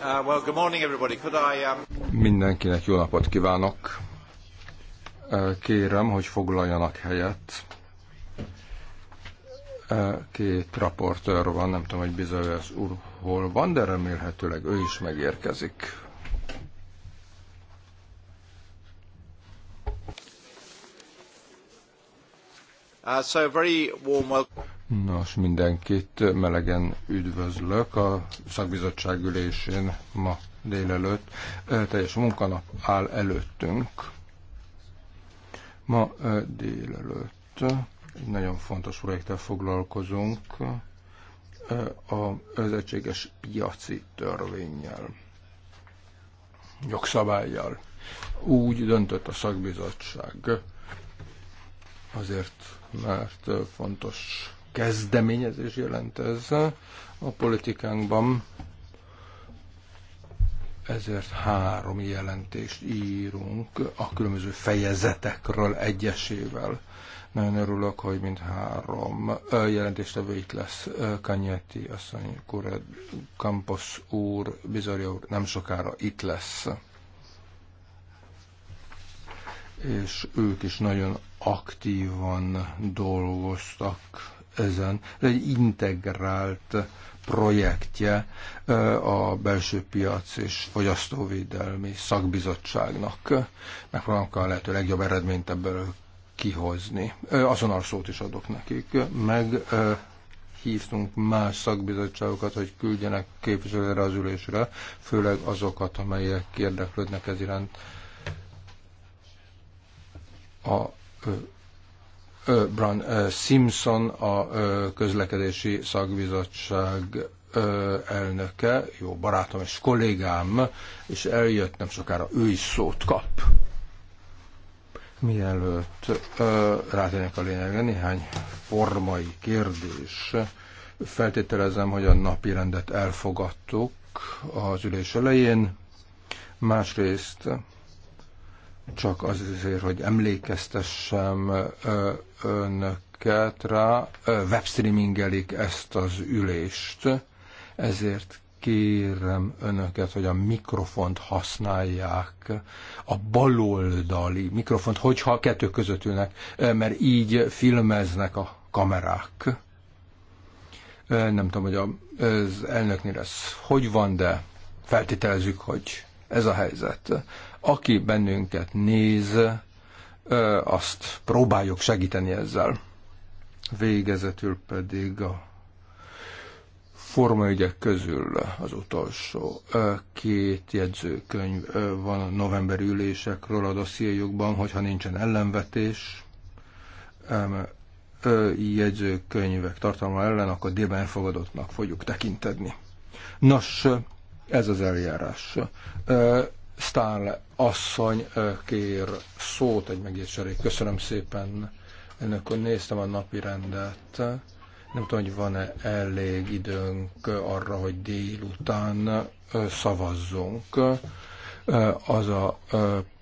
Uh, um, Mindenkinek jó napot kívánok. Uh, kérem, hogy foglaljanak helyet. Uh, két raportőr van, nem tudom, hogy bizonyos úr hol van, de remélhetőleg ő is megérkezik. Uh, Nos, mindenkit melegen üdvözlök a szakbizottság ülésén ma délelőtt. Teljes munkanap áll előttünk. Ma délelőtt egy nagyon fontos projekttel foglalkozunk, az egységes piaci törvényjel, jogszabályjal. Úgy döntött a szakbizottság, azért, mert fontos kezdeményezés jelent ez a politikánkban. Ezért három jelentést írunk a különböző fejezetekről egyesével. Nagyon örülök, hogy mind három jelentéstevő itt lesz. Kanyeti asszony, Kured, Campos úr, Bizarja úr nem sokára itt lesz és ők is nagyon aktívan dolgoztak ezen. Ez egy integrált projektje a belső piac és fogyasztóvédelmi szakbizottságnak. Megpróbálunk a lehető legjobb eredményt ebből kihozni. Azonnal szót is adok nekik. Meg hívtunk más szakbizottságokat, hogy küldjenek képviselőre az ülésre, főleg azokat, amelyek érdeklődnek ez iránt. A Brown Simpson, a közlekedési szakbizottság elnöke, jó barátom és kollégám, és eljött nem sokára, ő is szót kap. Mielőtt rátérnek a lényegre, néhány formai kérdés. Feltételezem, hogy a napi rendet elfogadtuk az ülés elején. Másrészt csak azért, hogy emlékeztessem önöket rá, webstreamingelik ezt az ülést, ezért kérem önöket, hogy a mikrofont használják, a baloldali mikrofont, hogyha a kettő között ülnek, mert így filmeznek a kamerák. Nem tudom, hogy az elnöknél ez hogy van, de feltételezzük, hogy ez a helyzet. Aki bennünket néz, azt próbáljuk segíteni ezzel. Végezetül pedig a formaügyek közül az utolsó két jegyzőkönyv van a november ülésekről a dossziéjukban, hogyha nincsen ellenvetés, jegyzőkönyvek tartalma ellen, akkor délben elfogadottnak fogjuk tekintetni. Nos, ez az eljárás. Stál asszony kér szót egy megjegyzőre. Köszönöm szépen. Önök néztem a napi rendet. Nem tudom, hogy van-e elég időnk arra, hogy délután szavazzunk. Az a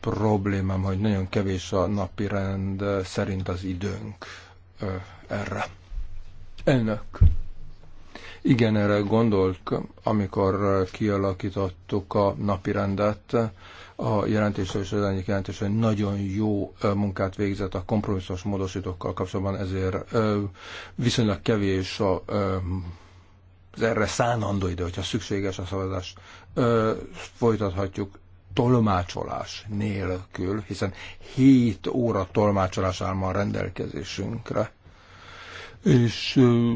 problémám, hogy nagyon kevés a napi rend szerint az időnk erre. Elnök. Igen, erre gondolk, amikor kialakítottuk a rendet, A jelentésre és az egyik jelentés, hogy nagyon jó munkát végzett a kompromisszos módosítókkal kapcsolatban, ezért viszonylag kevés a az erre szánandó idő, hogyha szükséges a szavazás, ö, folytathatjuk tolmácsolás nélkül, hiszen 7 óra tolmácsolás áll ma a rendelkezésünkre. És ö,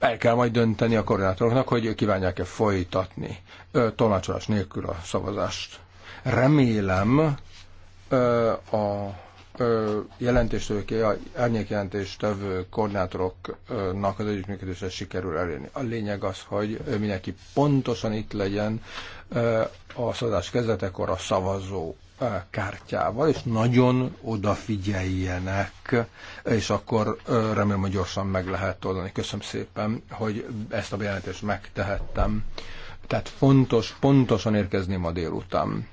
el kell majd dönteni a koordinátoroknak, hogy kívánják-e folytatni tolmácsolás nélkül a szavazást. Remélem ö, a ö, jelentéstevők, árnyékjelentéstevő koordinátoroknak az együttműködésre sikerül elérni. A lényeg az, hogy mindenki pontosan itt legyen ö, a szavazás kezdetekor a szavazó kártyával, és nagyon odafigyeljenek, és akkor remélem, hogy gyorsan meg lehet oldani. Köszönöm szépen, hogy ezt a bejelentést megtehettem. Tehát fontos pontosan érkezni ma délután.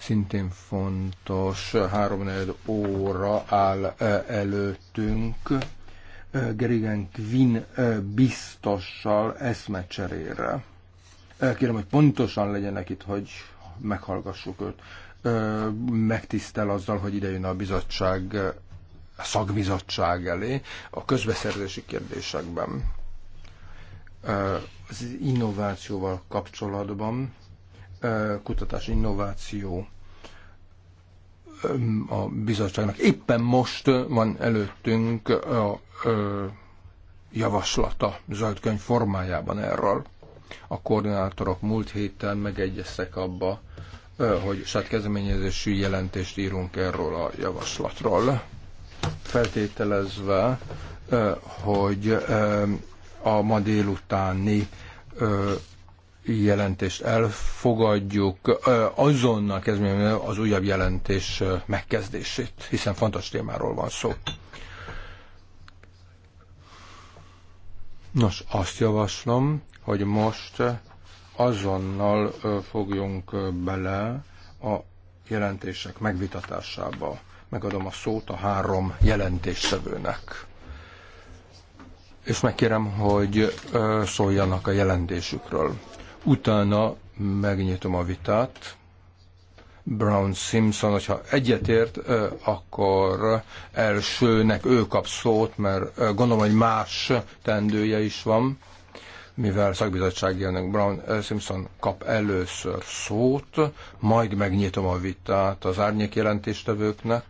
Szintén fontos, háromnegyed óra áll előttünk. Gerigen Quinn biztossal eszmecserére. Kérem, hogy pontosan legyenek itt, hogy meghallgassuk őt. Megtisztel azzal, hogy idejön a bizottság, a szakbizottság elé a közbeszerzési kérdésekben. Az innovációval kapcsolatban, kutatás innováció a bizottságnak. Éppen most van előttünk a javaslata könyv formájában erről. A koordinátorok múlt héten megegyeztek abba, hogy saját kezdeményezésű jelentést írunk erről a javaslatról, feltételezve, hogy a ma délutáni jelentést elfogadjuk, azonnal kezdjük az újabb jelentés megkezdését, hiszen fontos témáról van szó. Nos, azt javaslom, hogy most azonnal fogjunk bele a jelentések megvitatásába. Megadom a szót a három jelentéstevőnek. És megkérem, hogy szóljanak a jelentésükről. Utána megnyitom a vitát. Brown Simpson, hogyha egyetért, akkor elsőnek ő kap szót, mert gondolom, hogy más tendője is van mivel szakbizottsági elnök Brown eh, Simpson kap először szót, majd megnyitom a vitát az árnyék jelentéstevőknek,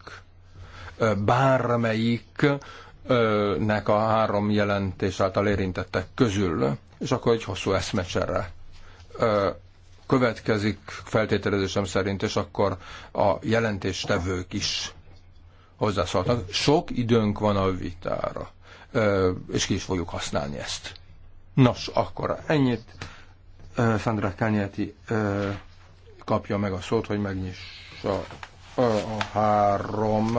eh, bármelyiknek a három jelentés által érintettek közül, és akkor egy hosszú eszmecsere eh, következik feltételezésem szerint, és akkor a jelentéstevők is hozzászóltak. Sok időnk van a vitára, és ki is fogjuk használni ezt. Nos, akkor ennyit. Sandra uh, kapja meg a szót, hogy megnyissa a három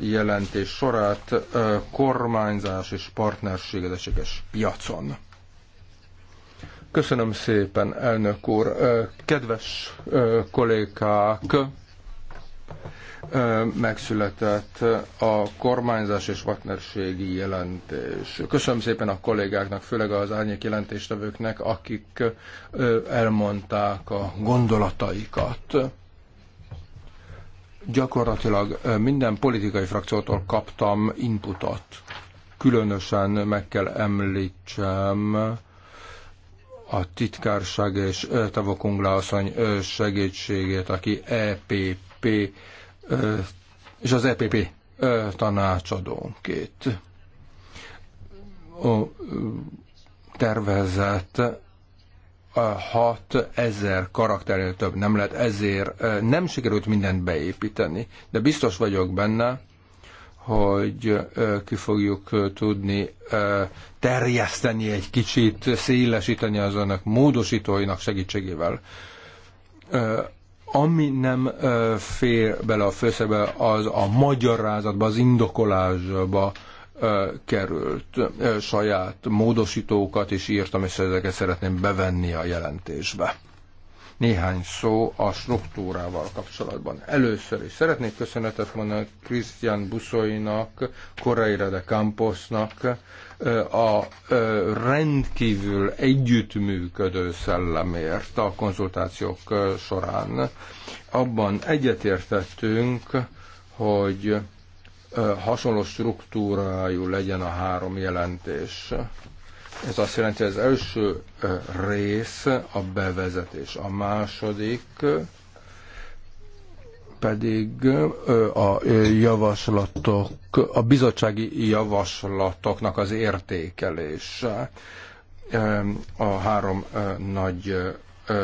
jelentés sorát kormányzás és partnerségedeséges piacon. Köszönöm szépen, elnök úr. Kedves kollégák, megszületett a kormányzás és partnerségi jelentés. Köszönöm szépen a kollégáknak, főleg az árnyék jelentéstevőknek, akik elmondták a gondolataikat. Gyakorlatilag minden politikai frakciótól kaptam inputot. Különösen meg kell említsem a titkárság és Tavokunglászony segítségét, aki EPP EP és az EPP tanácsadónkét. A tervezett 6 ezer karakternél több nem lehet, ezért nem sikerült mindent beépíteni, de biztos vagyok benne, hogy ki fogjuk tudni terjeszteni egy kicsit, szélesíteni az önök módosítóinak segítségével ami nem fér bele a főszebe, az a magyarázatba, az indokolásba került. Saját módosítókat is írtam, és ezeket szeretném bevenni a jelentésbe néhány szó a struktúrával kapcsolatban. Először is szeretnék köszönetet mondani Krisztián Buszoinak, Koreire de Camposnak, a rendkívül együttműködő szellemért a konzultációk során. Abban egyetértettünk, hogy hasonló struktúrájú legyen a három jelentés. Ez azt jelenti, hogy az első rész a bevezetés, a második pedig a javaslatok, a bizottsági javaslatoknak az értékelése a három nagy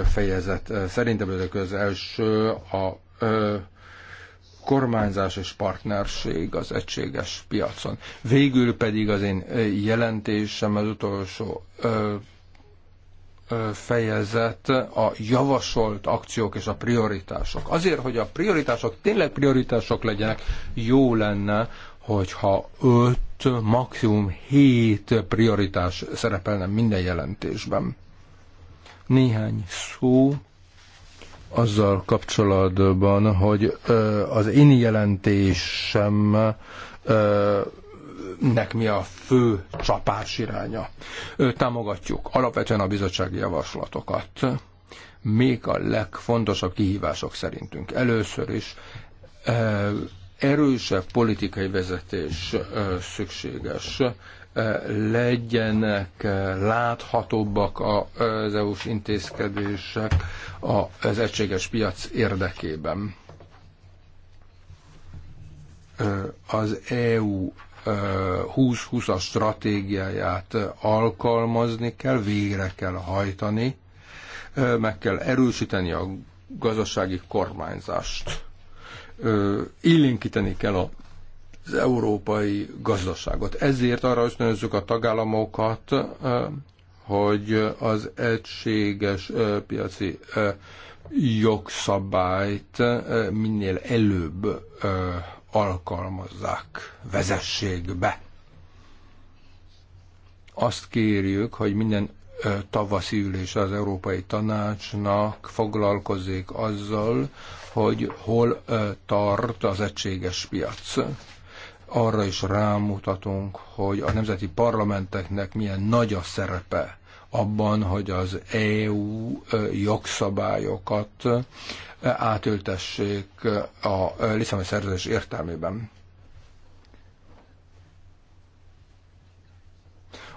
fejezet. Szerintem ezek az első a kormányzás és partnerség az egységes piacon. Végül pedig az én jelentésem az utolsó fejezet a javasolt akciók és a prioritások. Azért, hogy a prioritások tényleg prioritások legyenek, jó lenne, hogyha 5, maximum 7 prioritás szerepelne minden jelentésben. Néhány szó azzal kapcsolatban, hogy az én jelentésem nek mi a fő csapás iránya. Támogatjuk alapvetően a bizottsági javaslatokat. Még a legfontosabb kihívások szerintünk. Először is erősebb politikai vezetés szükséges, legyenek láthatóbbak az EU-s intézkedések az egységes piac érdekében. Az EU 20 as stratégiáját alkalmazni kell, végre kell hajtani, meg kell erősíteni a gazdasági kormányzást, illinkíteni kell a az európai gazdaságot. Ezért arra ösztönözzük a tagállamokat, hogy az egységes piaci jogszabályt minél előbb alkalmazzák, vezességbe. Azt kérjük, hogy minden tavaszi ülés az Európai Tanácsnak foglalkozik azzal, hogy hol tart az egységes piac. Arra is rámutatunk, hogy a nemzeti parlamenteknek milyen nagy a szerepe abban, hogy az EU jogszabályokat átültessék a Lisszaboni szerződés értelmében.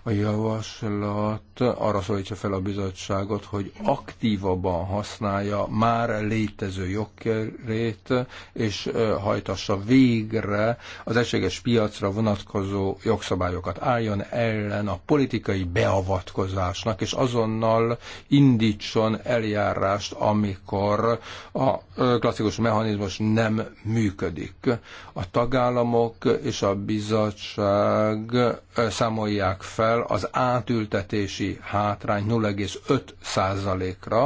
A javaslat arra szólítja fel a bizottságot, hogy aktívabban használja már létező jogkörét, és hajtassa végre az egységes piacra vonatkozó jogszabályokat. Álljon ellen a politikai beavatkozásnak, és azonnal indítson eljárást, amikor a klasszikus mechanizmus nem működik. A tagállamok és a bizottság számolják fel az átültetési hátrány 0,5%-ra,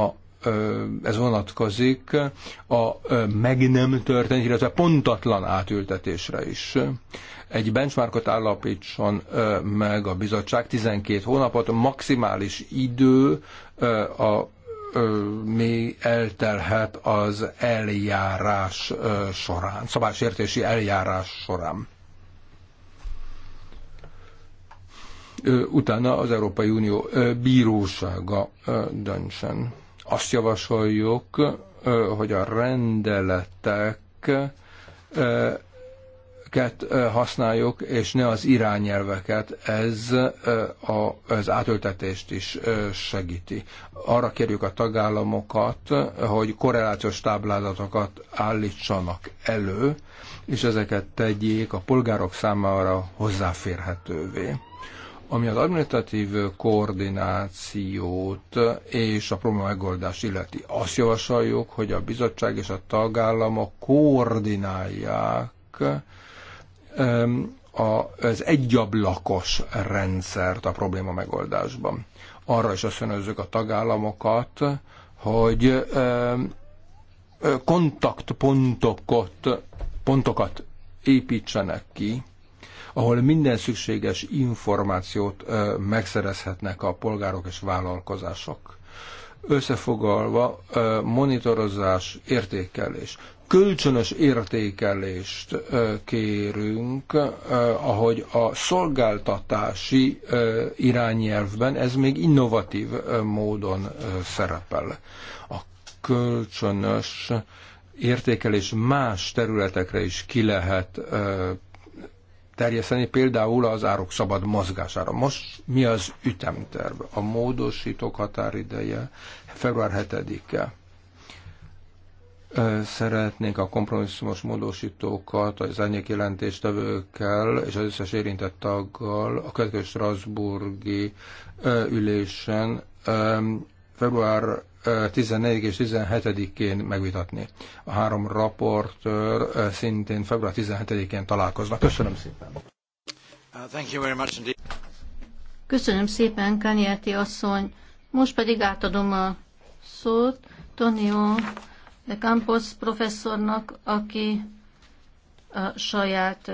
a ez vonatkozik a meg nem történt, illetve pontatlan átültetésre is. Egy benchmarkot állapítson meg a bizottság 12 hónapot, maximális idő a mi eltelhet az eljárás során, szabásértési eljárás során. utána az Európai Unió bírósága döntsen. Azt javasoljuk, hogy a rendeletek használjuk, és ne az irányelveket, ez az átültetést is segíti. Arra kérjük a tagállamokat, hogy korrelációs táblázatokat állítsanak elő, és ezeket tegyék a polgárok számára hozzáférhetővé. Ami az administratív koordinációt és a probléma megoldást illeti, azt javasoljuk, hogy a bizottság és a tagállamok koordinálják az egyablakos rendszert a probléma megoldásban. Arra is összönözzük a tagállamokat, hogy kontaktpontokat pontokat építsenek ki ahol minden szükséges információt megszerezhetnek a polgárok és vállalkozások. Összefoglalva, monitorozás, értékelés. Kölcsönös értékelést kérünk, ahogy a szolgáltatási irányelvben ez még innovatív módon szerepel. A kölcsönös értékelés más területekre is ki lehet terjeszteni, például az árok szabad mozgására. Most mi az ütemterv? A módosítók határideje február 7-e. Szeretnénk a kompromisszumos módosítókat az árnyék jelentéstevőkkel és az összes érintett taggal a következő Strasburgi ülésen február 14 és 17-én megvitatni. A három raportőr szintén február 17-én találkoznak. Köszönöm szépen. Uh, Köszönöm szépen, Kanyerti asszony. Most pedig átadom a szót Tonio de Campos professzornak, aki a saját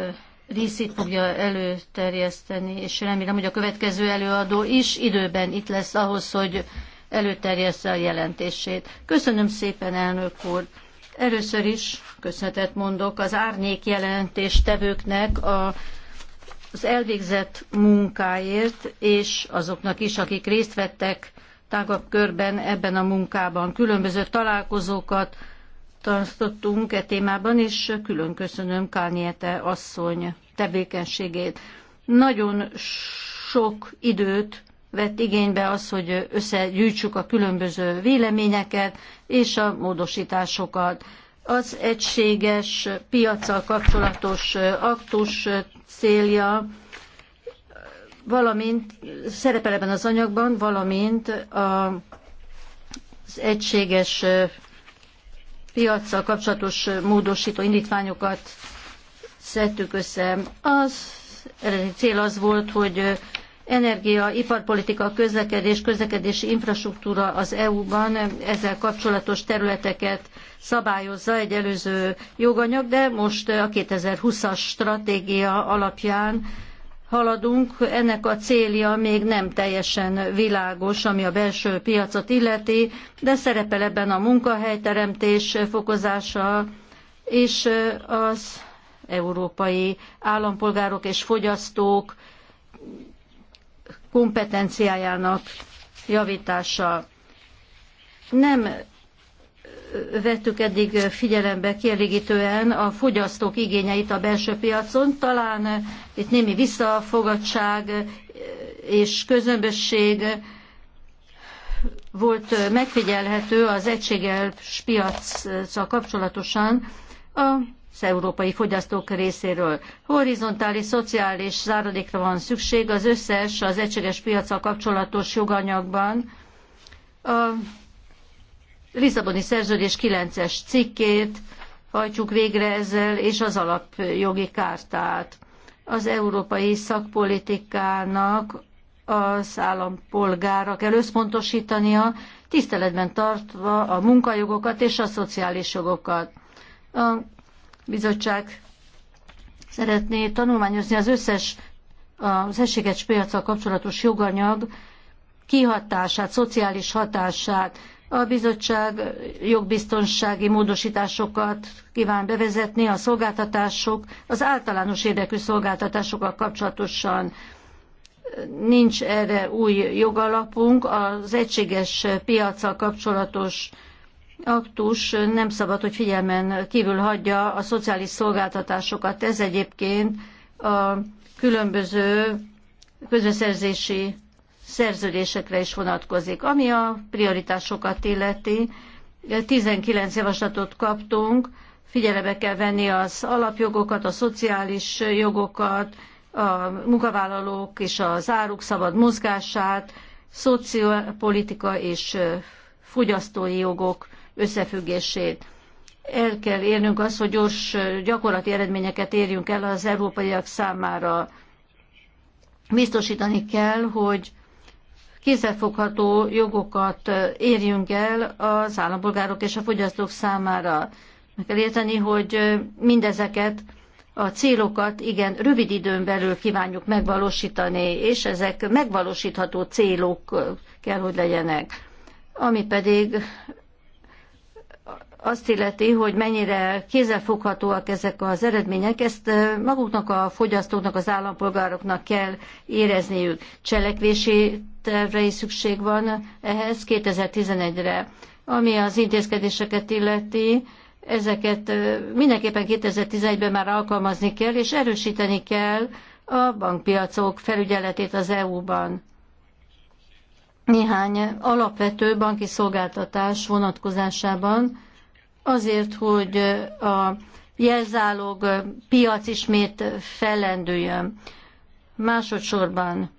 részét fogja előterjeszteni, és remélem, hogy a következő előadó is időben itt lesz ahhoz, hogy előterjessze a jelentését. Köszönöm szépen, elnök úr! Először is köszönetet mondok az árnyék jelentéstevőknek a az elvégzett munkáért, és azoknak is, akik részt vettek tágabb körben ebben a munkában. Különböző találkozókat tartottunk e témában, és külön köszönöm Kániete asszony tevékenységét. Nagyon sok időt vett igénybe az, hogy összegyűjtsük a különböző véleményeket és a módosításokat. Az egységes piacsal kapcsolatos aktus célja, valamint szerepel ebben az anyagban, valamint a, az egységes piacsal kapcsolatos módosító indítványokat szedtük össze. Az eredeti cél az volt, hogy energia, iparpolitika, közlekedés, közlekedési infrastruktúra az EU-ban ezzel kapcsolatos területeket szabályozza egy előző joganyag, de most a 2020-as stratégia alapján haladunk. Ennek a célja még nem teljesen világos, ami a belső piacot illeti, de szerepel ebben a munkahelyteremtés fokozása és az európai állampolgárok és fogyasztók kompetenciájának javítása. Nem vettük eddig figyelembe kielégítően a fogyasztók igényeit a belső piacon. Talán itt némi visszafogadság és közömbösség volt megfigyelhető az egységes piacsal kapcsolatosan. A európai fogyasztók részéről. Horizontális, szociális záradékra van szükség az összes az egységes piacsal kapcsolatos joganyagban. A Lisszaboni szerződés 9-es cikkét hajtsuk végre ezzel, és az alapjogi kártát. Az európai szakpolitikának az állampolgára kell összpontosítania, tiszteletben tartva a munkajogokat és a szociális jogokat. A bizottság szeretné tanulmányozni az összes az egységes piacsal kapcsolatos joganyag kihatását, szociális hatását. A bizottság jogbiztonsági módosításokat kíván bevezetni a szolgáltatások, az általános érdekű szolgáltatásokkal kapcsolatosan nincs erre új jogalapunk. Az egységes piacsal kapcsolatos aktus nem szabad, hogy figyelmen kívül hagyja a szociális szolgáltatásokat. Ez egyébként a különböző közbeszerzési szerződésekre is vonatkozik. Ami a prioritásokat illeti, 19 javaslatot kaptunk, figyelembe kell venni az alapjogokat, a szociális jogokat, a munkavállalók és az áruk szabad mozgását, szociopolitika és fogyasztói jogok összefüggését. El kell érnünk azt, hogy gyors gyakorlati eredményeket érjünk el az európaiak számára. Biztosítani kell, hogy kézzelfogható jogokat érjünk el az állampolgárok és a fogyasztók számára. Meg kell érteni, hogy mindezeket a célokat igen rövid időn belül kívánjuk megvalósítani, és ezek megvalósítható célok kell, hogy legyenek. Ami pedig azt illeti, hogy mennyire kézzelfoghatóak ezek az eredmények, ezt maguknak a fogyasztóknak, az állampolgároknak kell érezniük. Cselekvési tervre is szükség van ehhez 2011-re. Ami az intézkedéseket illeti, ezeket mindenképpen 2011-ben már alkalmazni kell, és erősíteni kell a bankpiacok felügyeletét az EU-ban. Néhány alapvető banki szolgáltatás vonatkozásában azért, hogy a jelzálog piac ismét fellendüljön. Másodszorban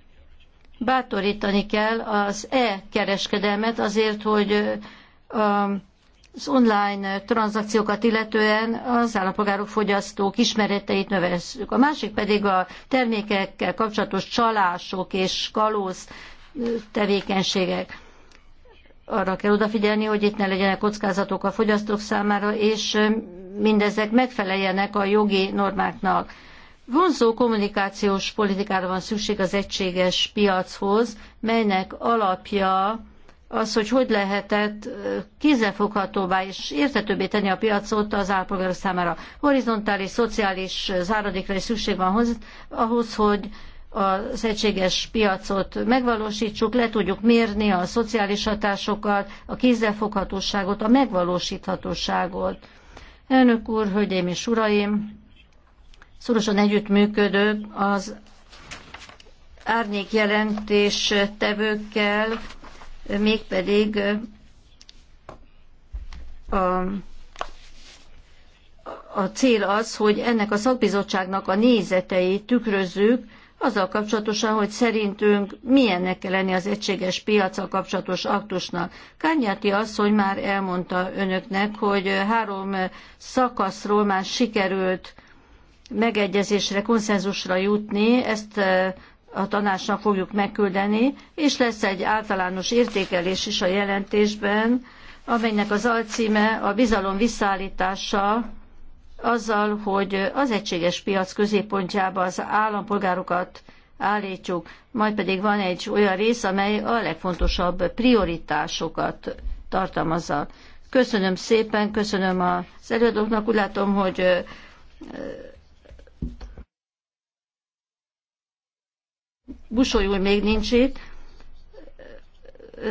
bátorítani kell az e-kereskedelmet azért, hogy az online tranzakciókat illetően az állapogárok fogyasztók ismereteit növeljük. A másik pedig a termékekkel kapcsolatos csalások és kalóz tevékenységek arra kell odafigyelni, hogy itt ne legyenek kockázatok a fogyasztók számára, és mindezek megfeleljenek a jogi normáknak. Vonzó kommunikációs politikára van szükség az egységes piachoz, melynek alapja az, hogy hogy lehetett kézzelfoghatóvá és értetőbbé tenni a piacot az állampolgárok számára. Horizontális, szociális záradékra is szükség van ahhoz, hogy az egységes piacot megvalósítsuk, le tudjuk mérni a szociális hatásokat, a kézzelfoghatóságot, a megvalósíthatóságot. Elnök úr, hölgyeim és uraim, szorosan együttműködő az árnyék jelentés tevőkkel, mégpedig a a cél az, hogy ennek a szakbizottságnak a nézeteit tükrözzük azzal kapcsolatosan, hogy szerintünk milyennek kell lenni az egységes piacsal kapcsolatos aktusnak. Kányáti asszony már elmondta önöknek, hogy három szakaszról már sikerült megegyezésre, konszenzusra jutni, ezt eh, a tanácsnak fogjuk megküldeni, és lesz egy általános értékelés is a jelentésben, amelynek az alcíme a bizalom visszaállítása azzal, hogy az egységes piac középpontjába az állampolgárokat állítsuk, majd pedig van egy olyan rész, amely a legfontosabb prioritásokat tartalmazza. Köszönöm szépen, köszönöm az előadóknak, úgy látom, hogy Busoly úr még nincs itt,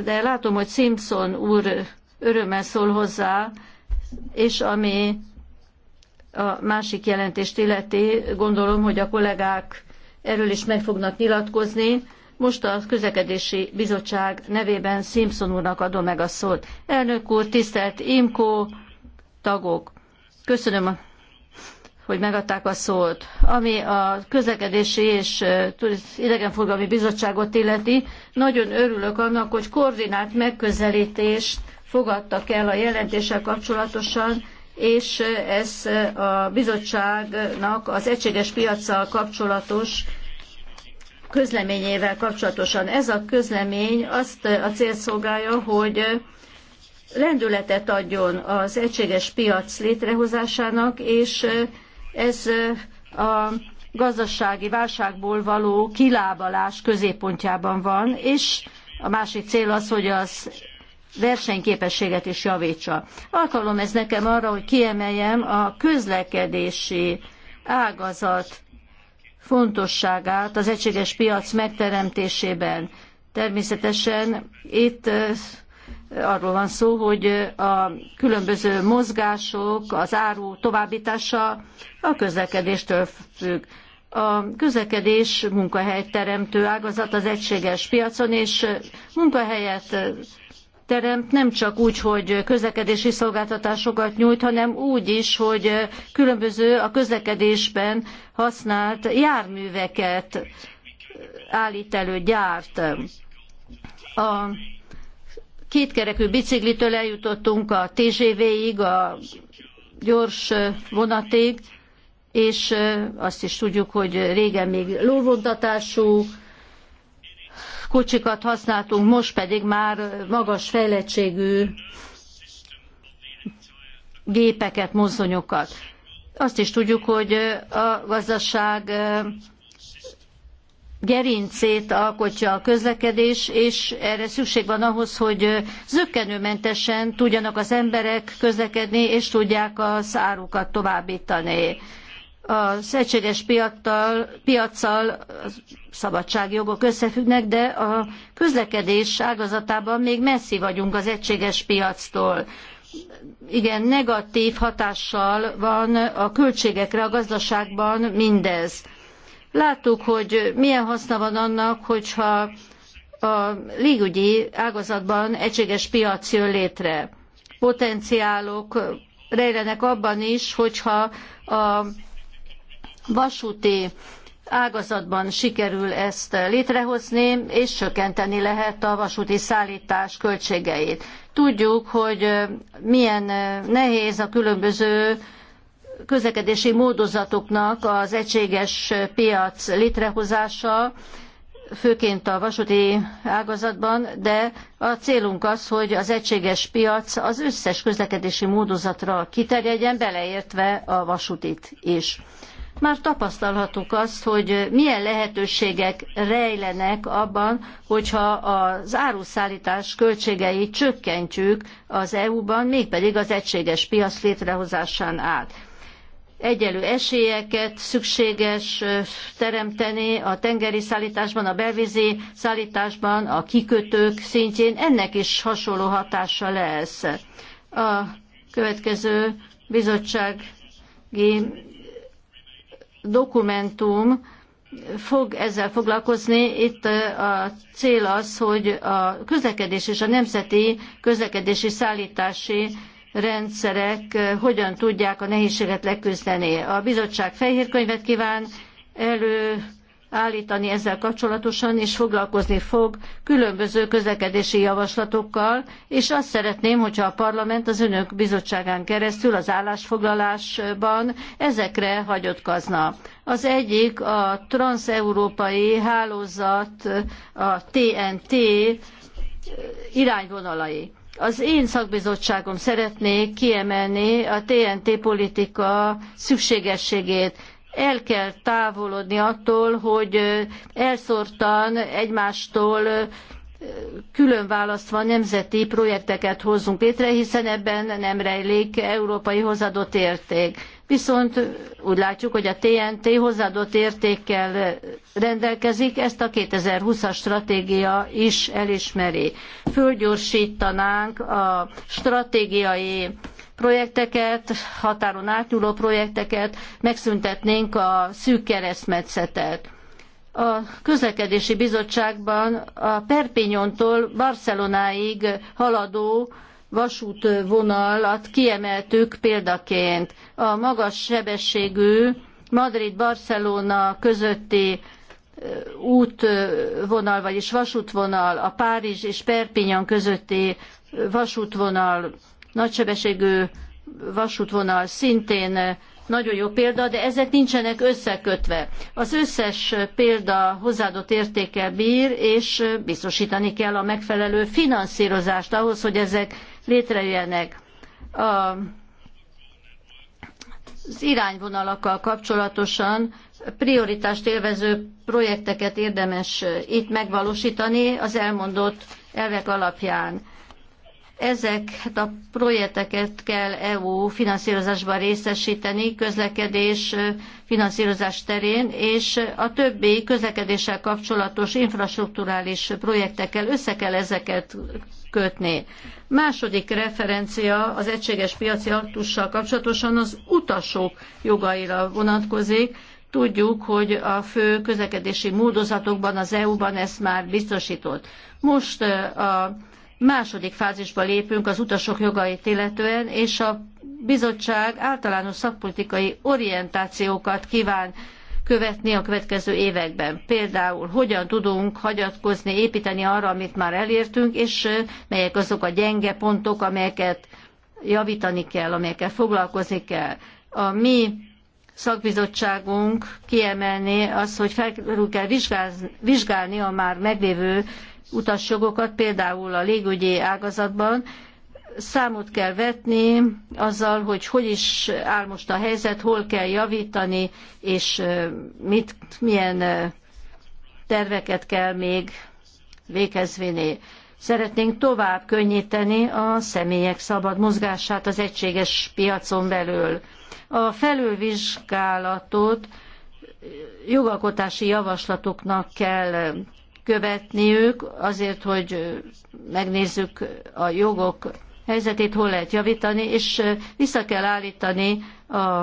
de látom, hogy Simpson úr örömmel szól hozzá, és ami a másik jelentést illeti, gondolom, hogy a kollégák erről is meg fognak nyilatkozni. Most a közlekedési bizottság nevében Simpson úrnak adom meg a szót. Elnök úr, tisztelt IMKO tagok, köszönöm, hogy megadták a szót. Ami a közlekedési és idegenforgalmi bizottságot illeti, nagyon örülök annak, hogy koordinált megközelítést fogadtak el a jelentéssel kapcsolatosan, és ez a bizottságnak az egységes piaccal kapcsolatos közleményével kapcsolatosan. Ez a közlemény azt a cél szolgálja, hogy lendületet adjon az egységes piac létrehozásának, és ez a gazdasági válságból való kilábalás középpontjában van, és a másik cél az, hogy az versenyképességet is javítsa. Alkalom ez nekem arra, hogy kiemeljem a közlekedési ágazat fontosságát az egységes piac megteremtésében. Természetesen itt arról van szó, hogy a különböző mozgások, az áru továbbítása a közlekedéstől függ. A közlekedés munkahelyteremtő ágazat az egységes piacon, és munkahelyet teremt nem csak úgy, hogy közlekedési szolgáltatásokat nyújt, hanem úgy is, hogy különböző a közlekedésben használt járműveket állít elő, gyárt. A kétkerekű biciklitől eljutottunk a TGV-ig, a gyors vonatig, és azt is tudjuk, hogy régen még lóvontatású kocsikat használtunk, most pedig már magas fejlettségű gépeket, mozdonyokat. Azt is tudjuk, hogy a gazdaság gerincét alkotja a közlekedés, és erre szükség van ahhoz, hogy zöggenőmentesen tudjanak az emberek közlekedni, és tudják az árukat továbbítani. Az egységes piattal, piaccal szabadságjogok összefüggnek, de a közlekedés ágazatában még messzi vagyunk az egységes piactól. Igen, negatív hatással van a költségekre a gazdaságban mindez. Láttuk, hogy milyen haszna van annak, hogyha a légügyi ágazatban egységes piac jön létre. Potenciálok rejlenek abban is, hogyha a vasúti ágazatban sikerül ezt létrehozni, és csökkenteni lehet a vasúti szállítás költségeit. Tudjuk, hogy milyen nehéz a különböző közlekedési módozatoknak az egységes piac létrehozása, főként a vasúti ágazatban, de a célunk az, hogy az egységes piac az összes közlekedési módozatra kiterjedjen, beleértve a vasútit is már tapasztalhatuk azt, hogy milyen lehetőségek rejlenek abban, hogyha az áruszállítás költségeit csökkentjük az EU-ban, mégpedig az egységes piac létrehozásán át egyelő esélyeket szükséges teremteni a tengeri szállításban, a belvízi szállításban, a kikötők szintjén. Ennek is hasonló hatása lesz. A következő bizottság dokumentum fog ezzel foglalkozni. Itt a cél az, hogy a közlekedés és a nemzeti közlekedési szállítási rendszerek hogyan tudják a nehézséget leküzdeni. A bizottság fehér könyvet kíván elő állítani ezzel kapcsolatosan, és foglalkozni fog különböző közlekedési javaslatokkal, és azt szeretném, hogyha a parlament az önök bizottságán keresztül az állásfoglalásban ezekre hagyatkozna. Az egyik a transeurópai hálózat, a TNT irányvonalai. Az én szakbizottságom szeretné kiemelni a TNT politika szükségességét, el kell távolodni attól, hogy elszórtan egymástól külön választva nemzeti projekteket hozzunk létre, hiszen ebben nem rejlik európai hozadott érték. Viszont úgy látjuk, hogy a TNT hozadott értékkel rendelkezik, ezt a 2020-as stratégia is elismeri. Fölgyorsítanánk a stratégiai projekteket, határon átnyúló projekteket, megszüntetnénk a szűk keresztmetszetet. A közlekedési bizottságban a Perpignontól Barcelonáig haladó vasútvonalat kiemeltük példaként. A magas sebességű Madrid-Barcelona közötti útvonal, vagyis vasútvonal, a Párizs és Perpignan közötti vasútvonal nagysebességű vasútvonal szintén nagyon jó példa, de ezek nincsenek összekötve. Az összes példa hozzáadott értékkel bír, és biztosítani kell a megfelelő finanszírozást ahhoz, hogy ezek létrejöjjenek. A, az irányvonalakkal kapcsolatosan prioritást élvező projekteket érdemes itt megvalósítani az elmondott elvek alapján Ezeket a projekteket kell EU finanszírozásban részesíteni, közlekedés finanszírozás terén, és a többi közlekedéssel kapcsolatos infrastruktúrális projektekkel össze kell ezeket kötni. Második referencia az egységes piaci aktussal kapcsolatosan az utasok jogaira vonatkozik. Tudjuk, hogy a fő közlekedési módozatokban az EU-ban ezt már biztosított. Most a második fázisba lépünk az utasok jogait illetően, és a bizottság általános szakpolitikai orientációkat kíván követni a következő években. Például hogyan tudunk hagyatkozni, építeni arra, amit már elértünk, és melyek azok a gyenge pontok, amelyeket javítani kell, amelyekkel foglalkozni kell. A mi szakbizottságunk kiemelni az, hogy felül kell vizsgálni a már meglévő utasjogokat, például a légügyi ágazatban, számot kell vetni azzal, hogy hogy is áll most a helyzet, hol kell javítani, és mit, milyen terveket kell még végezvinni. Szeretnénk tovább könnyíteni a személyek szabad mozgását az egységes piacon belül. A felülvizsgálatot jogalkotási javaslatoknak kell követniük azért, hogy megnézzük a jogok helyzetét, hol lehet javítani, és vissza kell állítani a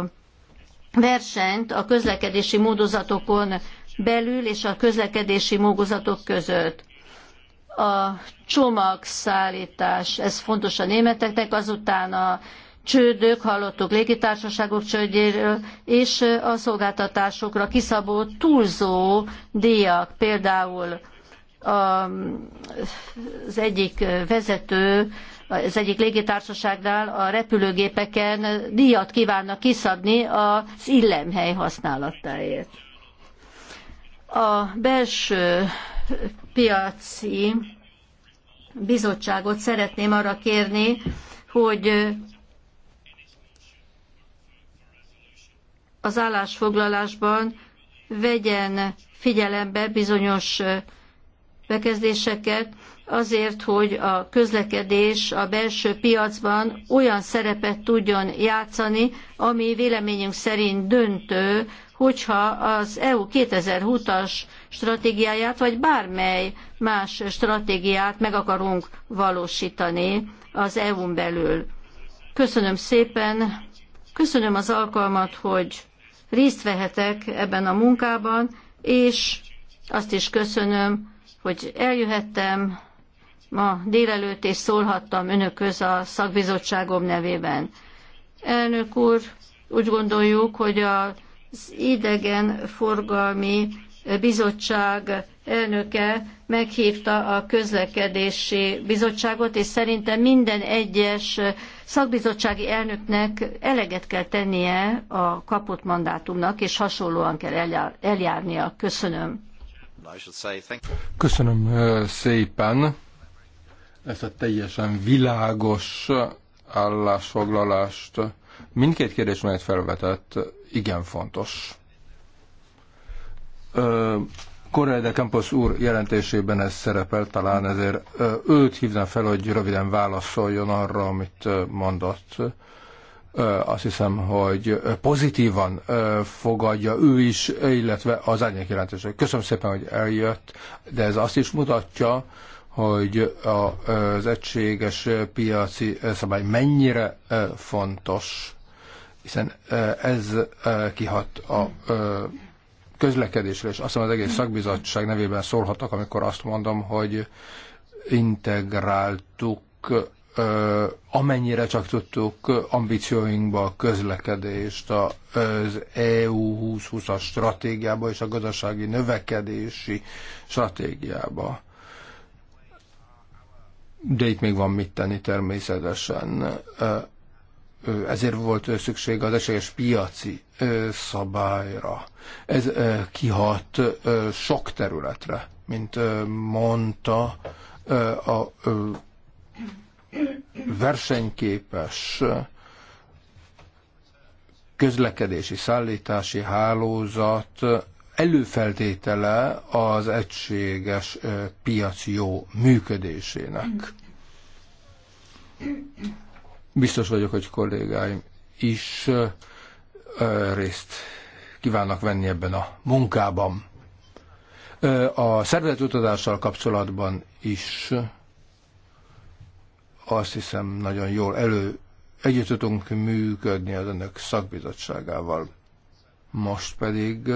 versenyt a közlekedési módozatokon belül és a közlekedési módozatok között. A csomagszállítás, ez fontos a németeknek, azután a csődök, hallottuk légitársaságok csődjéről, és a szolgáltatásokra kiszabott túlzó díjak, például az egyik vezető, az egyik légitársaságnál a repülőgépeken díjat kívánnak kiszabni az illemhely használatáért. A belső piaci bizottságot szeretném arra kérni, hogy az állásfoglalásban vegyen figyelembe bizonyos bekezdéseket, azért, hogy a közlekedés a belső piacban olyan szerepet tudjon játszani, ami véleményünk szerint döntő, hogyha az EU 2020-as stratégiáját, vagy bármely más stratégiát meg akarunk valósítani az EU-n belül. Köszönöm szépen, köszönöm az alkalmat, hogy részt vehetek ebben a munkában, és azt is köszönöm, hogy eljöhettem ma délelőtt, és szólhattam önökhöz a szakbizottságom nevében. Elnök úr, úgy gondoljuk, hogy az idegenforgalmi bizottság elnöke meghívta a közlekedési bizottságot, és szerintem minden egyes szakbizottsági elnöknek eleget kell tennie a kapott mandátumnak, és hasonlóan kell eljárnia. Köszönöm. Köszönöm szépen ezt a teljesen világos állásfoglalást. Mindkét kérdés, amelyet felvetett, igen fontos. Correa de Campos úr jelentésében ez szerepel, talán ezért őt hívnám fel, hogy röviden válaszoljon arra, amit mondott. Azt hiszem, hogy pozitívan fogadja ő is, illetve az árnyék jelentése. Köszönöm szépen, hogy eljött, de ez azt is mutatja, hogy az egységes piaci szabály mennyire fontos, hiszen ez kihat a közlekedésről, és azt hiszem az egész szakbizottság nevében szólhatok, amikor azt mondom, hogy integráltuk amennyire csak tudtuk ambícióinkba a közlekedést, az EU 2020-as stratégiába és a gazdasági növekedési stratégiába. De itt még van mit tenni természetesen ezért volt szükség az esélyes piaci szabályra. Ez kihat sok területre, mint mondta a versenyképes közlekedési szállítási hálózat előfeltétele az egységes piac jó működésének. Biztos vagyok, hogy kollégáim is részt kívánnak venni ebben a munkában. A utazással kapcsolatban is azt hiszem nagyon jól elő együtt tudunk működni az önök szakbizottságával. Most pedig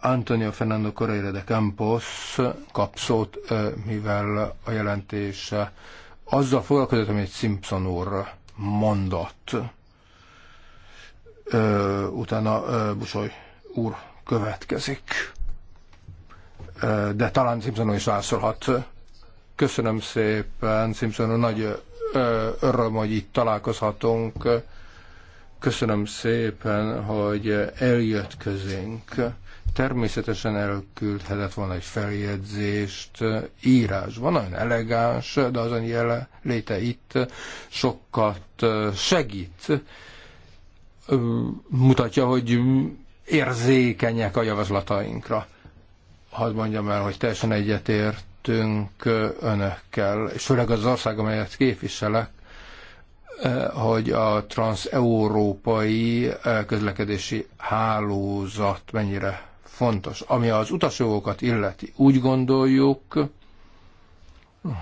Antonio Fernando Correira de Campos kap szót, mivel a jelentése azzal foglalkozott, amit Simpson úr mondott. Ö, utána ö, Busoly úr következik. Ö, de talán Simpson úr is válaszolhat. Köszönöm szépen, Simpson úr, nagy ö, öröm, hogy itt találkozhatunk. Köszönöm szépen, hogy eljött közénk Természetesen elküldhetett volna egy feljegyzést írásban, nagyon elegáns, de az annyi léte itt sokat segít, mutatja, hogy érzékenyek a javaslatainkra. Hadd mondjam el, hogy teljesen egyetértünk önökkel, és főleg az ország, amelyet képviselek, hogy a transeurópai közlekedési hálózat mennyire fontos. Ami az utasjogokat illeti, úgy gondoljuk,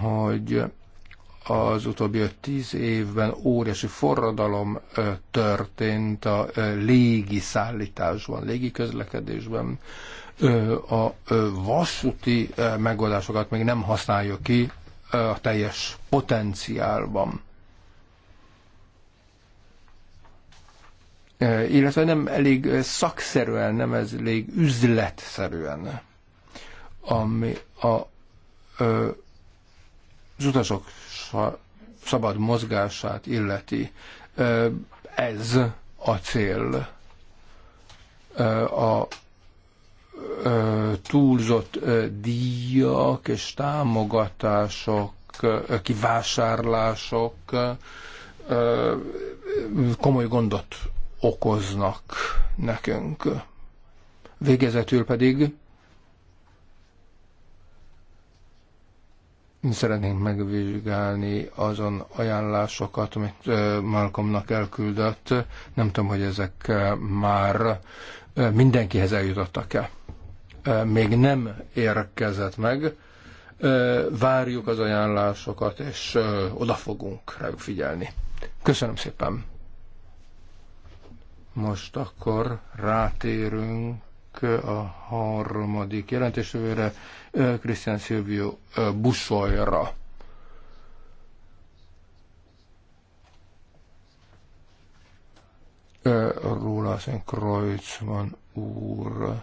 hogy az utóbbi tíz évben óriási forradalom történt a légi szállításban, légi közlekedésben. A vasúti megoldásokat még nem használja ki a teljes potenciálban. illetve nem elég szakszerűen, nem ez elég üzletszerűen, ami a, az utasok szabad mozgását illeti. Ez a cél. A túlzott díjak és támogatások, kivásárlások komoly gondot okoznak nekünk. Végezetül pedig szeretnénk megvizsgálni azon ajánlásokat, amit Malcolmnak elküldött. Nem tudom, hogy ezek már mindenkihez eljutottak-e. Még nem érkezett meg. Várjuk az ajánlásokat, és oda fogunk rájuk figyelni. Köszönöm szépen! Most akkor rátérünk a harmadik jelentésre, Christian Silvio Busolyra. Róla szent Kreuzmann úr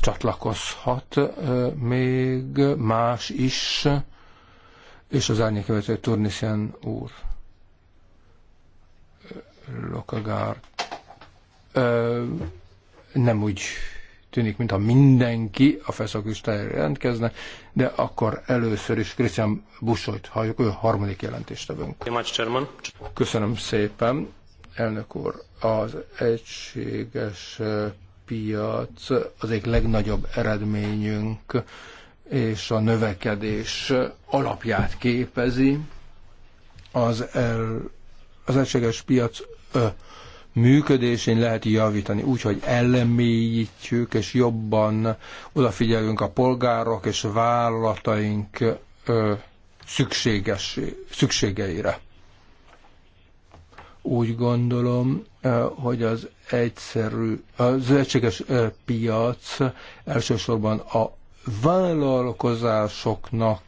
csatlakozhat még más is, és az árnyékvető Turnisian úr. Lokagár nem úgy tűnik, mintha mindenki a feszaklistájára jelentkezne, de akkor először is Christian Busolyt halljuk, ő a harmadik jelentéstevőnk. Köszönöm szépen, elnök úr. Az egységes piac az egyik legnagyobb eredményünk, és a növekedés alapját képezi. Az, el, az egységes piac működésén lehet javítani, úgyhogy elmélyítjük és jobban odafigyelünk a polgárok és a vállalataink szükséges, szükségeire. Úgy gondolom, hogy az egyszerű, az egységes piac elsősorban a vállalkozásoknak,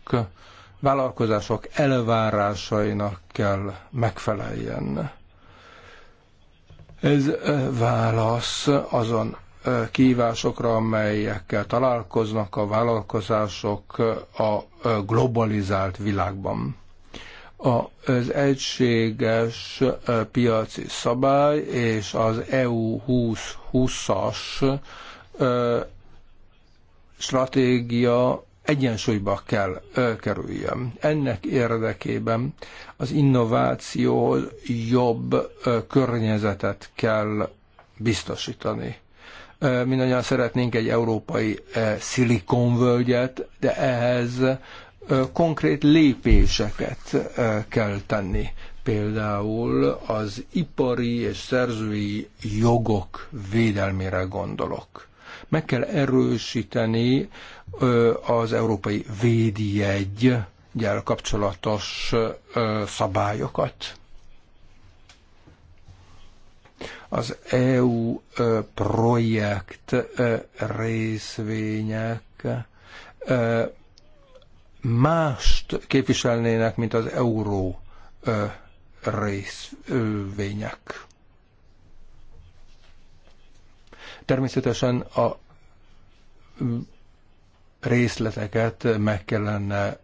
vállalkozások elvárásainak kell megfeleljen ez válasz azon kívásokra, amelyekkel találkoznak a vállalkozások a globalizált világban. Az egységes piaci szabály és az EU 2020-as stratégia egyensúlyba kell kerüljön. Ennek érdekében az innováció jobb környezetet kell biztosítani. Mindannyian szeretnénk egy európai szilikonvölgyet, de ehhez konkrét lépéseket kell tenni. Például az ipari és szerzői jogok védelmére gondolok. Meg kell erősíteni az európai védjegy gyár kapcsolatos szabályokat. Az EU projekt részvények mást képviselnének, mint az euró részvények. Természetesen a részleteket meg kellene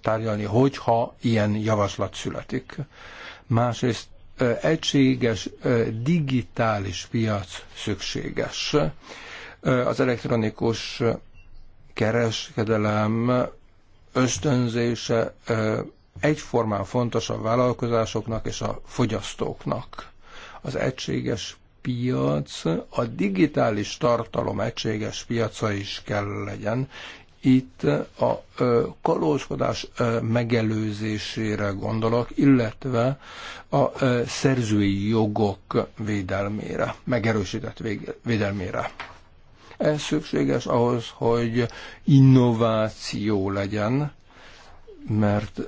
tárgyalni, hogyha ilyen javaslat születik. Másrészt egységes digitális piac szükséges. Az elektronikus kereskedelem ösztönzése egyformán fontos a vállalkozásoknak és a fogyasztóknak. Az egységes piac a digitális tartalom egységes piaca is kell legyen. Itt a kalózkodás megelőzésére gondolok, illetve a szerzői jogok védelmére, megerősített védelmére. Ez szükséges ahhoz, hogy innováció legyen, mert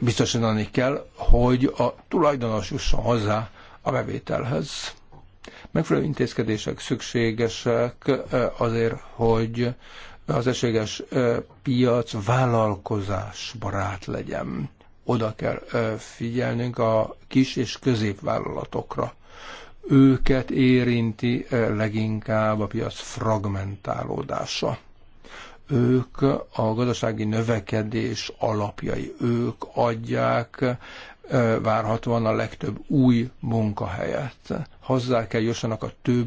biztosítani kell, hogy a tulajdonos jusson hozzá a bevételhez. Megfelelő intézkedések szükségesek eh, azért, hogy az esélyes eh, piac vállalkozás barát legyen. Oda kell eh, figyelnünk a kis és középvállalatokra. Őket érinti leginkább a piac fragmentálódása. Ők a gazdasági növekedés alapjai, ők adják várhatóan a legtöbb új munkahelyet. Hozzá kell jussanak a több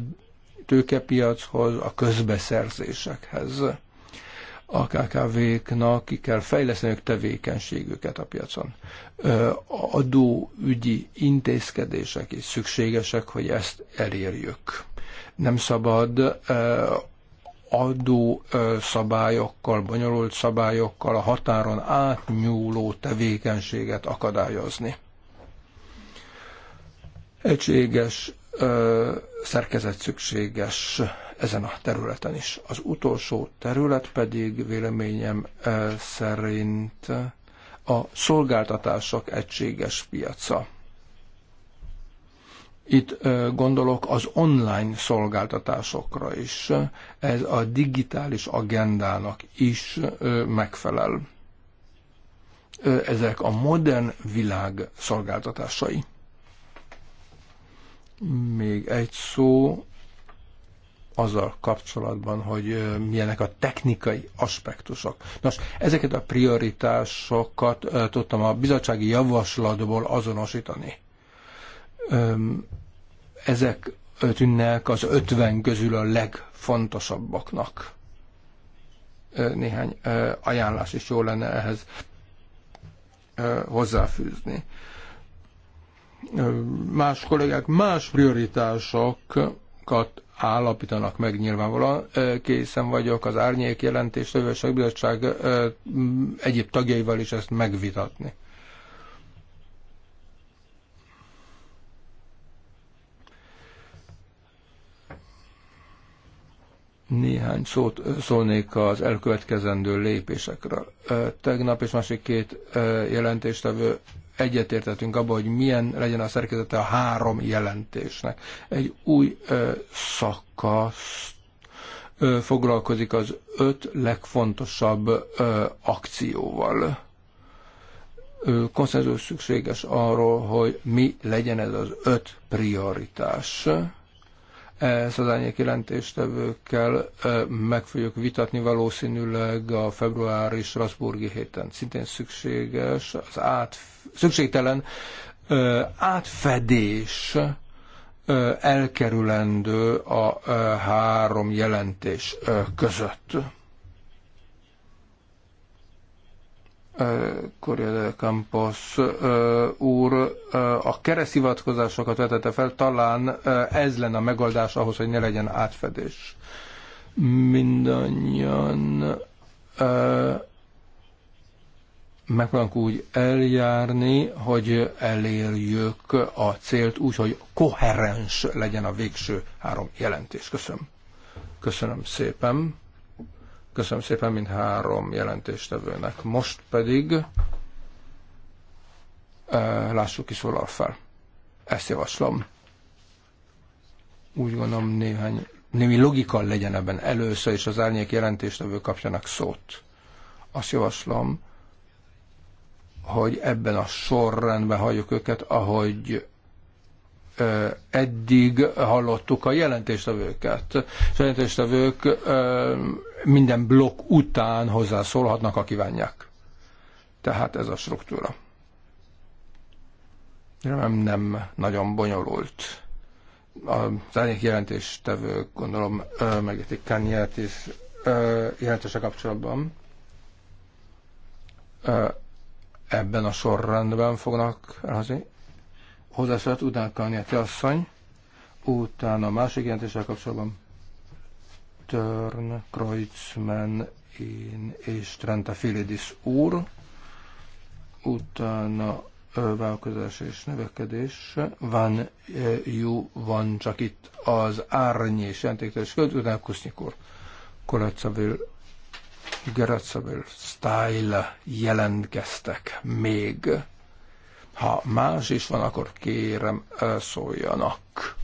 tőkepiachoz, a közbeszerzésekhez. A KKV-knak ki kell fejleszteniük tevékenységüket a piacon. Adóügyi intézkedések is szükségesek, hogy ezt elérjük. Nem szabad adó szabályokkal, bonyolult szabályokkal a határon átnyúló tevékenységet akadályozni. Egységes szerkezet szükséges ezen a területen is. Az utolsó terület pedig véleményem szerint a szolgáltatások egységes piaca. Itt gondolok az online szolgáltatásokra is. Ez a digitális agendának is megfelel. Ezek a modern világ szolgáltatásai. Még egy szó azzal kapcsolatban, hogy milyenek a technikai aspektusok. Nos, ezeket a prioritásokat tudtam a bizottsági javaslatból azonosítani ezek tűnnek az 50 közül a legfontosabbaknak. Néhány ajánlás is jó lenne ehhez hozzáfűzni. Más kollégák más prioritásokat állapítanak meg nyilvánvalóan. Készen vagyok az árnyék jelentés, a bizottság egyéb tagjaival is ezt megvitatni. Néhány szót szólnék az elkövetkezendő lépésekről. Tegnap és másik két jelentéstevő egyetértettünk abba, hogy milyen legyen a szerkezete a három jelentésnek. Egy új szakasz foglalkozik az öt legfontosabb akcióval. Konszenzus szükséges arról, hogy mi legyen ez az öt prioritás ezt az árnyék jelentéstevőkkel meg fogjuk vitatni valószínűleg a februári Strasburgi héten. Szintén szükséges, az át, szükségtelen átfedés elkerülendő a három jelentés között. Correa Campos úr a kereszivatkozásokat vetette fel, talán ez lenne a megoldás ahhoz, hogy ne legyen átfedés. Mindannyian megpróbálunk úgy eljárni, hogy elérjük a célt úgy, hogy koherens legyen a végső három jelentés. Köszönöm. Köszönöm szépen. Köszönöm szépen mind három jelentéstevőnek. Most pedig eh, lássuk is szólal fel. Ezt javaslom. Úgy gondolom néhány, némi logika legyen ebben először, és az árnyék jelentéstevő kapjanak szót. Azt javaslom, hogy ebben a sorrendben halljuk őket, ahogy eddig hallottuk a jelentéstevőket. A jelentéstevők minden blokk után hozzászólhatnak, ha kívánják. Tehát ez a struktúra. Remélem nem nagyon bonyolult. A árnyék jelentéstevők, gondolom, megértik Kanyát is jelentése kapcsolatban. Ebben a sorrendben fognak elhozni hozzászólt Udán Kalnyáti asszony, utána a másik jelentéssel kapcsolatban Törn, Kreuzmann, én és Trenta Filidis úr, utána vállalkozás és növekedés van jó, van csak itt az árny és jelentéktelés költ, utána Kusznyik úr, Kolecavil, Geracavil, Style jelentkeztek még ha más is van, akkor kérem szóljanak.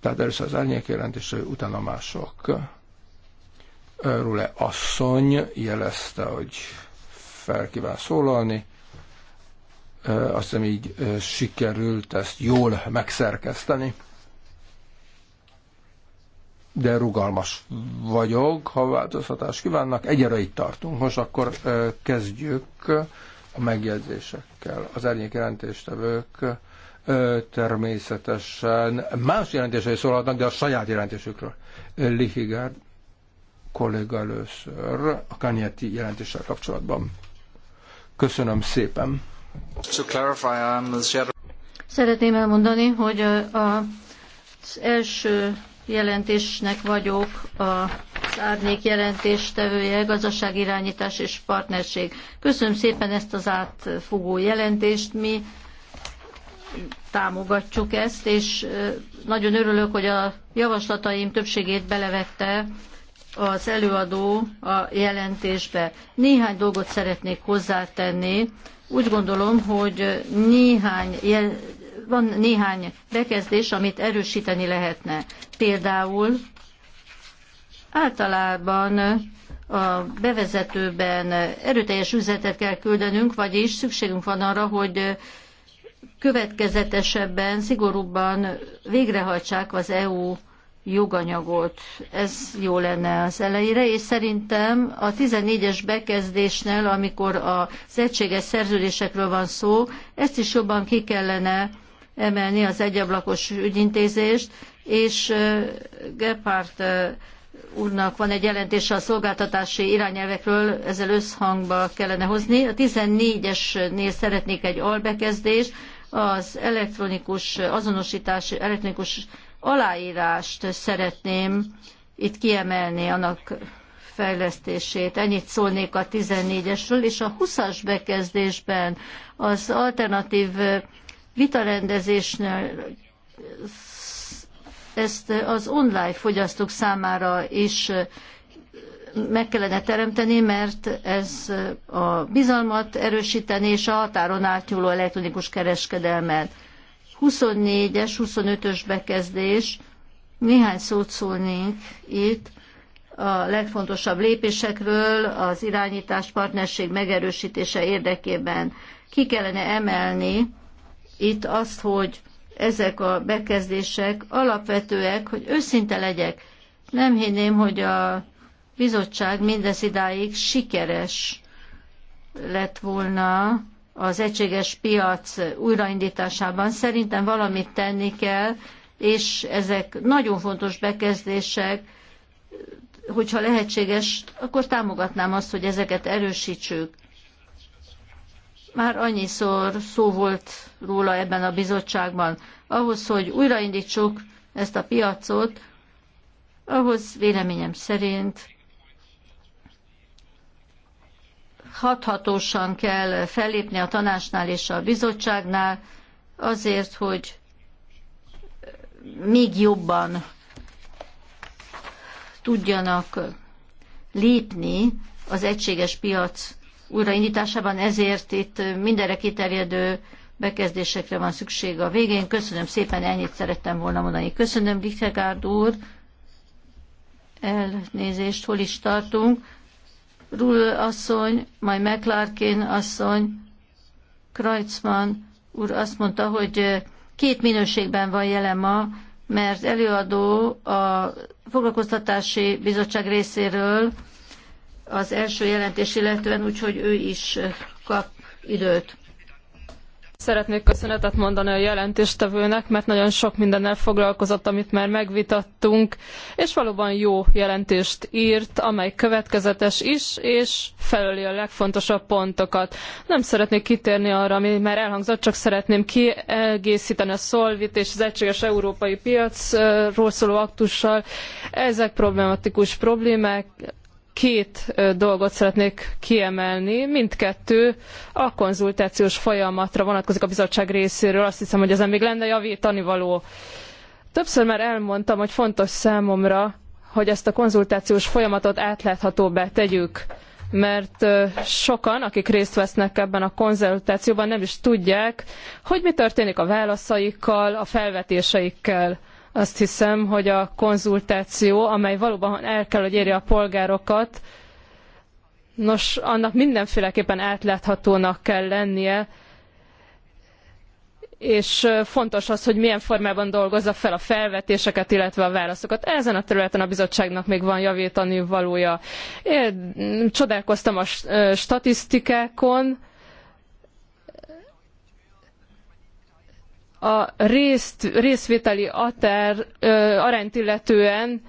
Tehát először az árnyék jelentésre, utána mások. Rule asszony jelezte, hogy fel kíván szólalni. Azt hiszem így sikerült ezt jól megszerkeszteni. De rugalmas vagyok, ha változtatást kívánnak. Egyre itt tartunk. Most akkor kezdjük a megjegyzésekkel. Az árnyék jelentéstevők természetesen más jelentései szólhatnak, de a saját jelentésükről. Lihigárd kolléga először a Kanyeti jelentéssel kapcsolatban. Köszönöm szépen. Szeretném elmondani, hogy az első jelentésnek vagyok a árnyék jelentéstevője, gazdaságirányítás és partnerség. Köszönöm szépen ezt az átfogó jelentést. Mi támogatjuk ezt, és nagyon örülök, hogy a javaslataim többségét belevette az előadó a jelentésbe. Néhány dolgot szeretnék hozzátenni. Úgy gondolom, hogy néhány van néhány bekezdés, amit erősíteni lehetne. Például általában a bevezetőben erőteljes üzletet kell küldenünk, vagyis szükségünk van arra, hogy következetesebben, szigorúbban végrehajtsák az EU joganyagot. Ez jó lenne az elejére, és szerintem a 14-es bekezdésnél, amikor az egységes szerződésekről van szó, ezt is jobban ki kellene emelni az egyablakos ügyintézést, és Gephardt úrnak van egy jelentése a szolgáltatási irányelvekről, ezzel összhangba kellene hozni. A 14-esnél szeretnék egy albekezdést, az elektronikus azonosítás, elektronikus aláírást szeretném itt kiemelni annak fejlesztését. Ennyit szólnék a 14-esről, és a 20-as bekezdésben az alternatív vitarendezésnél ezt az online fogyasztók számára is meg kellene teremteni, mert ez a bizalmat erősíteni és a határon átnyúló elektronikus kereskedelmet. 24-es, 25-ös bekezdés, néhány szót szólnénk itt a legfontosabb lépésekről az irányítás partnerség megerősítése érdekében. Ki kellene emelni itt azt, hogy ezek a bekezdések alapvetőek, hogy őszinte legyek. Nem hinném, hogy a bizottság mindez idáig sikeres lett volna az egységes piac újraindításában. Szerintem valamit tenni kell, és ezek nagyon fontos bekezdések, hogyha lehetséges, akkor támogatnám azt, hogy ezeket erősítsük. Már annyiszor szó volt róla ebben a bizottságban. Ahhoz, hogy újraindítsuk ezt a piacot, ahhoz véleményem szerint hathatósan kell fellépni a tanácsnál és a bizottságnál azért, hogy még jobban tudjanak lépni az egységes piac újraindításában, ezért itt mindenre kiterjedő bekezdésekre van szükség a végén. Köszönöm szépen, ennyit szerettem volna mondani. Köszönöm, Lichtegárd úr. Elnézést, hol is tartunk. Rull asszony, majd McClarkin asszony, Kreutzmann úr azt mondta, hogy két minőségben van jelen ma, mert előadó a foglalkoztatási bizottság részéről az első jelentés illetően, úgyhogy ő is kap időt. Szeretnék köszönetet mondani a jelentéstevőnek, mert nagyon sok mindennel foglalkozott, amit már megvitattunk, és valóban jó jelentést írt, amely következetes is, és felöli a legfontosabb pontokat. Nem szeretnék kitérni arra, ami már elhangzott, csak szeretném kiegészíteni a Szolvit és az Egységes Európai Piacról szóló aktussal. Ezek problematikus problémák, két dolgot szeretnék kiemelni. Mindkettő a konzultációs folyamatra vonatkozik a bizottság részéről. Azt hiszem, hogy ezen még lenne javítani való. Többször már elmondtam, hogy fontos számomra, hogy ezt a konzultációs folyamatot átláthatóbbá tegyük mert sokan, akik részt vesznek ebben a konzultációban, nem is tudják, hogy mi történik a válaszaikkal, a felvetéseikkel. Azt hiszem, hogy a konzultáció, amely valóban el kell, hogy érje a polgárokat, nos, annak mindenféleképpen átláthatónak kell lennie, és fontos az, hogy milyen formában dolgozza fel a felvetéseket, illetve a válaszokat. Ezen a területen a bizottságnak még van javítani valója. Én csodálkoztam a statisztikákon, a részt, részvételi atár, ö, arányt illetően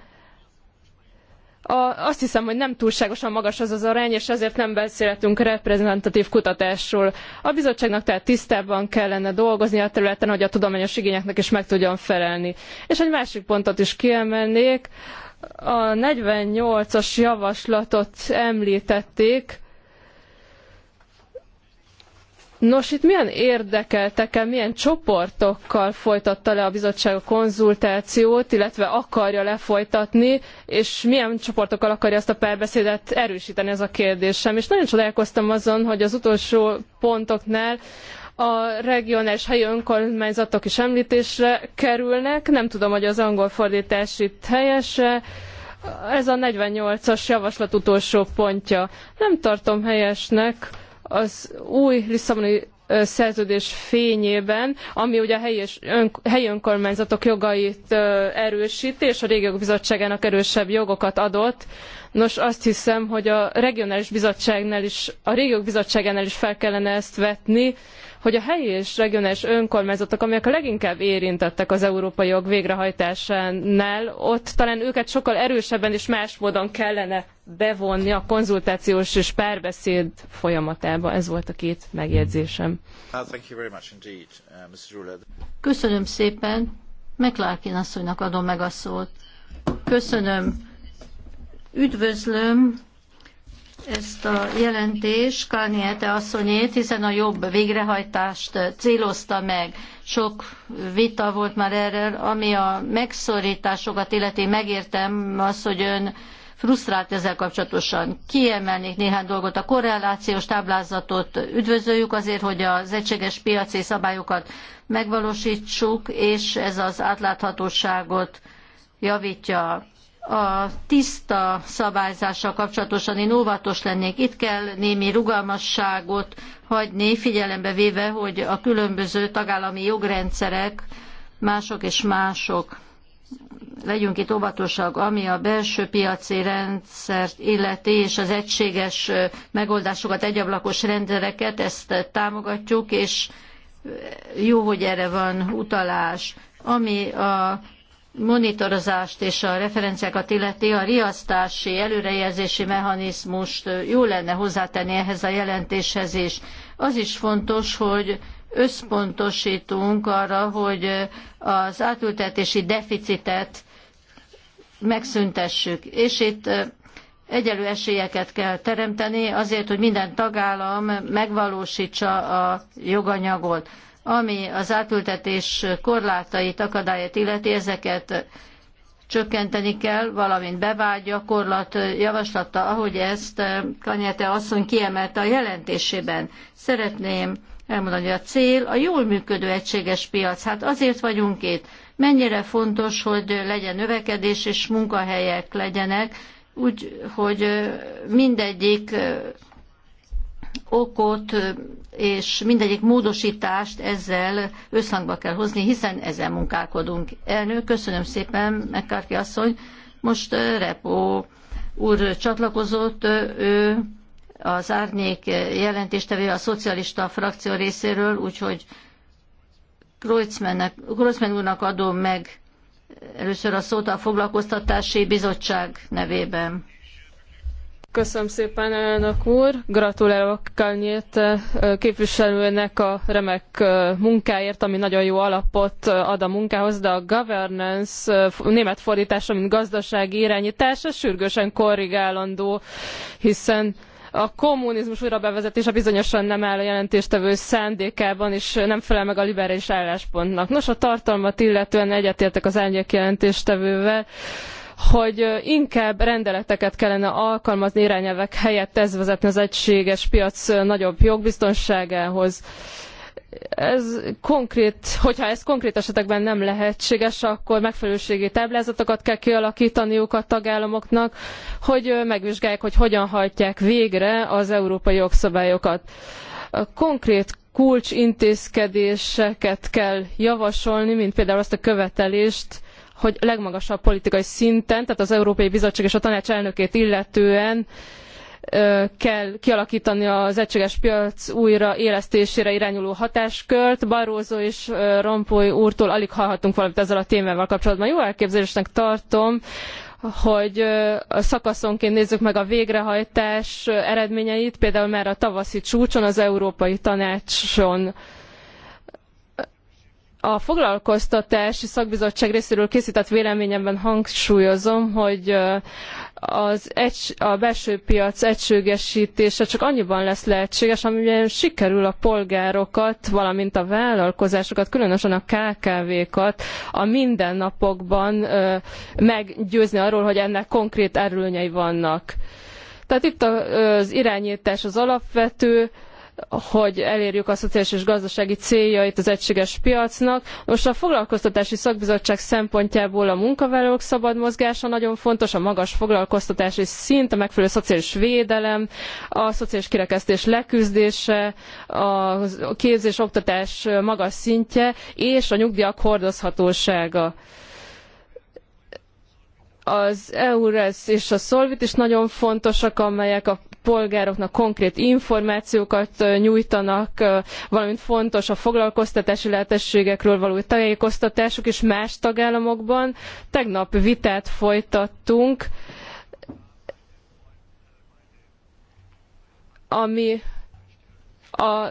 a, azt hiszem, hogy nem túlságosan magas az az arány, és ezért nem beszélhetünk reprezentatív kutatásról. A bizottságnak tehát tisztában kellene dolgozni a területen, hogy a tudományos igényeknek is meg tudjon felelni. És egy másik pontot is kiemelnék, a 48-as javaslatot említették, Nos, itt milyen érdekeltekkel, milyen csoportokkal folytatta le a bizottság a konzultációt, illetve akarja lefolytatni, és milyen csoportokkal akarja ezt a párbeszédet erősíteni ez a kérdésem. És nagyon csodálkoztam azon, hogy az utolsó pontoknál a regionális helyi önkormányzatok is említésre kerülnek. Nem tudom, hogy az angol fordítás itt helyes. -e. Ez a 48-as javaslat utolsó pontja. Nem tartom helyesnek, az új Lisszaboni szerződés fényében, ami ugye a helyi, ön, helyi önkormányzatok jogait erősíti, és a régiók bizottságának erősebb jogokat adott. Nos, azt hiszem, hogy a regionális bizottságnál is, a régiók bizottságánál is fel kellene ezt vetni, hogy a helyi és regionális önkormányzatok, amelyek a leginkább érintettek az európai jog végrehajtásánál, ott talán őket sokkal erősebben és más módon kellene bevonni a konzultációs és párbeszéd folyamatába. Ez volt a két megjegyzésem. Ah, uh, Köszönöm szépen. McLarkin asszonynak adom meg a szót. Köszönöm. Üdvözlöm ezt a jelentést, Kalniete asszonyét, hiszen a jobb végrehajtást célozta meg. Sok vita volt már erről, ami a megszorításokat illeti, megértem azt, hogy ön frusztrált ezzel kapcsolatosan. Kiemelnék néhány dolgot. A korrelációs táblázatot üdvözöljük azért, hogy az egységes piaci szabályokat megvalósítsuk, és ez az átláthatóságot javítja a tiszta szabályzással kapcsolatosan én óvatos lennék. Itt kell némi rugalmasságot hagyni, figyelembe véve, hogy a különböző tagállami jogrendszerek mások és mások. Legyünk itt óvatosak, ami a belső piaci rendszert illeti, és az egységes megoldásokat, egyablakos rendszereket, ezt támogatjuk, és jó, hogy erre van utalás. Ami a monitorozást és a referenciákat illeti a riasztási, előrejelzési mechanizmust jó lenne hozzátenni ehhez a jelentéshez is. Az is fontos, hogy összpontosítunk arra, hogy az átültetési deficitet megszüntessük. És itt egyelő esélyeket kell teremteni azért, hogy minden tagállam megvalósítsa a joganyagot. Ami az átültetés korlátait, akadályait illeti, ezeket csökkenteni kell, valamint bevált gyakorlat javaslata, ahogy ezt eh, Kanyete asszony kiemelte a jelentésében. Szeretném elmondani, hogy a cél a jól működő egységes piac. Hát azért vagyunk itt. Mennyire fontos, hogy legyen növekedés és munkahelyek legyenek, úgy, hogy eh, mindegyik eh, okot és mindegyik módosítást ezzel összhangba kell hozni, hiszen ezzel munkálkodunk. Elnök, köszönöm szépen, McCarthy asszony. Most Repo úr csatlakozott, ő az árnyék jelentéstevő a szocialista frakció részéről, úgyhogy Kreuzmann úrnak adom meg először a szót a foglalkoztatási bizottság nevében. Köszönöm szépen, elnök úr. Gratulálok Kalnyét képviselőnek a remek munkáért, ami nagyon jó alapot ad a munkához, de a governance német fordítása, mint gazdasági irányítás, sürgősen korrigálandó, hiszen a kommunizmus újrabevezetése bizonyosan nem áll a jelentéstevő szándékában, és nem felel meg a liberális álláspontnak. Nos, a tartalmat illetően egyetértek az árnyék jelentéstevővel hogy inkább rendeleteket kellene alkalmazni irányelvek helyett, ez vezetne az egységes piac nagyobb jogbiztonságához ez konkrét, hogyha ez konkrét esetekben nem lehetséges, akkor megfelelőségi táblázatokat kell kialakítaniuk a tagállamoknak, hogy megvizsgálják, hogy hogyan hajtják végre az európai jogszabályokat. A konkrét kulcsintézkedéseket kell javasolni, mint például azt a követelést, hogy legmagasabb politikai szinten, tehát az Európai Bizottság és a Tanács elnökét illetően kell kialakítani az egységes piac újra élesztésére irányuló hatáskört. Barroso és Rompuy úrtól alig hallhattunk, valamit ezzel a témával kapcsolatban. Jó elképzelésnek tartom, hogy szakaszonként nézzük meg a végrehajtás eredményeit, például már a tavaszi csúcson, az Európai Tanácson a foglalkoztatási szakbizottság részéről készített véleményemben hangsúlyozom, hogy az egy, a belső piac egységesítése csak annyiban lesz lehetséges, amilyen sikerül a polgárokat, valamint a vállalkozásokat, különösen a KKV-kat a mindennapokban ö, meggyőzni arról, hogy ennek konkrét erőnyei vannak. Tehát itt az irányítás az alapvető, hogy elérjük a szociális és gazdasági céljait az egységes piacnak. Most a foglalkoztatási szakbizottság szempontjából a munkavállalók szabad mozgása nagyon fontos, a magas foglalkoztatási szint, a megfelelő szociális védelem, a szociális kirekesztés leküzdése, a képzés-oktatás magas szintje és a nyugdíjak hordozhatósága az EURES és a Solvit is nagyon fontosak, amelyek a polgároknak konkrét információkat nyújtanak, valamint fontos a foglalkoztatási lehetőségekről való tájékoztatásuk is más tagállamokban. Tegnap vitát folytattunk, ami a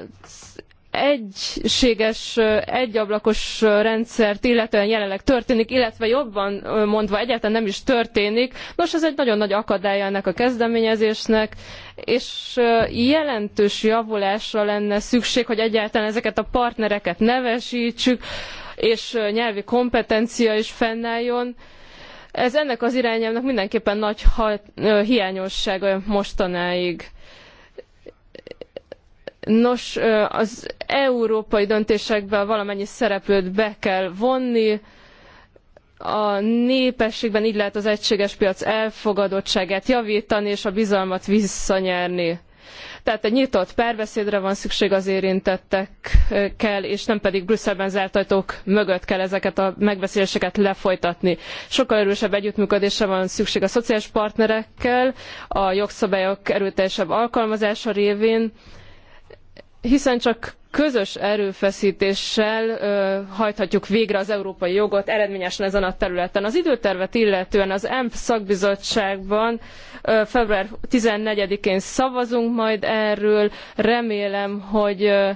egységes, egyablakos rendszert illetően jelenleg történik, illetve jobban mondva egyáltalán nem is történik. Nos, ez egy nagyon nagy akadálya ennek a kezdeményezésnek, és jelentős javulásra lenne szükség, hogy egyáltalán ezeket a partnereket nevesítsük, és nyelvi kompetencia is fennálljon. Ez ennek az irányelvnek mindenképpen nagy hiányossága mostanáig Nos, az európai döntésekben valamennyi szereplőt be kell vonni, a népességben így lehet az egységes piac elfogadottságát javítani és a bizalmat visszanyerni. Tehát egy nyitott párbeszédre van szükség az érintettekkel, és nem pedig Brüsszelben zárt ajtók mögött kell ezeket a megbeszéléseket lefolytatni. Sokkal erősebb együttműködésre van szükség a szociális partnerekkel, a jogszabályok erőteljesebb alkalmazása révén, hiszen csak közös erőfeszítéssel ö, hajthatjuk végre az európai jogot eredményesen ezen a területen. Az időtervet illetően az EMP szakbizottságban ö, február 14-én szavazunk majd erről. Remélem, hogy ö,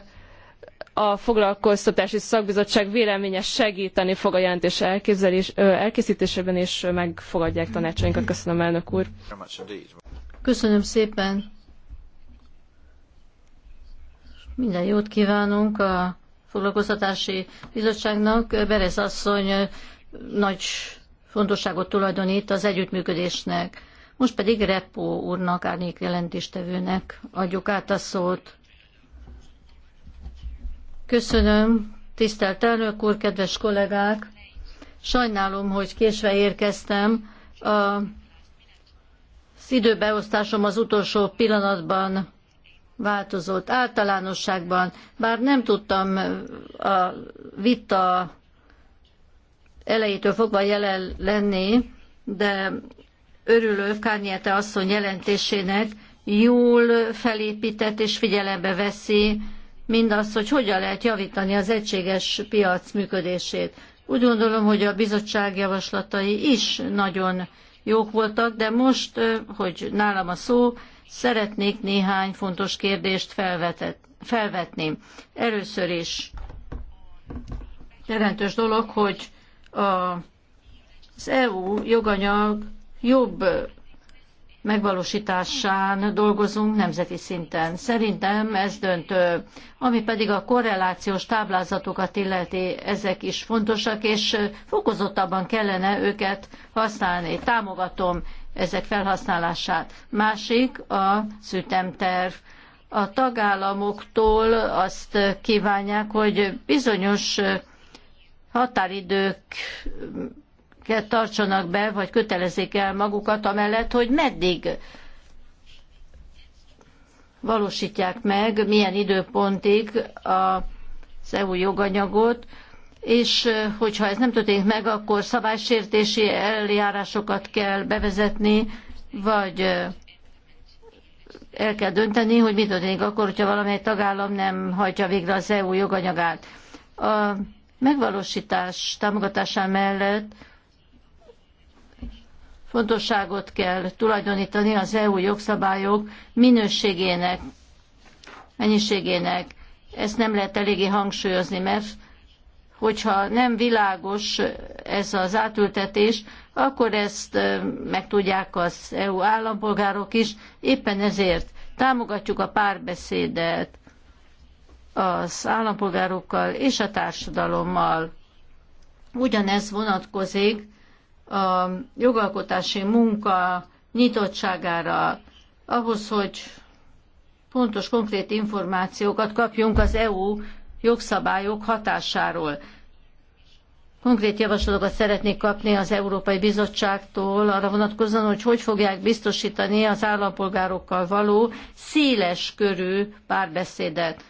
a foglalkoztatási szakbizottság véleménye segíteni fog a jelentés elképzelés, elkészítésében, és megfogadják tanácsainkat. Köszönöm, elnök úr. Köszönöm szépen. Minden jót kívánunk a foglalkoztatási bizottságnak. Berez asszony nagy fontosságot tulajdonít az együttműködésnek. Most pedig Repó úrnak, árnyék jelentéstevőnek adjuk át a szót. Köszönöm, tisztelt elnök úr, kedves kollégák! Sajnálom, hogy késve érkeztem. A, az időbeosztásom az utolsó pillanatban változott általánosságban, bár nem tudtam a vita elejétől fogva jelen lenni, de örülök Kárnyete asszony jelentésének, jól felépített és figyelembe veszi mindazt, hogy hogyan lehet javítani az egységes piac működését. Úgy gondolom, hogy a bizottság javaslatai is nagyon jók voltak, de most, hogy nálam a szó, Szeretnék néhány fontos kérdést felvetet, felvetni. Először is jelentős dolog, hogy a, az EU joganyag jobb megvalósításán dolgozunk nemzeti szinten. Szerintem ez döntő. Ami pedig a korrelációs táblázatokat illeti, ezek is fontosak, és fokozottabban kellene őket használni. Támogatom ezek felhasználását. Másik a szütemterv. A tagállamoktól azt kívánják, hogy bizonyos határidőket tartsanak be, vagy kötelezik el magukat, amellett, hogy meddig valósítják meg, milyen időpontig az EU joganyagot, és hogyha ez nem történik meg, akkor szabálysértési eljárásokat kell bevezetni, vagy el kell dönteni, hogy mi történik akkor, hogyha valamely tagállam nem hajtja végre az EU joganyagát. A megvalósítás támogatásán mellett fontosságot kell tulajdonítani az EU jogszabályok minőségének, mennyiségének. Ezt nem lehet eléggé hangsúlyozni, mert hogyha nem világos ez az átültetés, akkor ezt megtudják az EU állampolgárok is. Éppen ezért támogatjuk a párbeszédet az állampolgárokkal és a társadalommal. Ugyanez vonatkozik a jogalkotási munka nyitottságára, ahhoz, hogy pontos, konkrét információkat kapjunk az EU jogszabályok hatásáról. Konkrét javaslatokat szeretnék kapni az Európai Bizottságtól arra vonatkozóan, hogy hogy fogják biztosítani az állampolgárokkal való széles körű párbeszédet.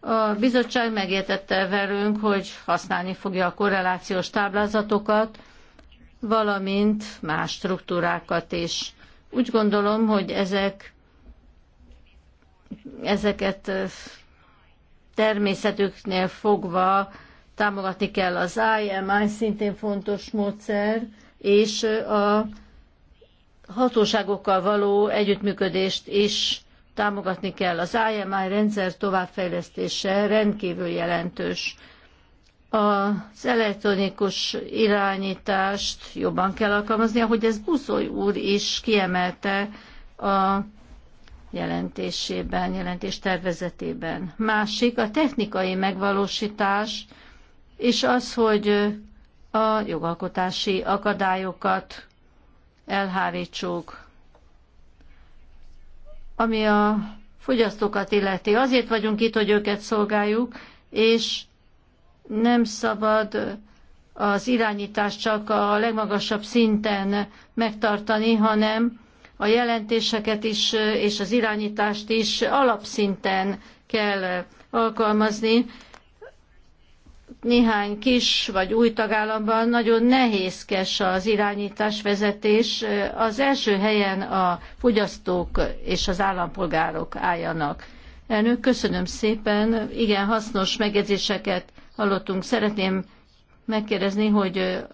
A bizottság megértette velünk, hogy használni fogja a korrelációs táblázatokat, valamint más struktúrákat is. Úgy gondolom, hogy ezek, ezeket természetüknél fogva támogatni kell az IMI, szintén fontos módszer, és a hatóságokkal való együttműködést is támogatni kell. Az IMI rendszer továbbfejlesztése rendkívül jelentős. Az elektronikus irányítást jobban kell alkalmazni, ahogy ez Buszoly úr is kiemelte a jelentésében, jelentés tervezetében. Másik a technikai megvalósítás, és az, hogy a jogalkotási akadályokat elhárítsuk. Ami a fogyasztókat illeti. Azért vagyunk itt, hogy őket szolgáljuk, és nem szabad az irányítást csak a legmagasabb szinten megtartani, hanem a jelentéseket is, és az irányítást is alapszinten kell alkalmazni. Néhány kis vagy új tagállamban nagyon nehézkes az irányítás, vezetés. Az első helyen a fogyasztók és az állampolgárok álljanak. Elnök, köszönöm szépen. Igen, hasznos megjegyzéseket hallottunk. Szeretném megkérdezni, hogy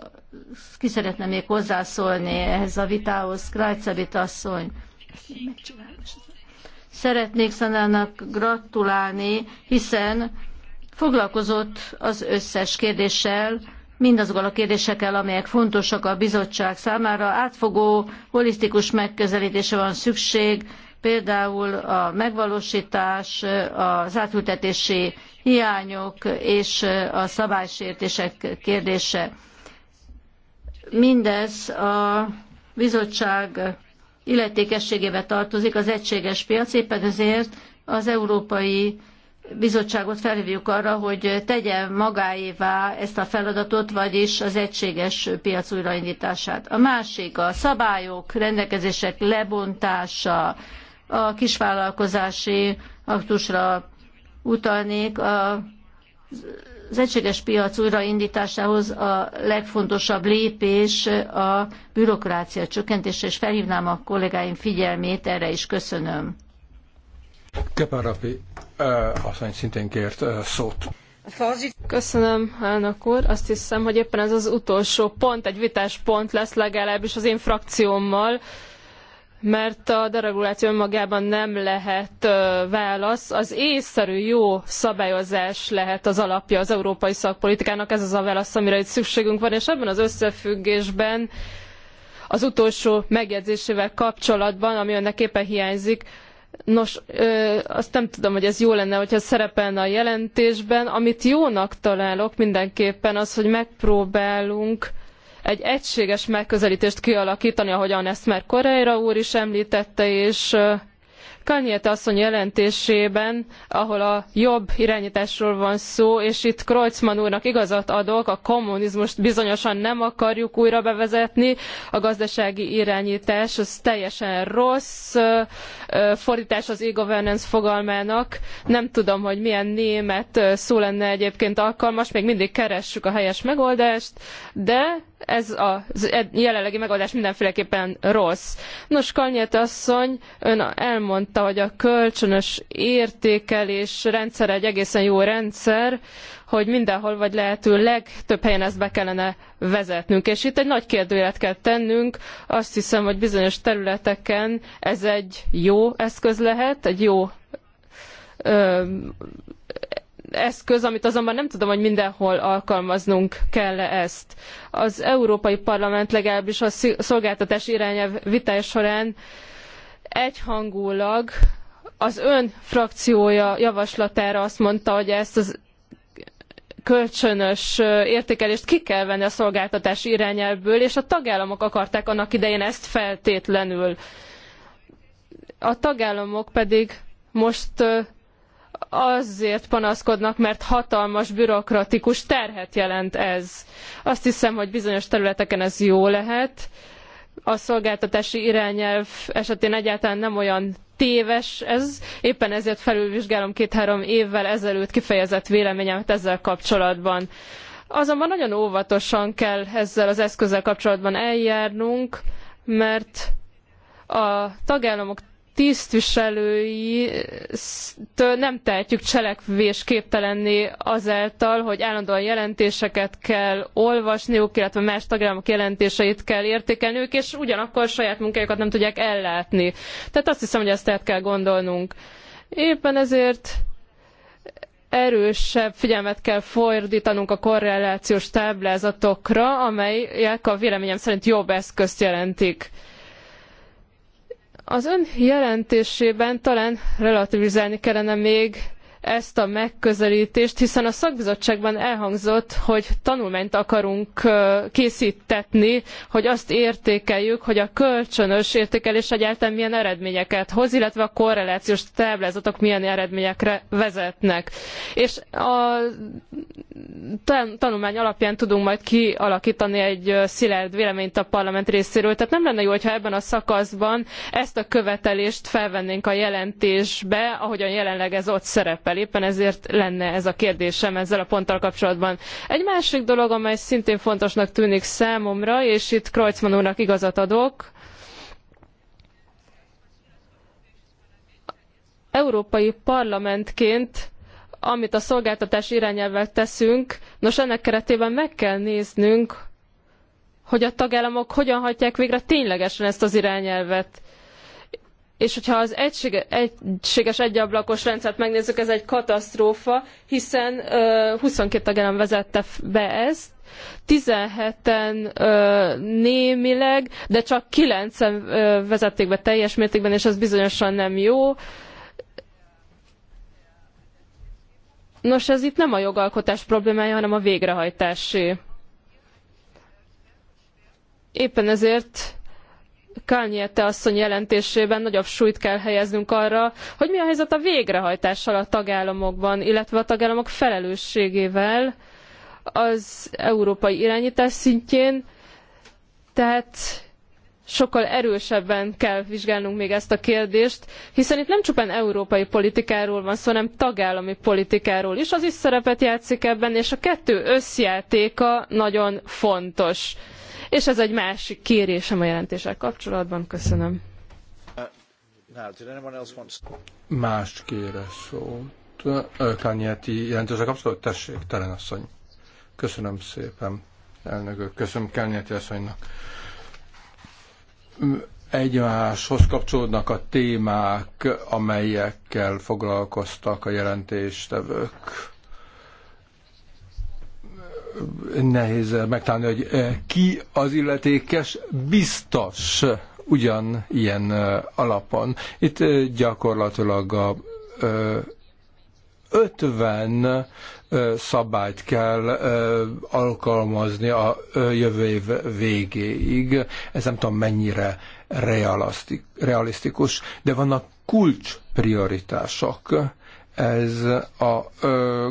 ki szeretne még hozzászólni ehhez a vitához, Krajcevit asszony. Szeretnék Szanának gratulálni, hiszen foglalkozott az összes kérdéssel, mindazokkal a kérdésekkel, amelyek fontosak a bizottság számára. Átfogó, holisztikus megközelítése van szükség, például a megvalósítás, az átültetési hiányok és a szabálysértések kérdése. Mindez a bizottság illetékességébe tartozik az egységes piac, éppen ezért az Európai Bizottságot felhívjuk arra, hogy tegye magáévá ezt a feladatot, vagyis az egységes piac újraindítását. A másik a szabályok, rendelkezések lebontása, a kisvállalkozási aktusra utalnék, a az egységes piac újraindításához a legfontosabb lépés a bürokrácia csökkentése, és felhívnám a kollégáim figyelmét, erre is köszönöm. Keparapi asszony szintén kért szót. Köszönöm, elnök úr. Azt hiszem, hogy éppen ez az utolsó pont, egy vitás pont lesz legalábbis az én frakciómmal mert a dereguláció önmagában nem lehet válasz. Az észszerű jó szabályozás lehet az alapja az európai szakpolitikának, ez az a válasz, amire itt szükségünk van, és ebben az összefüggésben az utolsó megjegyzésével kapcsolatban, ami önnek éppen hiányzik, Nos, ö, azt nem tudom, hogy ez jó lenne, hogyha szerepelne a jelentésben. Amit jónak találok mindenképpen az, hogy megpróbálunk egy egységes megközelítést kialakítani, ahogyan ezt már Koreira úr is említette, és Kanyete asszony jelentésében, ahol a jobb irányításról van szó, és itt Kreutzmann úrnak igazat adok, a kommunizmust bizonyosan nem akarjuk újra bevezetni, a gazdasági irányítás az teljesen rossz fordítás az e-governance fogalmának. Nem tudom, hogy milyen német szó lenne egyébként alkalmas, még mindig keressük a helyes megoldást, de ez a e- jelenlegi megoldás mindenféleképpen rossz. Nos, Kalnyét asszony, ön elmondta, hogy a kölcsönös értékelés rendszer egy egészen jó rendszer, hogy mindenhol vagy lehető legtöbb helyen ezt be kellene vezetnünk. És itt egy nagy kérdőjelet kell tennünk. Azt hiszem, hogy bizonyos területeken ez egy jó eszköz lehet, egy jó ö, eszköz, amit azonban nem tudom, hogy mindenhol alkalmaznunk kell -e ezt. Az Európai Parlament legalábbis a szolgáltatás irányelv vitája során egyhangulag az ön frakciója javaslatára azt mondta, hogy ezt az kölcsönös értékelést ki kell venni a szolgáltatás irányelvből, és a tagállamok akarták annak idején ezt feltétlenül. A tagállamok pedig most azért panaszkodnak, mert hatalmas bürokratikus terhet jelent ez. Azt hiszem, hogy bizonyos területeken ez jó lehet. A szolgáltatási irányelv esetén egyáltalán nem olyan téves ez, éppen ezért felülvizsgálom két-három évvel ezelőtt kifejezett véleményemet ezzel kapcsolatban. Azonban nagyon óvatosan kell ezzel az eszközzel kapcsolatban eljárnunk, mert a tagállamok tisztviselői nem tehetjük cselekvésképtelenné azáltal, hogy állandóan jelentéseket kell olvasniuk, illetve más tagállamok jelentéseit kell értékelniük, és ugyanakkor saját munkájukat nem tudják ellátni. Tehát azt hiszem, hogy ezt át kell gondolnunk. Éppen ezért erősebb figyelmet kell fordítanunk a korrelációs táblázatokra, amelyek a véleményem szerint jobb eszközt jelentik az ön jelentésében talán relativizálni kellene még ezt a megközelítést, hiszen a szakbizottságban elhangzott, hogy tanulmányt akarunk készítetni, hogy azt értékeljük, hogy a kölcsönös értékelés egyáltalán milyen eredményeket hoz, illetve a korrelációs táblázatok milyen eredményekre vezetnek. És a tanulmány alapján tudunk majd kialakítani egy szilárd véleményt a parlament részéről. Tehát nem lenne jó, ha ebben a szakaszban ezt a követelést felvennénk a jelentésbe, ahogyan jelenleg ez ott szerepel szerepel. Éppen ezért lenne ez a kérdésem ezzel a ponttal kapcsolatban. Egy másik dolog, amely szintén fontosnak tűnik számomra, és itt Kreutzmann úrnak igazat adok, Európai Parlamentként amit a szolgáltatás irányelvvel teszünk, nos ennek keretében meg kell néznünk, hogy a tagállamok hogyan hajtják végre ténylegesen ezt az irányelvet. És hogyha az egysége, egységes egyablakos rendszert megnézzük, ez egy katasztrófa, hiszen ö, 22 tagállam vezette be ezt, 17-en némileg, de csak 9-en vezették be teljes mértékben, és ez bizonyosan nem jó. Nos, ez itt nem a jogalkotás problémája, hanem a végrehajtásé. Éppen ezért Kalniete asszony jelentésében nagyobb súlyt kell helyeznünk arra, hogy mi a helyzet a végrehajtással a tagállamokban, illetve a tagállamok felelősségével az európai irányítás szintjén. Tehát sokkal erősebben kell vizsgálnunk még ezt a kérdést, hiszen itt nem csupán európai politikáról van szó, hanem tagállami politikáról is. Az is szerepet játszik ebben, és a kettő összjátéka nagyon fontos és ez egy másik kérésem a jelentéssel kapcsolatban. Köszönöm. Más kére szót. Kanyeti jelentéssel kapcsolatban? Tessék, Telen asszony. Köszönöm szépen, elnökök. Köszönöm Kanyeti asszonynak. Egymáshoz kapcsolódnak a témák, amelyekkel foglalkoztak a jelentéstevők nehéz megtalálni, hogy eh, ki az illetékes biztos ugyan ilyen eh, alapon. Itt eh, gyakorlatilag a 50 szabályt kell alkalmazni a jövő év végéig. Ez nem tudom mennyire realisztikus, de vannak kulcs prioritások ez a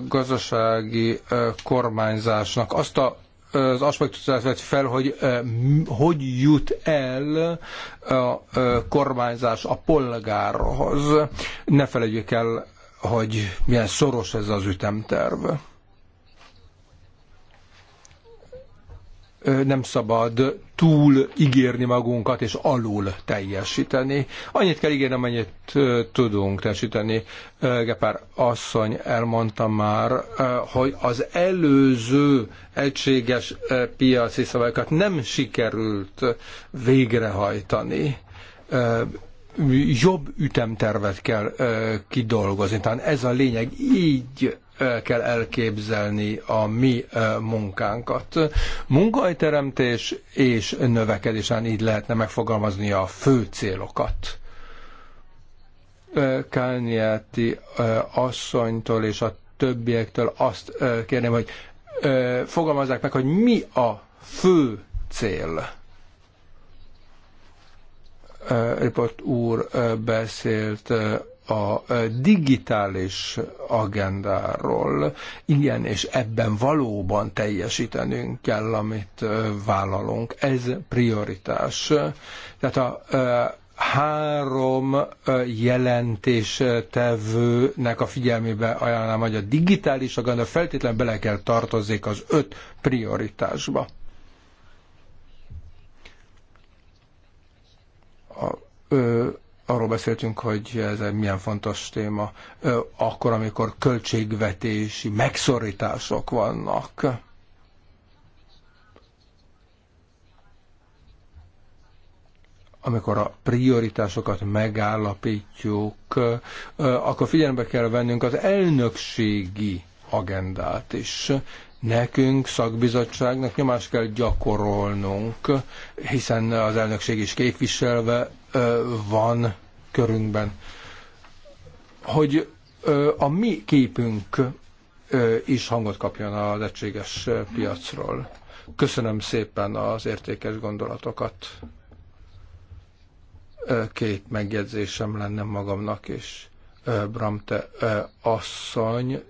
gazdasági kormányzásnak azt a az aspektusát vett fel, hogy hogy jut el a kormányzás a polgárhoz. Ne felejtjük el, hogy milyen szoros ez az ütemterv. nem szabad túl ígérni magunkat és alul teljesíteni. Annyit kell ígérni, amennyit tudunk teljesíteni. Gepár asszony elmondta már, hogy az előző egységes piaci szabályokat nem sikerült végrehajtani jobb ütemtervet kell kidolgozni. Tehát ez a lényeg, így kell elképzelni a mi munkánkat. Munkahelyteremtés és növekedés, így lehetne megfogalmazni a fő célokat. Kálniáti asszonytól és a többiektől azt kérném, hogy fogalmazzák meg, hogy mi a fő cél. Ripott úr beszélt a digitális agendáról. Igen, és ebben valóban teljesítenünk kell, amit vállalunk. Ez prioritás. Tehát a három jelentéstevőnek a figyelmébe ajánlám, hogy a digitális agenda feltétlenül bele kell tartozik az öt prioritásba. A, ö, arról beszéltünk, hogy ez egy milyen fontos téma, akkor, amikor költségvetési megszorítások vannak. Amikor a prioritásokat megállapítjuk, akkor figyelembe kell vennünk az elnökségi agendát is. Nekünk, szakbizottságnak nyomást kell gyakorolnunk, hiszen az elnökség is képviselve van körünkben, hogy a mi képünk is hangot kapjon a egységes piacról. Köszönöm szépen az értékes gondolatokat. Két megjegyzésem lenne magamnak is. Bramte asszony,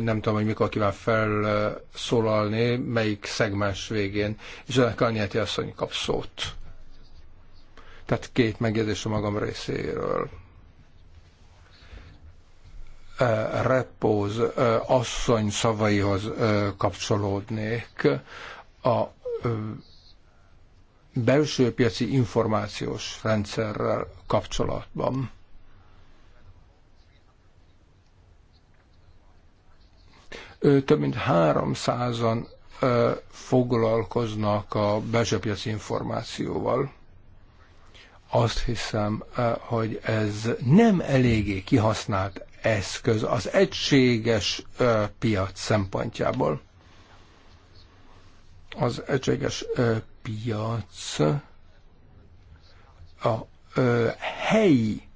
nem tudom, hogy mikor kíván felszólalni, melyik szegmens végén, és ennek Anyáti asszony kap szót. Tehát két megjegyzés a magam részéről. Repóz asszony szavaihoz kapcsolódnék. A belső piaci információs rendszerrel kapcsolatban. Több mint 300-an foglalkoznak a belső piaci információval azt hiszem, eh, hogy ez nem eléggé kihasznált eszköz az egységes eh, piac szempontjából. Az egységes eh, piac a helyi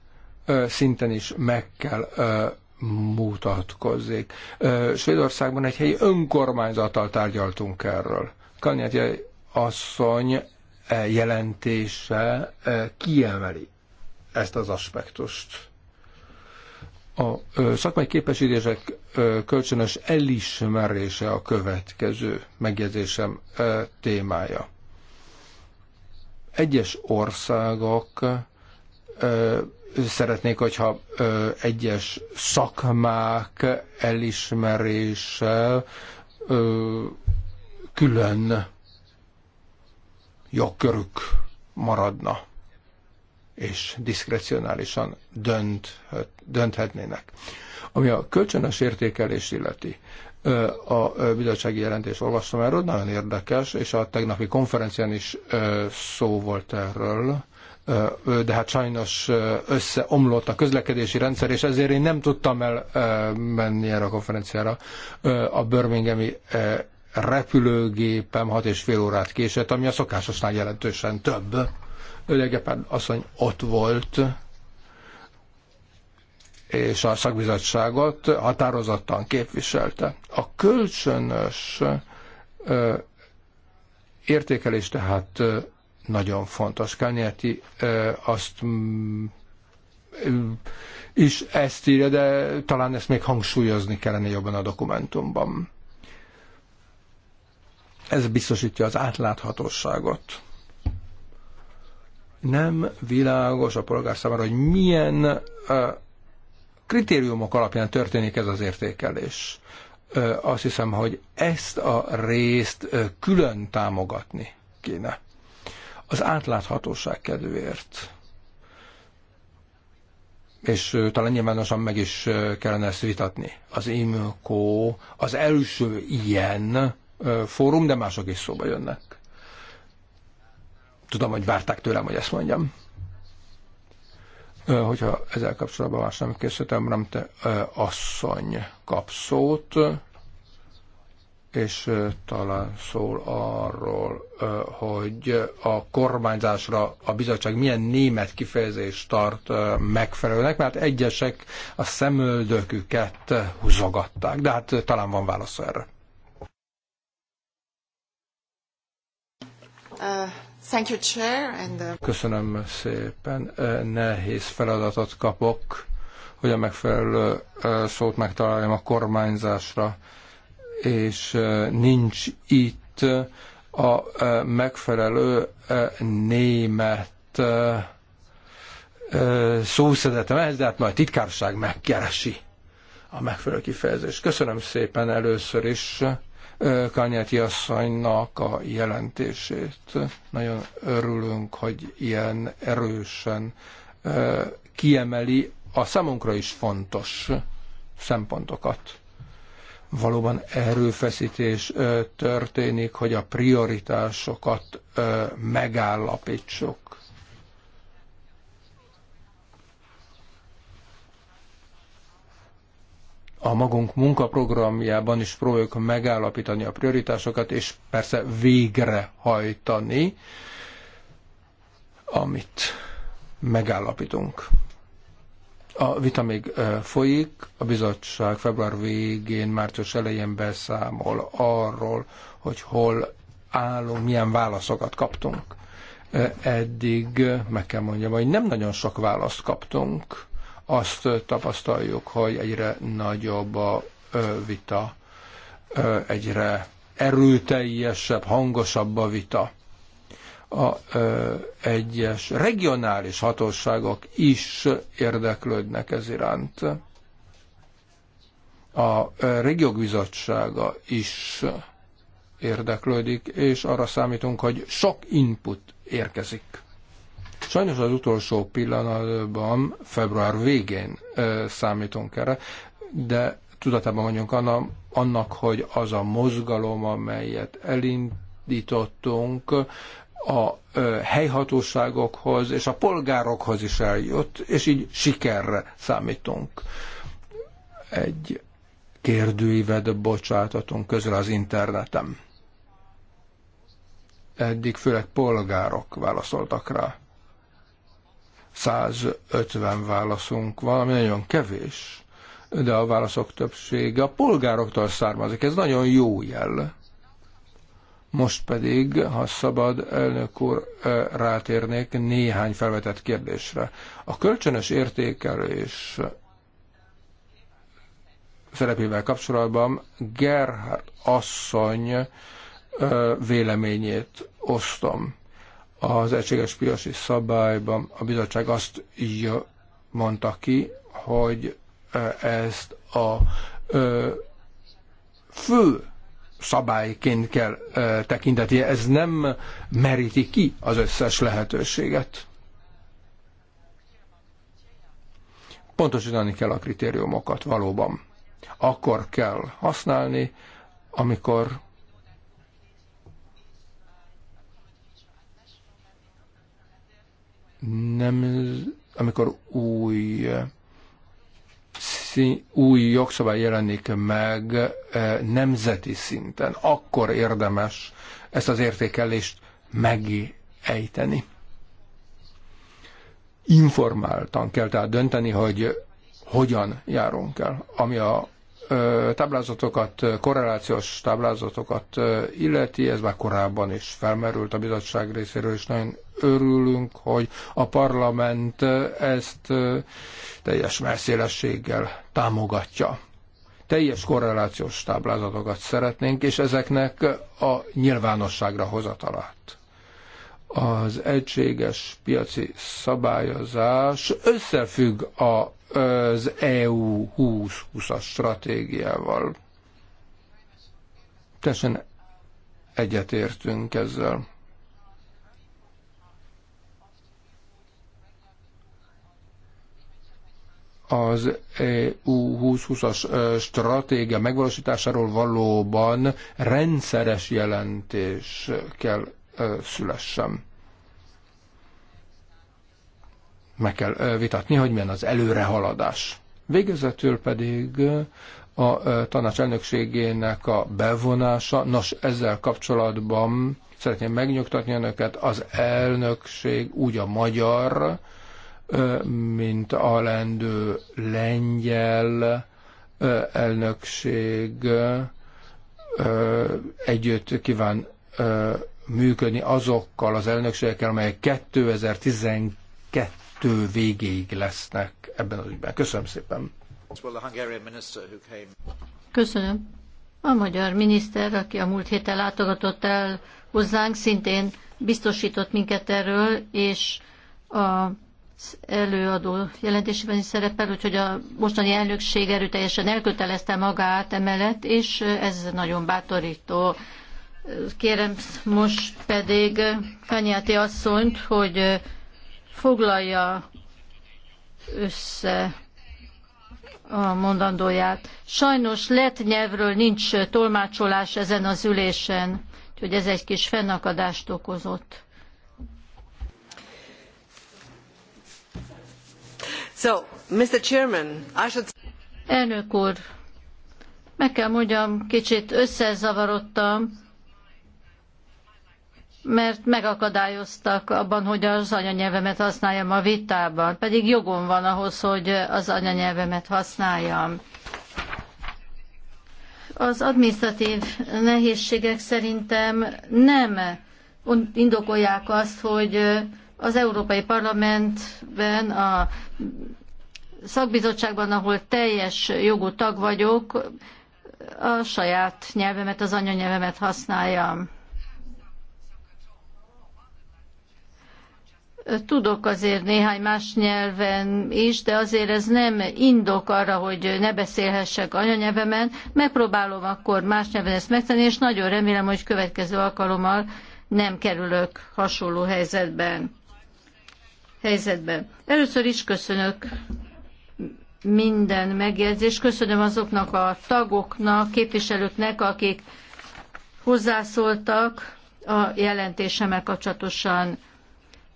szinten is meg kell mutatkozik. Svédországban egy helyi önkormányzattal tárgyaltunk erről. Kanyátyai asszony E jelentése e, kiemeli ezt az aspektust. A szakmai képesítések kölcsönös elismerése a következő megjegyzésem e, témája. Egyes országok szeretnék, hogyha egyes szakmák elismerése külön jogkörük maradna, és diszkrecionálisan dönt, dönthetnének. Ami a kölcsönös értékelés illeti, a bizottsági jelentés olvastam erről, nagyon érdekes, és a tegnapi konferencián is szó volt erről, de hát sajnos összeomlott a közlekedési rendszer, és ezért én nem tudtam el menni erre a konferenciára. A Birminghami repülőgépem hat és fél órát késett, ami a szokásosnál jelentősen több. Ölegepen asszony ott volt, és a szakbizottságot határozottan képviselte. A kölcsönös ö, értékelés tehát ö, nagyon fontos. Kányáti azt is ezt írja, de talán ezt még hangsúlyozni kellene jobban a dokumentumban. Ez biztosítja az átláthatóságot. Nem világos a polgár számára, hogy milyen kritériumok alapján történik ez az értékelés. Azt hiszem, hogy ezt a részt külön támogatni kéne. Az átláthatóság kedvéért. És talán nyilvánosan meg is kellene ezt vitatni. Az IMCO az első ilyen fórum, de mások is szóba jönnek. Tudom, hogy várták tőlem, hogy ezt mondjam. Hogyha ezzel kapcsolatban más nem készítem, nem te asszony kap szót, és talán szól arról, hogy a kormányzásra a bizottság milyen német kifejezést tart megfelelőnek, mert egyesek a szemöldöküket húzogatták, de hát talán van válasz erre. Uh, thank you, Chair. And, uh, Köszönöm szépen. Uh, nehéz feladatot kapok, hogy a megfelelő szót megtaláljam a kormányzásra, és nincs itt a megfelelő német szószedetem ehhez, de hát majd titkárság megkeresi a megfelelő kifejezést. Köszönöm szépen először is. Kányáti asszonynak a jelentését. Nagyon örülünk, hogy ilyen erősen kiemeli a számunkra is fontos szempontokat. Valóban erőfeszítés történik, hogy a prioritásokat megállapítsuk a magunk munkaprogramjában is próbáljuk megállapítani a prioritásokat, és persze végrehajtani, amit megállapítunk. A vita még folyik, a bizottság február végén, március elején beszámol arról, hogy hol állunk, milyen válaszokat kaptunk. Eddig meg kell mondjam, hogy nem nagyon sok választ kaptunk azt tapasztaljuk, hogy egyre nagyobb a vita, egyre erőteljesebb, hangosabb a vita. A egyes regionális hatóságok is érdeklődnek ez iránt. A régiók bizottsága is érdeklődik, és arra számítunk, hogy sok input érkezik. Sajnos az utolsó pillanatban, február végén számítunk erre, de tudatában vagyunk annak, hogy az a mozgalom, amelyet elindítottunk, a helyhatóságokhoz és a polgárokhoz is eljött, és így sikerre számítunk. Egy kérdőívet bocsátatunk közül az internetem Eddig főleg polgárok válaszoltak rá. 150 válaszunk van, ami nagyon kevés, de a válaszok többsége a polgároktól származik. Ez nagyon jó jel. Most pedig, ha szabad, elnök úr, rátérnék néhány felvetett kérdésre. A kölcsönös értékelés szerepével kapcsolatban Gerhard asszony véleményét osztom. Az egységes piaci szabályban a bizottság azt így mondta ki, hogy ezt a fő szabályként kell tekinteti. Ez nem meríti ki az összes lehetőséget. Pontosítani kell a kritériumokat valóban. Akkor kell használni, amikor nem, amikor új új jogszabály jelenik meg eh, nemzeti szinten, akkor érdemes ezt az értékelést megejteni. Informáltan kell tehát dönteni, hogy hogyan járunk el, ami a táblázatokat, korrelációs táblázatokat illeti, ez már korábban is felmerült a bizottság részéről, és nagyon örülünk, hogy a parlament ezt teljes merszélességgel támogatja. Teljes korrelációs táblázatokat szeretnénk, és ezeknek a nyilvánosságra hozatalát az egységes piaci szabályozás összefügg a az EU 2020-as stratégiával. Teljesen egyetértünk ezzel. az EU 2020-as stratégia megvalósításáról valóban rendszeres jelentés kell szülessem meg kell vitatni, hogy milyen az előrehaladás. Végezetül pedig a tanács elnökségének a bevonása. Nos, ezzel kapcsolatban szeretném megnyugtatni önöket, az elnökség úgy a magyar, mint a lendő lengyel elnökség együtt kíván működni azokkal az elnökségekkel, amelyek 2012 kettő végéig lesznek ebben az ügyben. Köszönöm szépen. Köszönöm. A magyar miniszter, aki a múlt héten látogatott el hozzánk, szintén biztosított minket erről, és a előadó jelentésében is szerepel, úgyhogy a mostani elnökség erőteljesen elkötelezte magát emellett, és ez nagyon bátorító. Kérem most pedig Kanyáti asszonyt, hogy foglalja össze a mondandóját. Sajnos lett nyelvről nincs tolmácsolás ezen az ülésen, úgyhogy ez egy kis fennakadást okozott. So, Mr. Chairman, I should... Elnök úr, meg kell mondjam, kicsit összezavarodtam, mert megakadályoztak abban, hogy az anyanyelvemet használjam a vitában, pedig jogom van ahhoz, hogy az anyanyelvemet használjam. Az administratív nehézségek szerintem nem indokolják azt, hogy az Európai Parlamentben, a szakbizottságban, ahol teljes jogú tag vagyok, a saját nyelvemet, az anyanyelvemet használjam. Tudok azért néhány más nyelven is, de azért ez nem indok arra, hogy ne beszélhessek anyanyelvemen. Megpróbálom akkor más nyelven ezt megtenni, és nagyon remélem, hogy következő alkalommal nem kerülök hasonló helyzetben. helyzetben. Először is köszönök minden megjegyzést. Köszönöm azoknak a tagoknak, képviselőknek, akik hozzászóltak a jelentésemmel kapcsolatosan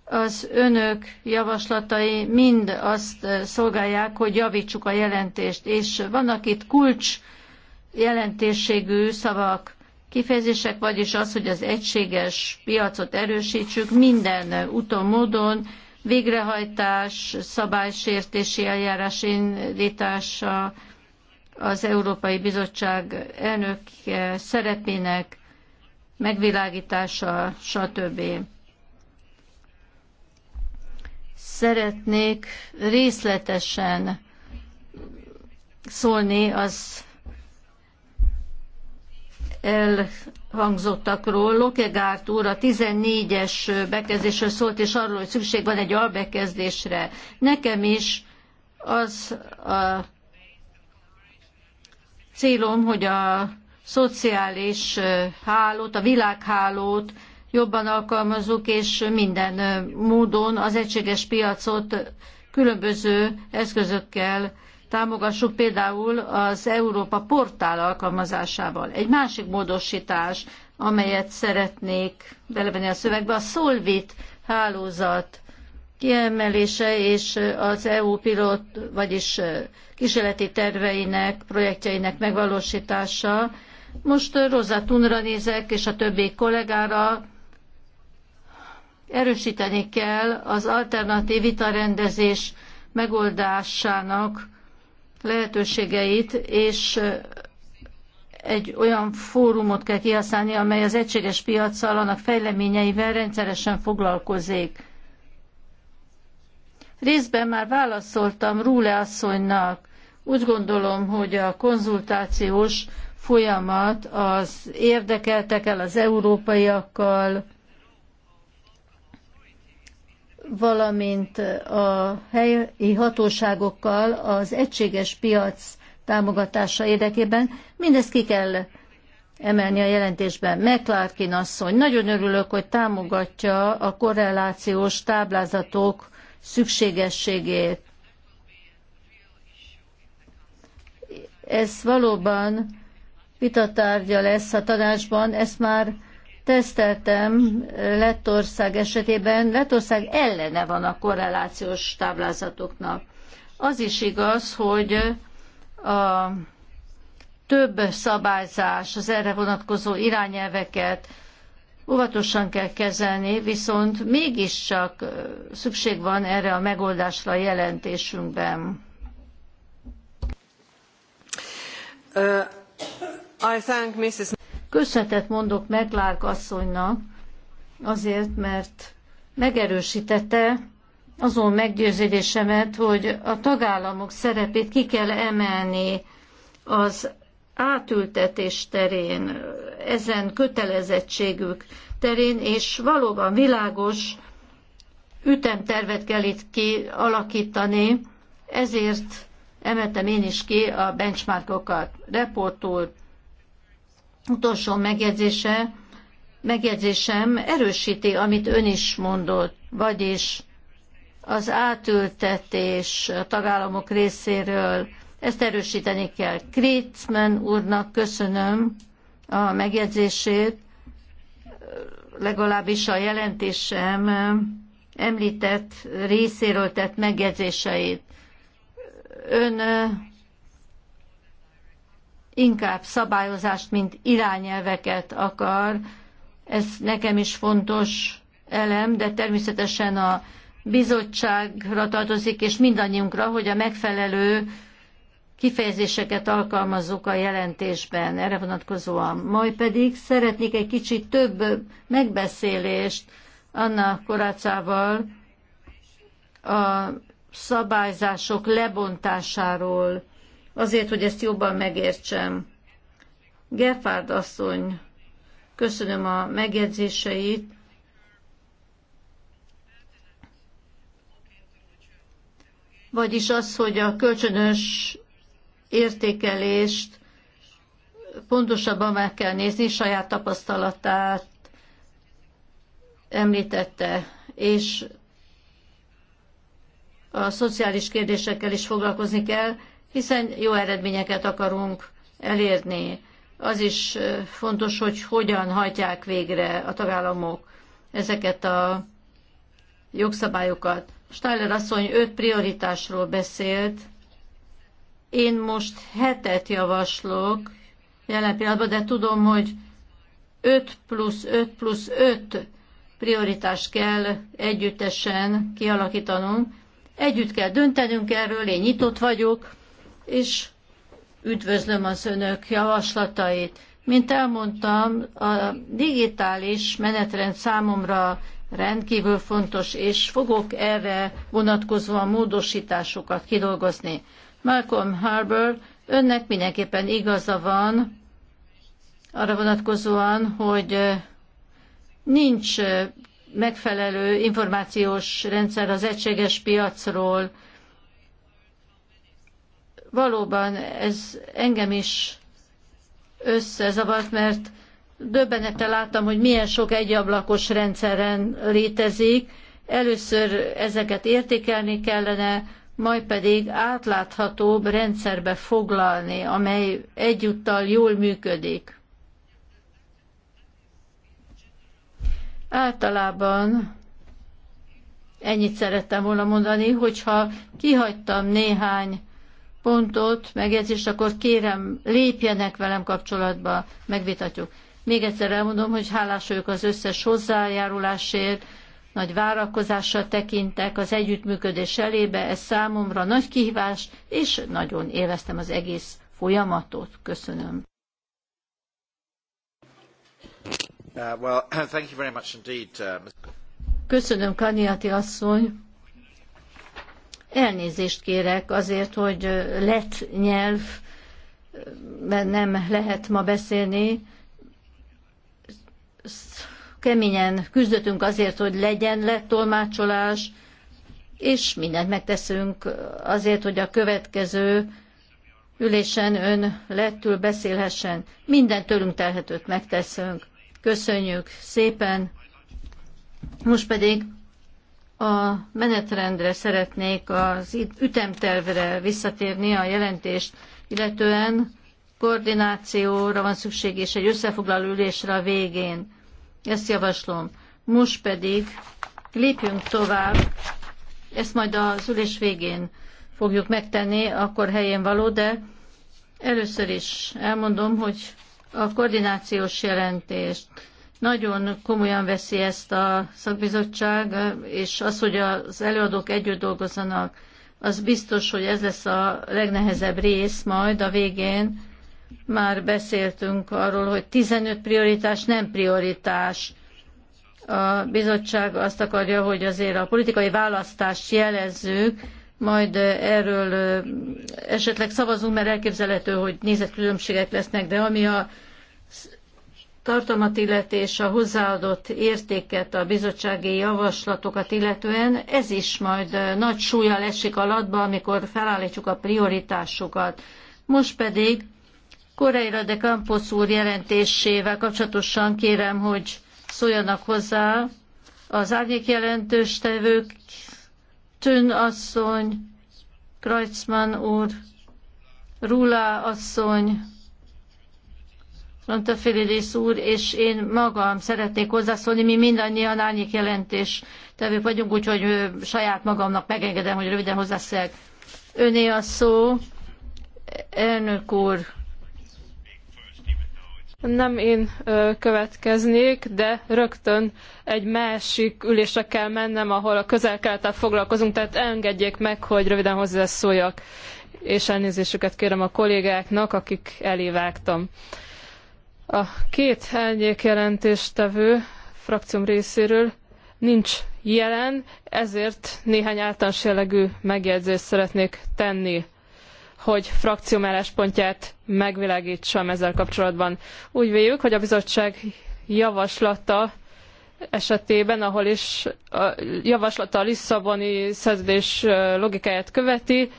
az önök javaslatai mind azt eh, szolgálják, hogy javítsuk a jelentést, és vannak itt kulcs jelentésségű szavak, kifejezések, vagyis az, hogy az egységes piacot erősítsük minden úton, módon, végrehajtás, szabálysértési eljárás indítása az Európai Bizottság elnöke szerepének megvilágítása, stb szeretnék részletesen szólni az elhangzottakról. Lokegárt úr a 14-es bekezdésről szólt, és arról, hogy szükség van egy albekezdésre. Nekem is az a célom, hogy a szociális hálót, a világhálót jobban alkalmazzuk, és minden módon az egységes piacot különböző eszközökkel támogassuk például az Európa portál alkalmazásával. Egy másik módosítás, amelyet szeretnék belevenni a szövegbe, a Solvit hálózat kiemelése és az EU pilot, vagyis kísérleti terveinek, projektjeinek megvalósítása. Most Rosa Tunra nézek, és a többi kollégára, erősíteni kell az alternatív vitarendezés megoldásának lehetőségeit, és egy olyan fórumot kell kihasználni, amely az egységes piacsal, annak fejleményeivel rendszeresen foglalkozik. Részben már válaszoltam Rúle asszonynak. Úgy gondolom, hogy a konzultációs folyamat az érdekeltekkel, az európaiakkal, valamint a helyi hatóságokkal az egységes piac támogatása érdekében. Mindezt ki kell emelni a jelentésben. McClarkin asszony, nagyon örülök, hogy támogatja a korrelációs táblázatok szükségességét. Ez valóban vitatárgya lesz a tanácsban, ezt már teszteltem Lettország esetében, Lettország ellene van a korrelációs táblázatoknak. Az is igaz, hogy a több szabályzás, az erre vonatkozó irányelveket óvatosan kell kezelni, viszont mégiscsak szükség van erre a megoldásra a jelentésünkben. Uh, I thank Mrs köszönetet mondok Meglárk asszonynak, azért, mert megerősítette azon meggyőződésemet, hogy a tagállamok szerepét ki kell emelni az átültetés terén, ezen kötelezettségük terén, és valóban világos ütemtervet kell itt kialakítani, ezért emeltem én is ki a benchmarkokat. Reportul utolsó megjegyzése, megjegyzésem erősíti, amit ön is mondott, vagyis az átültetés a tagállamok részéről, ezt erősíteni kell. Kritzman úrnak köszönöm a megjegyzését, legalábbis a jelentésem említett részéről tett megjegyzéseit. Ön inkább szabályozást, mint irányelveket akar. Ez nekem is fontos elem, de természetesen a bizottságra tartozik, és mindannyiunkra, hogy a megfelelő kifejezéseket alkalmazzuk a jelentésben erre vonatkozóan. Majd pedig szeretnék egy kicsit több megbeszélést Anna Korácával a szabályzások lebontásáról, azért, hogy ezt jobban megértsem. Gerfárd asszony, köszönöm a megjegyzéseit. Vagyis az, hogy a kölcsönös értékelést pontosabban meg kell nézni, saját tapasztalatát említette, és a szociális kérdésekkel is foglalkozni kell, hiszen jó eredményeket akarunk elérni. Az is fontos, hogy hogyan hajtják végre a tagállamok ezeket a jogszabályokat. Steiner asszony öt prioritásról beszélt. Én most hetet javaslok jelen pillanatban, de tudom, hogy 5 plusz 5 plusz 5 prioritást kell együttesen kialakítanunk. Együtt kell döntenünk erről, én nyitott vagyok, és üdvözlöm az önök javaslatait. Mint elmondtam, a digitális menetrend számomra rendkívül fontos, és fogok erre vonatkozóan módosításokat kidolgozni. Malcolm Harbour, önnek mindenképpen igaza van arra vonatkozóan, hogy nincs megfelelő információs rendszer az egységes piacról, valóban ez engem is összezavart, mert döbbenete láttam, hogy milyen sok egyablakos rendszeren létezik. Először ezeket értékelni kellene, majd pedig átláthatóbb rendszerbe foglalni, amely egyúttal jól működik. Általában ennyit szerettem volna mondani, hogyha kihagytam néhány pontot, megjegyzést, akkor kérem, lépjenek velem kapcsolatba, megvitatjuk. Még egyszer elmondom, hogy hálás vagyok az összes hozzájárulásért, nagy várakozással tekintek az együttműködés elébe, ez számomra nagy kihívás, és nagyon élveztem az egész folyamatot. Köszönöm. Uh, uh, Köszönöm, Kaniati asszony. Elnézést kérek azért, hogy lett nyelv, nem lehet ma beszélni. Keményen küzdöttünk azért, hogy legyen lett tolmácsolás, és mindent megteszünk azért, hogy a következő ülésen ön lettül beszélhessen. Minden tőlünk telhetőt megteszünk. Köszönjük szépen. Most pedig a menetrendre szeretnék az ütemtervre visszatérni a jelentést, illetően koordinációra van szükség és egy összefoglaló ülésre a végén. Ezt javaslom. Most pedig lépjünk tovább, ezt majd az ülés végén fogjuk megtenni, akkor helyén való, de először is elmondom, hogy a koordinációs jelentést nagyon komolyan veszi ezt a szakbizottság, és az, hogy az előadók együtt dolgozzanak, az biztos, hogy ez lesz a legnehezebb rész majd a végén. Már beszéltünk arról, hogy 15 prioritás nem prioritás. A bizottság azt akarja, hogy azért a politikai választást jelezzük, majd erről esetleg szavazunk, mert elképzelhető, hogy nézetkülönbségek lesznek, de ami a tartalmat illeti és a hozzáadott értéket, a bizottsági javaslatokat illetően, ez is majd nagy súlya esik alatba, amikor felállítjuk a prioritásokat. Most pedig Koreira de Campos úr jelentésével kapcsolatosan kérem, hogy szóljanak hozzá az árnyék jelentős tevők, Tön asszony, Kreutzmann úr, Rula asszony, mondta Filidis úr, és én magam szeretnék hozzászólni, mi mindannyian árnyék jelentés tevők vagyunk, úgyhogy saját magamnak megengedem, hogy röviden hozzászólják. Öné a szó, elnök úr. Nem én ö, következnék, de rögtön egy másik ülésre kell mennem, ahol a közel foglalkozunk, tehát engedjék meg, hogy röviden hozzászóljak. És elnézésüket kérem a kollégáknak, akik elévágtam. vágtam. A két elnyék jelentéstevő frakcióm részéről nincs jelen, ezért néhány általános jellegű megjegyzést szeretnék tenni hogy frakcióm álláspontját megvilágítsam ezzel kapcsolatban. Úgy véljük, hogy a bizottság javaslata esetében, ahol is a javaslata a Lisszaboni szerződés logikáját követi,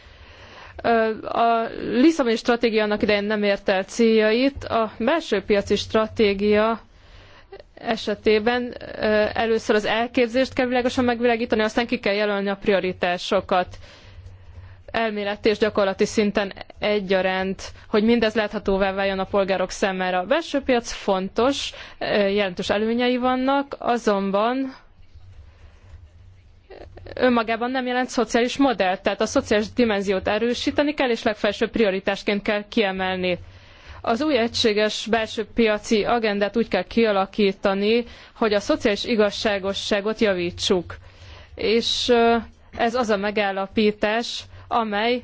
a Lisszaboni stratégia annak idején nem érte el céljait, a belső piaci stratégia esetében először az elképzést kell világosan megvilágítani, aztán ki kell jelölni a prioritásokat elméleti és gyakorlati szinten egyaránt, hogy mindez láthatóvá váljon a polgárok számára. A belső piac fontos, jelentős előnyei vannak, azonban önmagában nem jelent szociális modellt, tehát a szociális dimenziót erősíteni kell, és legfelsőbb prioritásként kell kiemelni. Az új egységes belső piaci agendát úgy kell kialakítani, hogy a szociális igazságosságot javítsuk. És ez az a megállapítás, amely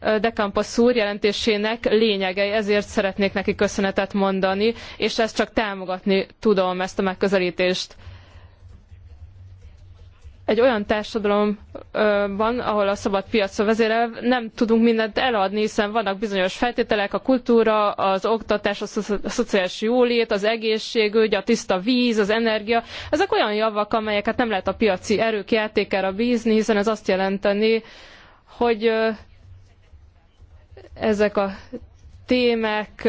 de Campos úr jelentésének lényegei, ezért szeretnék neki köszönetet mondani, és ezt csak támogatni tudom, ezt a megközelítést egy olyan társadalom van, ahol a szabad a vezérel, nem tudunk mindent eladni, hiszen vannak bizonyos feltételek, a kultúra, az oktatás, a, a szociális jólét, az egészségügy, a tiszta víz, az energia. Ezek olyan javak, amelyeket nem lehet a piaci erők játékára bízni, hiszen ez azt jelenteni, hogy ezek a témák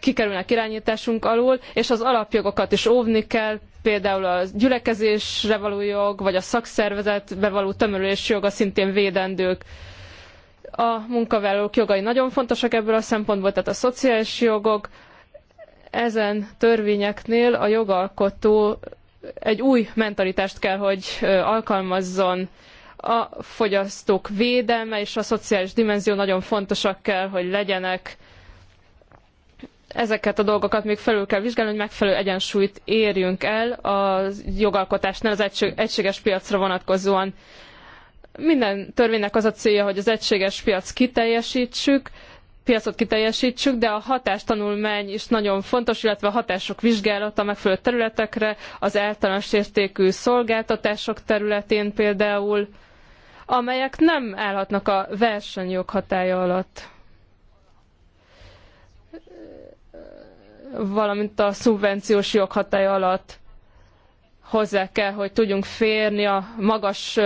kikerülnek irányításunk alól, és az alapjogokat is óvni kell, például a gyülekezésre való jog, vagy a szakszervezetbe való tömörülés joga szintén védendők. A munkavállalók jogai nagyon fontosak ebből a szempontból, tehát a szociális jogok. Ezen törvényeknél a jogalkotó egy új mentalitást kell, hogy alkalmazzon. A fogyasztók védelme és a szociális dimenzió nagyon fontosak kell, hogy legyenek ezeket a dolgokat még felül kell vizsgálni, hogy megfelelő egyensúlyt érjünk el a jogalkotásnál az egységes piacra vonatkozóan. Minden törvénynek az a célja, hogy az egységes piac kiteljesítsük, piacot kiteljesítsük, de a hatástanulmány is nagyon fontos, illetve a hatások vizsgálata megfelelő területekre, az általános értékű szolgáltatások területén például, amelyek nem állhatnak a versenyjog hatája alatt. valamint a szubvenciós joghatály alatt hozzá kell, hogy tudjunk férni a magas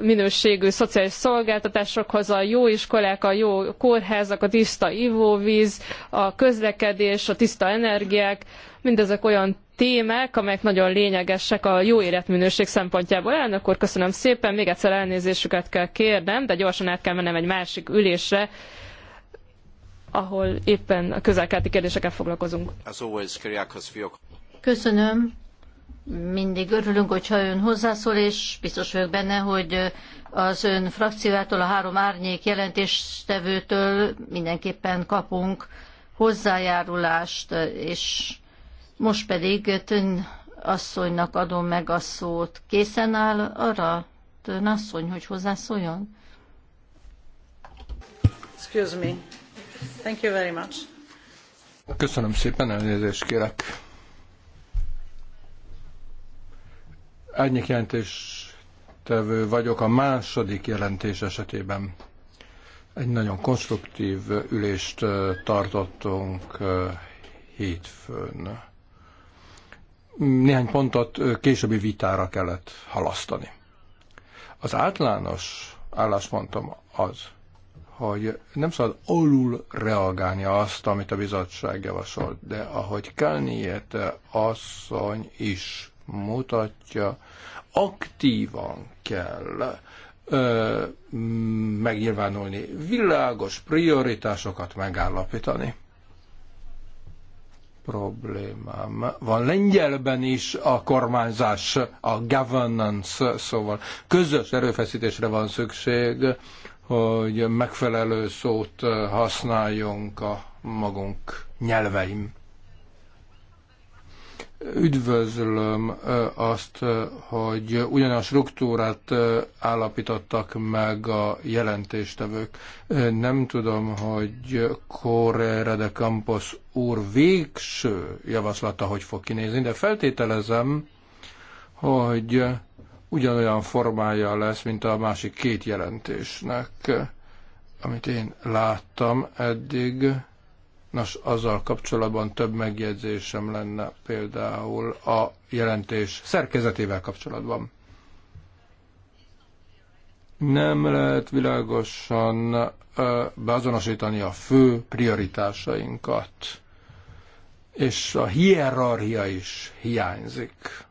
minőségű szociális szolgáltatásokhoz, a jó iskolák, a jó kórházak, a tiszta ivóvíz, a közlekedés, a tiszta energiák, mindezek olyan témák, amelyek nagyon lényegesek a jó életminőség szempontjából. Elnök úr, köszönöm szépen, még egyszer elnézésüket kell kérnem, de gyorsan át kell mennem egy másik ülésre, ahol éppen a közelkelti kérdésekkel foglalkozunk. Köszönöm. Mindig örülünk, hogyha ön hozzászól, és biztos vagyok benne, hogy az ön frakciójától, a három árnyék jelentéstevőtől mindenképpen kapunk hozzájárulást, és most pedig Tön asszonynak adom meg a szót. Készen áll arra, Tön asszony, hogy hozzászóljon? Excuse me. Thank you very much. Köszönöm szépen, elnézést kérek. Árnyék jelentéstevő vagyok a második jelentés esetében. Egy nagyon konstruktív ülést tartottunk hétfőn. Néhány pontot későbbi vitára kellett halasztani. Az általános álláspontom az, hogy nem szabad alul reagálni azt, amit a bizottság javasolt, de ahogy Kelniet asszony is mutatja, aktívan kell ö, megnyilvánulni, világos prioritásokat megállapítani. Problémám van lengyelben is a kormányzás, a governance, szóval közös erőfeszítésre van szükség hogy megfelelő szót eh, használjunk a magunk nyelveim. Üdvözlöm eh, azt, eh, hogy a struktúrát állapítottak meg a jelentéstevők. Nem tudom, hogy Correra de Campos úr végső javaslata hogy fog kinézni, de feltételezem, hogy ugyanolyan formája lesz, mint a másik két jelentésnek, amit én láttam eddig. Nos, azzal kapcsolatban több megjegyzésem lenne például a jelentés szerkezetével kapcsolatban. Nem lehet világosan beazonosítani a fő prioritásainkat, és a hierarchia is hiányzik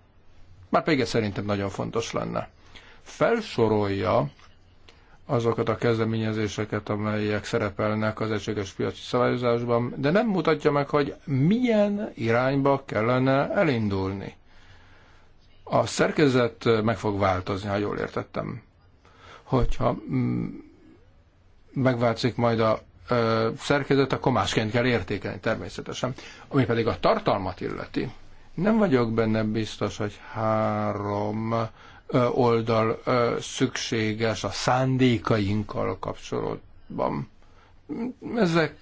már pedig szerintem nagyon fontos lenne. Felsorolja azokat a kezdeményezéseket, amelyek szerepelnek az egységes piaci szabályozásban, de nem mutatja meg, hogy milyen irányba kellene elindulni. A szerkezet meg fog változni, ha jól értettem. Hogyha mm, megváltozik majd a szerkezet, akkor másként kell értékelni természetesen. Ami pedig a tartalmat illeti, nem vagyok benne biztos, hogy három oldal szükséges a szándékainkkal kapcsolatban. Ezek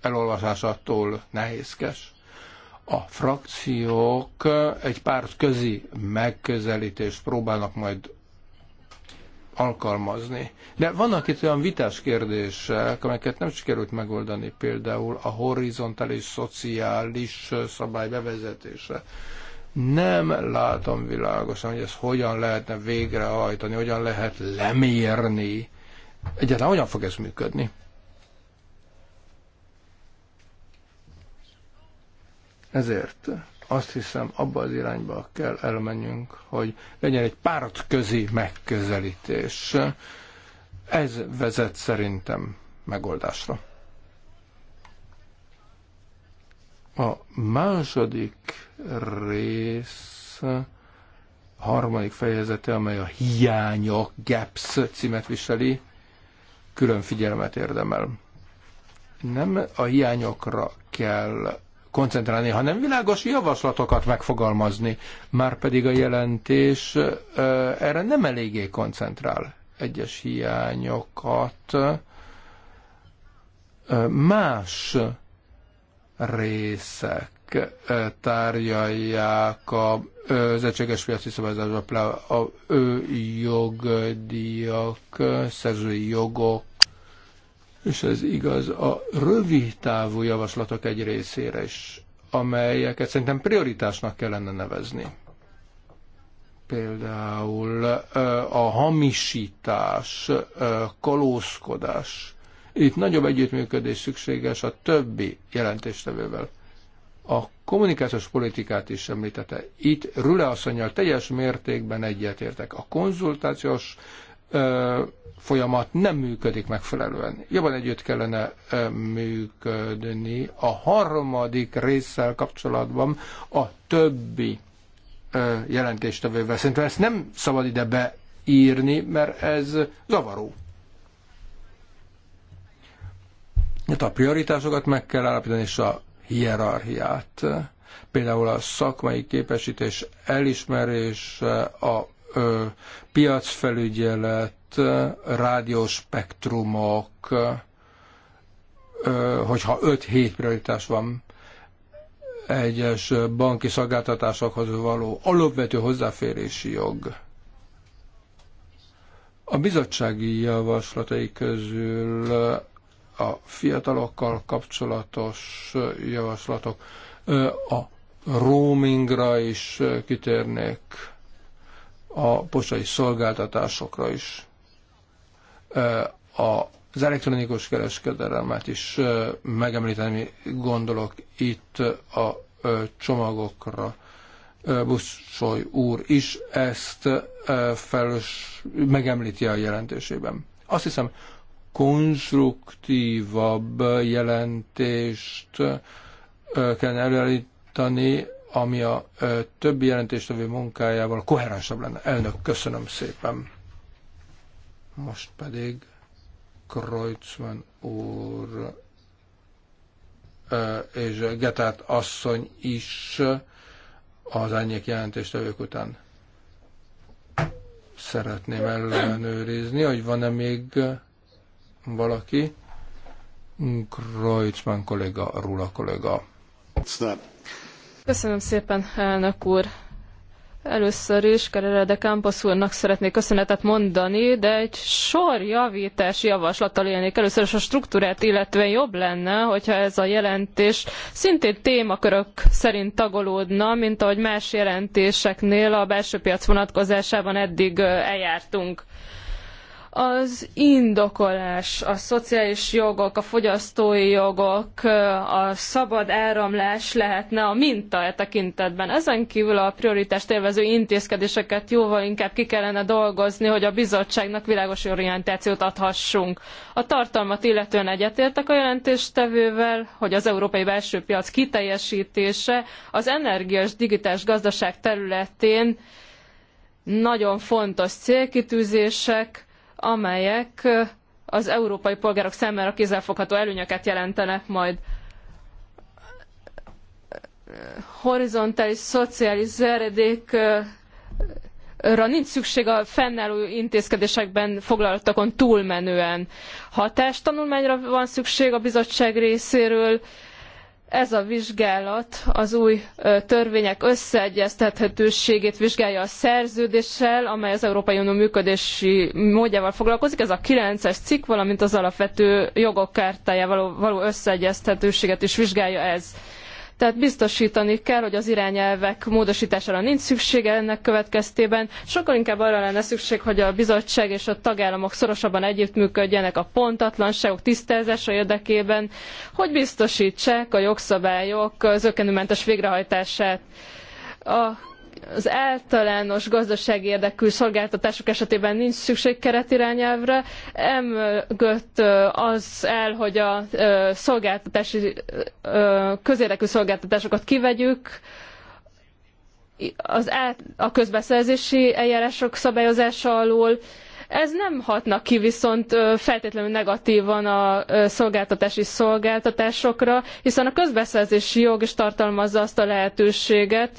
elolvasásától nehézkes. A frakciók egy párt közi megközelítést próbálnak majd alkalmazni. De vannak itt olyan vitás kérdések, amelyeket nem sikerült megoldani, például a horizontális szociális szabály bevezetése. Nem látom világosan, hogy ezt hogyan lehetne végrehajtani, hogyan lehet lemérni. Egyáltalán hogyan fog ez működni? Ezért azt hiszem abba az irányba kell elmenjünk, hogy legyen egy pártközi megközelítés. Ez vezet szerintem megoldásra. A második rész, harmadik fejezete, amely a hiányok, gaps címet viseli, külön figyelmet érdemel. Nem a hiányokra kell koncentrálni, hanem világos javaslatokat megfogalmazni. Márpedig a jelentés erre nem eléggé koncentrál. Egyes hiányokat más részek tárgyalják a az egységes piaci szabályozásban a jogdíjak, szerzői jogok és ez igaz a rövid távú javaslatok egy részére is, amelyeket szerintem prioritásnak kellene nevezni. Például a hamisítás, kalózkodás. Itt nagyobb együttműködés szükséges a többi jelentéstevővel. A kommunikációs politikát is említette. Itt Rüle asszonyjal teljes mértékben egyetértek. A konzultációs folyamat nem működik megfelelően. Jobban együtt kellene működni a harmadik résszel kapcsolatban a többi jelentéstevővel. Szerintem ezt nem szabad ide beírni, mert ez zavaró. Hát a prioritásokat meg kell állapítani, és a hierarchiát. Például a szakmai képesítés elismerés, a piacfelügyelet, rádióspektrumok, hogyha 5-7 prioritás van egyes banki szolgáltatásokhoz való alapvető hozzáférési jog. A bizottsági javaslatai közül a fiatalokkal kapcsolatos javaslatok a roamingra is kitérnék a postai szolgáltatásokra is. Az elektronikus kereskedelmet is megemlíteni gondolok itt a csomagokra. Buszsoly úr is ezt felös, megemlíti a jelentésében. Azt hiszem, konstruktívabb jelentést kellene előállítani ami a többi jelentéstevő munkájával koherensebb lenne. Elnök, köszönöm szépen. Most pedig Kreutzmann úr és Getát asszony is az árnyék jelentéstevők után szeretném ellenőrizni, hogy van-e még valaki. Kreutzmann kolléga, Rula kolléga. It's Köszönöm szépen, elnök úr. Először is Kerere de Campos úrnak szeretnék köszönetet mondani, de egy sor javítás javaslattal élnék. Először is a struktúrát illetve jobb lenne, hogyha ez a jelentés szintén témakörök szerint tagolódna, mint ahogy más jelentéseknél a belső piac vonatkozásában eddig eljártunk az indokolás, a szociális jogok, a fogyasztói jogok, a szabad áramlás lehetne a minta e tekintetben. Ezen kívül a prioritást élvező intézkedéseket jóval inkább ki kellene dolgozni, hogy a bizottságnak világos orientációt adhassunk. A tartalmat illetően egyetértek a jelentéstevővel, hogy az európai belső piac kiteljesítése az energiás digitális gazdaság területén nagyon fontos célkitűzések, amelyek az európai polgárok számára kézzelfogható előnyöket jelentenek majd horizontális szociális zeredékra nincs szükség a fennálló intézkedésekben foglaltakon túlmenően. Ha Hatástanulmányra van szükség a bizottság részéről, ez a vizsgálat az új törvények összeegyeztethetőségét vizsgálja a szerződéssel, amely az Európai Unió működési módjával foglalkozik, ez a 9-es cikk, valamint az alapvető jogok kártájával való összeegyeztetőséget is vizsgálja ez. Tehát biztosítani kell, hogy az irányelvek módosítására nincs szüksége ennek következtében. Sokkal inkább arra lenne szükség, hogy a bizottság és a tagállamok szorosabban együttműködjenek a pontatlanságok tisztázása érdekében, hogy biztosítsák a jogszabályok zökkenőmentes végrehajtását. A az általános gazdasági érdekű szolgáltatások esetében nincs szükség keretirányelvre, emögött az el, hogy a szolgáltatási, közérdekű szolgáltatásokat kivegyük, az a közbeszerzési eljárások szabályozása alól, ez nem hatna ki viszont feltétlenül negatívan a szolgáltatási szolgáltatásokra, hiszen a közbeszerzési jog is tartalmazza azt a lehetőséget,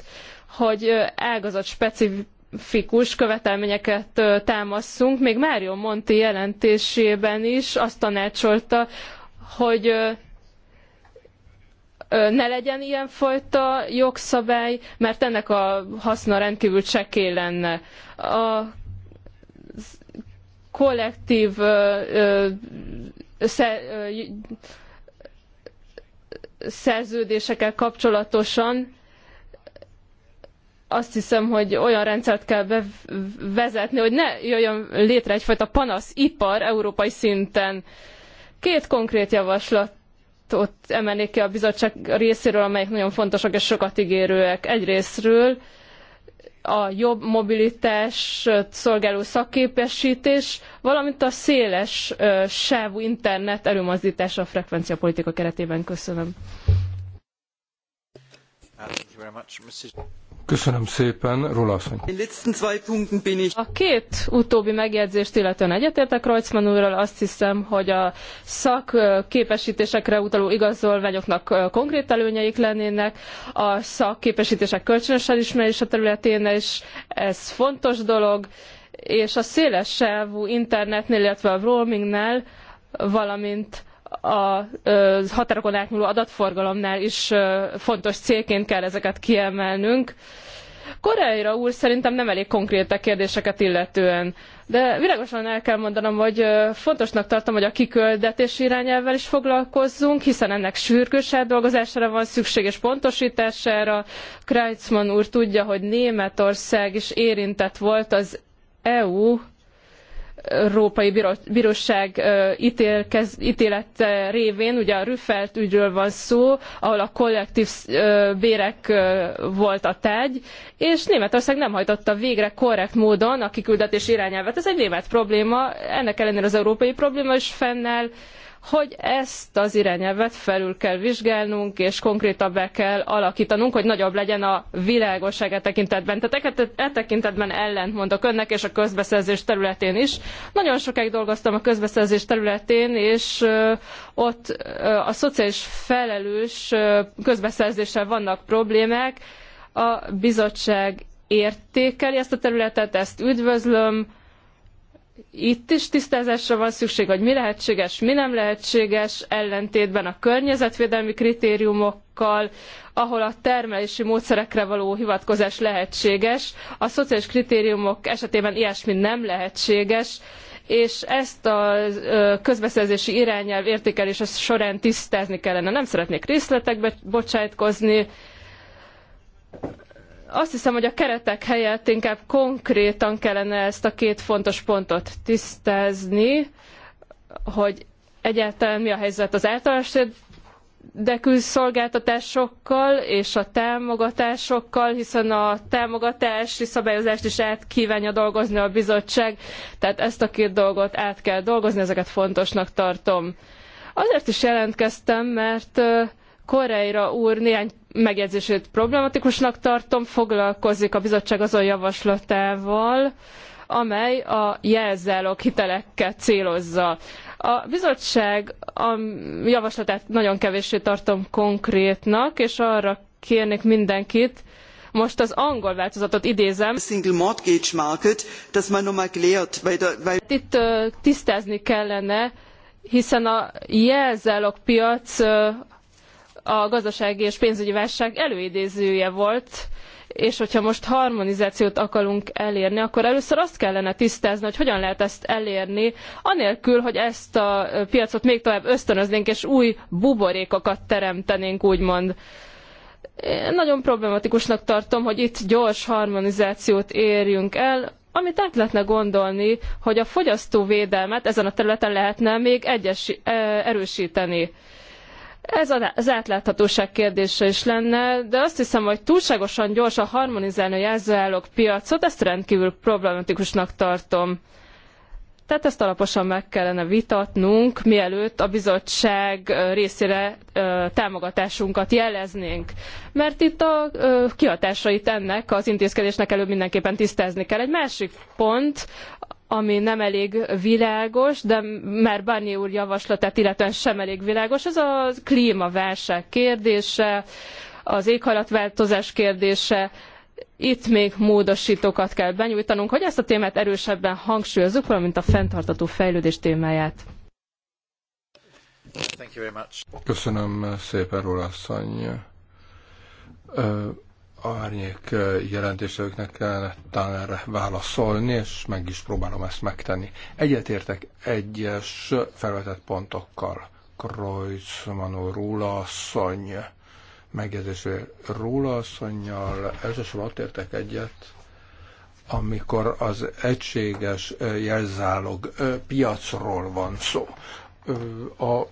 hogy ágazat specifikus követelményeket támaszunk. Még Mário Monti jelentésében is azt tanácsolta, hogy ne legyen ilyenfajta jogszabály, mert ennek a haszna rendkívül csekély lenne. A kollektív ö, szerződésekkel kapcsolatosan azt hiszem, hogy olyan rendszert kell bevezetni, hogy ne jöjjön létre egyfajta panaszipar európai szinten. Két konkrét javaslatot emelnék ki a bizottság részéről, amelyek nagyon fontosak és sokat ígérőek. Egyrésztről a jobb mobilitás szolgáló szakképesítés, valamint a széles sávú internet előmozdítása a frekvenciapolitika keretében. Köszönöm. Uh, Köszönöm szépen, asszony. A két utóbbi megjegyzést illetően egyetértek Reutzmann úrral, azt hiszem, hogy a képesítésekre utaló igazolványoknak konkrét előnyeik lennének, a szakképesítések kölcsönös elismerése területén, és ez fontos dolog, és a széles internetnél, illetve a roamingnál, valamint a határokon átnyúló adatforgalomnál is fontos célként kell ezeket kiemelnünk. Koreira úr szerintem nem elég konkrét a kérdéseket illetően, de világosan el kell mondanom, hogy fontosnak tartom, hogy a kiküldetés irányelvvel is foglalkozzunk, hiszen ennek sürgős dolgozására van szükség és pontosítására. Kreitzmann úr tudja, hogy Németország is érintett volt az EU Európai Bíróság ítélkez, ítélete révén, ugye a Rüffelt ügyről van szó, ahol a kollektív bérek volt a tárgy, és Németország nem hajtotta végre korrekt módon a kiküldetés irányelvet. Ez egy német probléma, ennek ellenére az európai probléma is fennáll, hogy ezt az irányelvet felül kell vizsgálnunk, és konkrétabbá kell alakítanunk, hogy nagyobb legyen a világosság e tekintetben. Tehát e, e tekintetben ellentmondok önnek, és a közbeszerzés területén is. Nagyon sokáig dolgoztam a közbeszerzés területén, és ott a szociális felelős közbeszerzéssel vannak problémák. A bizottság értékeli ezt a területet, ezt üdvözlöm, itt is tisztázásra van szükség, hogy mi lehetséges, mi nem lehetséges, ellentétben a környezetvédelmi kritériumokkal, ahol a termelési módszerekre való hivatkozás lehetséges, a szociális kritériumok esetében ilyesmi nem lehetséges, és ezt a közbeszerzési irányelv értékelése során tisztázni kellene. Nem szeretnék részletekbe bocsájtkozni, azt hiszem, hogy a keretek helyett inkább konkrétan kellene ezt a két fontos pontot tisztázni, hogy egyáltalán mi a helyzet az általános de külszolgáltatásokkal és a támogatásokkal, hiszen a támogatási szabályozást is át kívánja dolgozni a bizottság, tehát ezt a két dolgot át kell dolgozni, ezeket fontosnak tartom. Azért is jelentkeztem, mert Koreira úr néhány megjegyzését problematikusnak tartom, foglalkozik a bizottság azon javaslatával, amely a jelzálog hitelekkel célozza. A bizottság a javaslatát nagyon kevéssé tartom konkrétnak, és arra kérnék mindenkit, most az angol változatot idézem. Single mortgage market, das man klärt, weil weil... Itt uh, tisztázni kellene, hiszen a jelzálogpiac uh, a gazdasági és pénzügyi válság előidézője volt, és hogyha most harmonizációt akarunk elérni, akkor először azt kellene tisztázni, hogy hogyan lehet ezt elérni, anélkül, hogy ezt a piacot még tovább ösztönöznénk, és új buborékokat teremtenénk, úgymond. Én nagyon problematikusnak tartom, hogy itt gyors harmonizációt érjünk el, amit át lehetne gondolni, hogy a fogyasztóvédelmet ezen a területen lehetne még egyes, eh, erősíteni. Ez az átláthatóság kérdése is lenne, de azt hiszem, hogy túlságosan gyorsan harmonizálni a jelzőállók piacot, ezt rendkívül problematikusnak tartom. Tehát ezt alaposan meg kellene vitatnunk, mielőtt a bizottság részére támogatásunkat jeleznénk. Mert itt a kihatásait ennek az intézkedésnek előbb mindenképpen tisztázni kell. Egy másik pont ami nem elég világos, de már Barney úr javaslatát illetően sem elég világos, ez a klímaválság kérdése, az éghajlatváltozás kérdése, itt még módosítókat kell benyújtanunk, hogy ezt a témát erősebben hangsúlyozzuk, valamint a fenntartató fejlődés témáját. Köszönöm szépen, Rólasszony árnyék jelentéseknek kellene talán erre válaszolni, és meg is próbálom ezt megtenni. Egyetértek egyes felvetett pontokkal. Kreuzmann úr, Róla asszony, megjegyzésé. Róla asszonynal elsősorban ott értek egyet, amikor az egységes jelzálog piacról van szó. A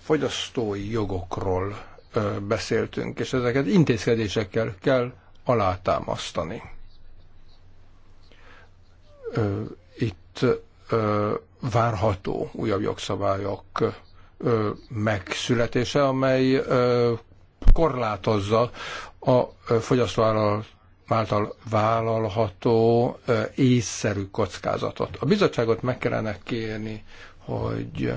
fogyasztói jogokról beszéltünk, és ezeket intézkedésekkel kell alátámasztani. Itt várható újabb jogszabályok megszületése, amely korlátozza a fogyasztó által vállalható észszerű kockázatot. A bizottságot meg kellene kérni, hogy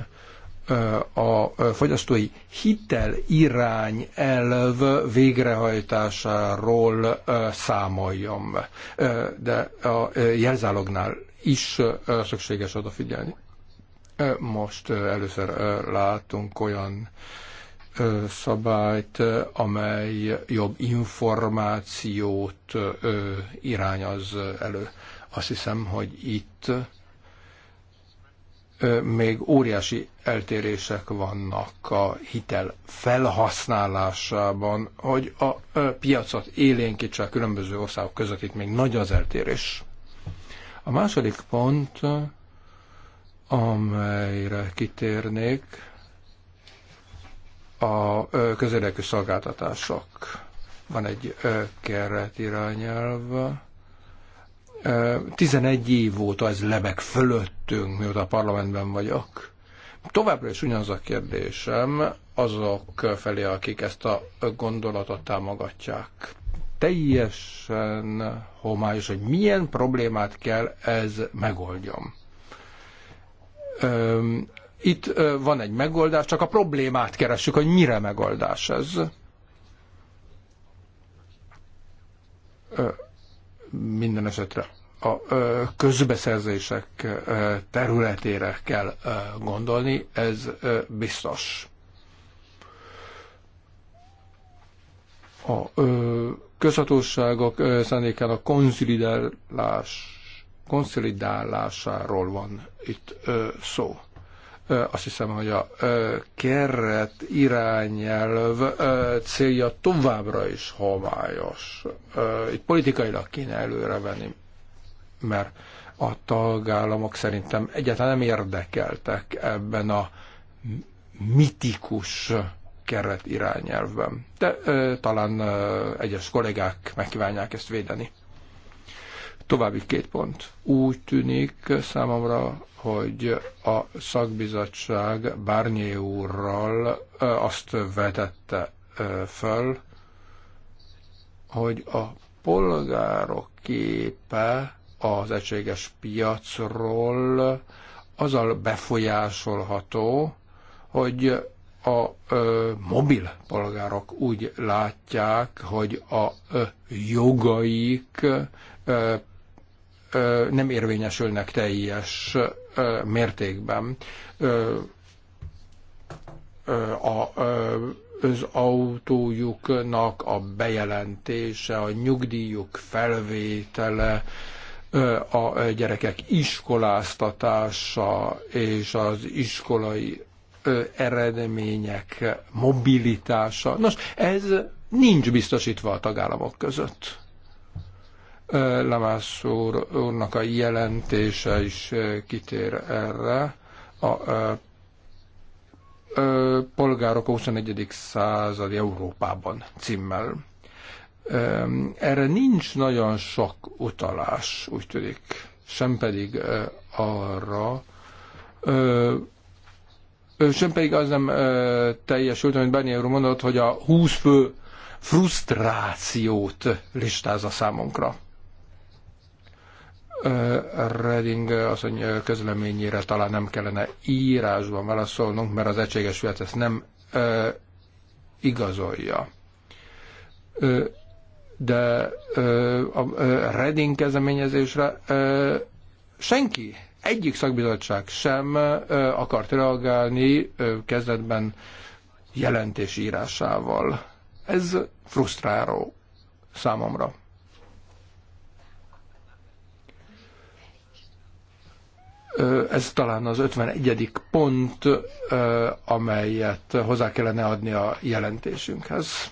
a fogyasztói hitel irány elv végrehajtásáról számoljam. De a jelzálognál is szükséges odafigyelni. Most először látunk olyan szabályt, amely jobb információt irányoz elő. Azt hiszem, hogy itt még óriási eltérések vannak a hitel felhasználásában, hogy a piacot élénkítse a különböző országok között, itt még nagy az eltérés. A második pont, amelyre kitérnék, a közérdekű szolgáltatások. Van egy keretirányelv, 11 év óta ez lebeg fölöttünk, mióta a parlamentben vagyok. Továbbra is ugyanaz a kérdésem azok felé, akik ezt a gondolatot támogatják. Teljesen homályos, hogy milyen problémát kell ez megoldjon. Itt van egy megoldás, csak a problémát keressük, hogy mire megoldás ez minden esetre a közbeszerzések területére kell gondolni, ez biztos. A közhatóságok a konszolidálás, konszolidálásáról van itt szó. Azt hiszem, hogy a keret irányelv célja továbbra is homályos. Itt politikailag kéne előrevenni, mert a tagállamok szerintem egyáltalán nem érdekeltek ebben a mitikus keret irányelvben. De ö, talán ö, egyes kollégák megkívánják ezt védeni. További két pont. Úgy tűnik számomra, hogy a szakbizottság Bárnyé úrral azt vetette föl, hogy a polgárok képe az egységes piacról azzal befolyásolható, hogy a ö, mobil polgárok úgy látják, hogy a ö, jogaik ö, nem érvényesülnek teljes mértékben. A, az autójuknak a bejelentése, a nyugdíjuk felvétele, a gyerekek iskoláztatása és az iskolai eredmények mobilitása. Nos, ez nincs biztosítva a tagállamok között. Lamász úr, úrnak a jelentése is kitér erre. A, a, a polgárok a 21. század Európában címmel. Erre nincs nagyon sok utalás, úgy tűnik, sem pedig arra, sem pedig az nem teljesült, amit Bernier úr mondott, hogy a 20 fő frusztrációt listázza számunkra Reding asszony közleményére talán nem kellene írásban válaszolnunk, mert az egységes vélet ezt nem ö, igazolja. Ö, de ö, a ö, Reding kezdeményezésre ö, senki, egyik szakbizottság sem ö, akart reagálni ö, kezdetben jelentés írásával. Ez frusztráló számomra. ez talán az 51. pont, amelyet hozzá kellene adni a jelentésünkhez.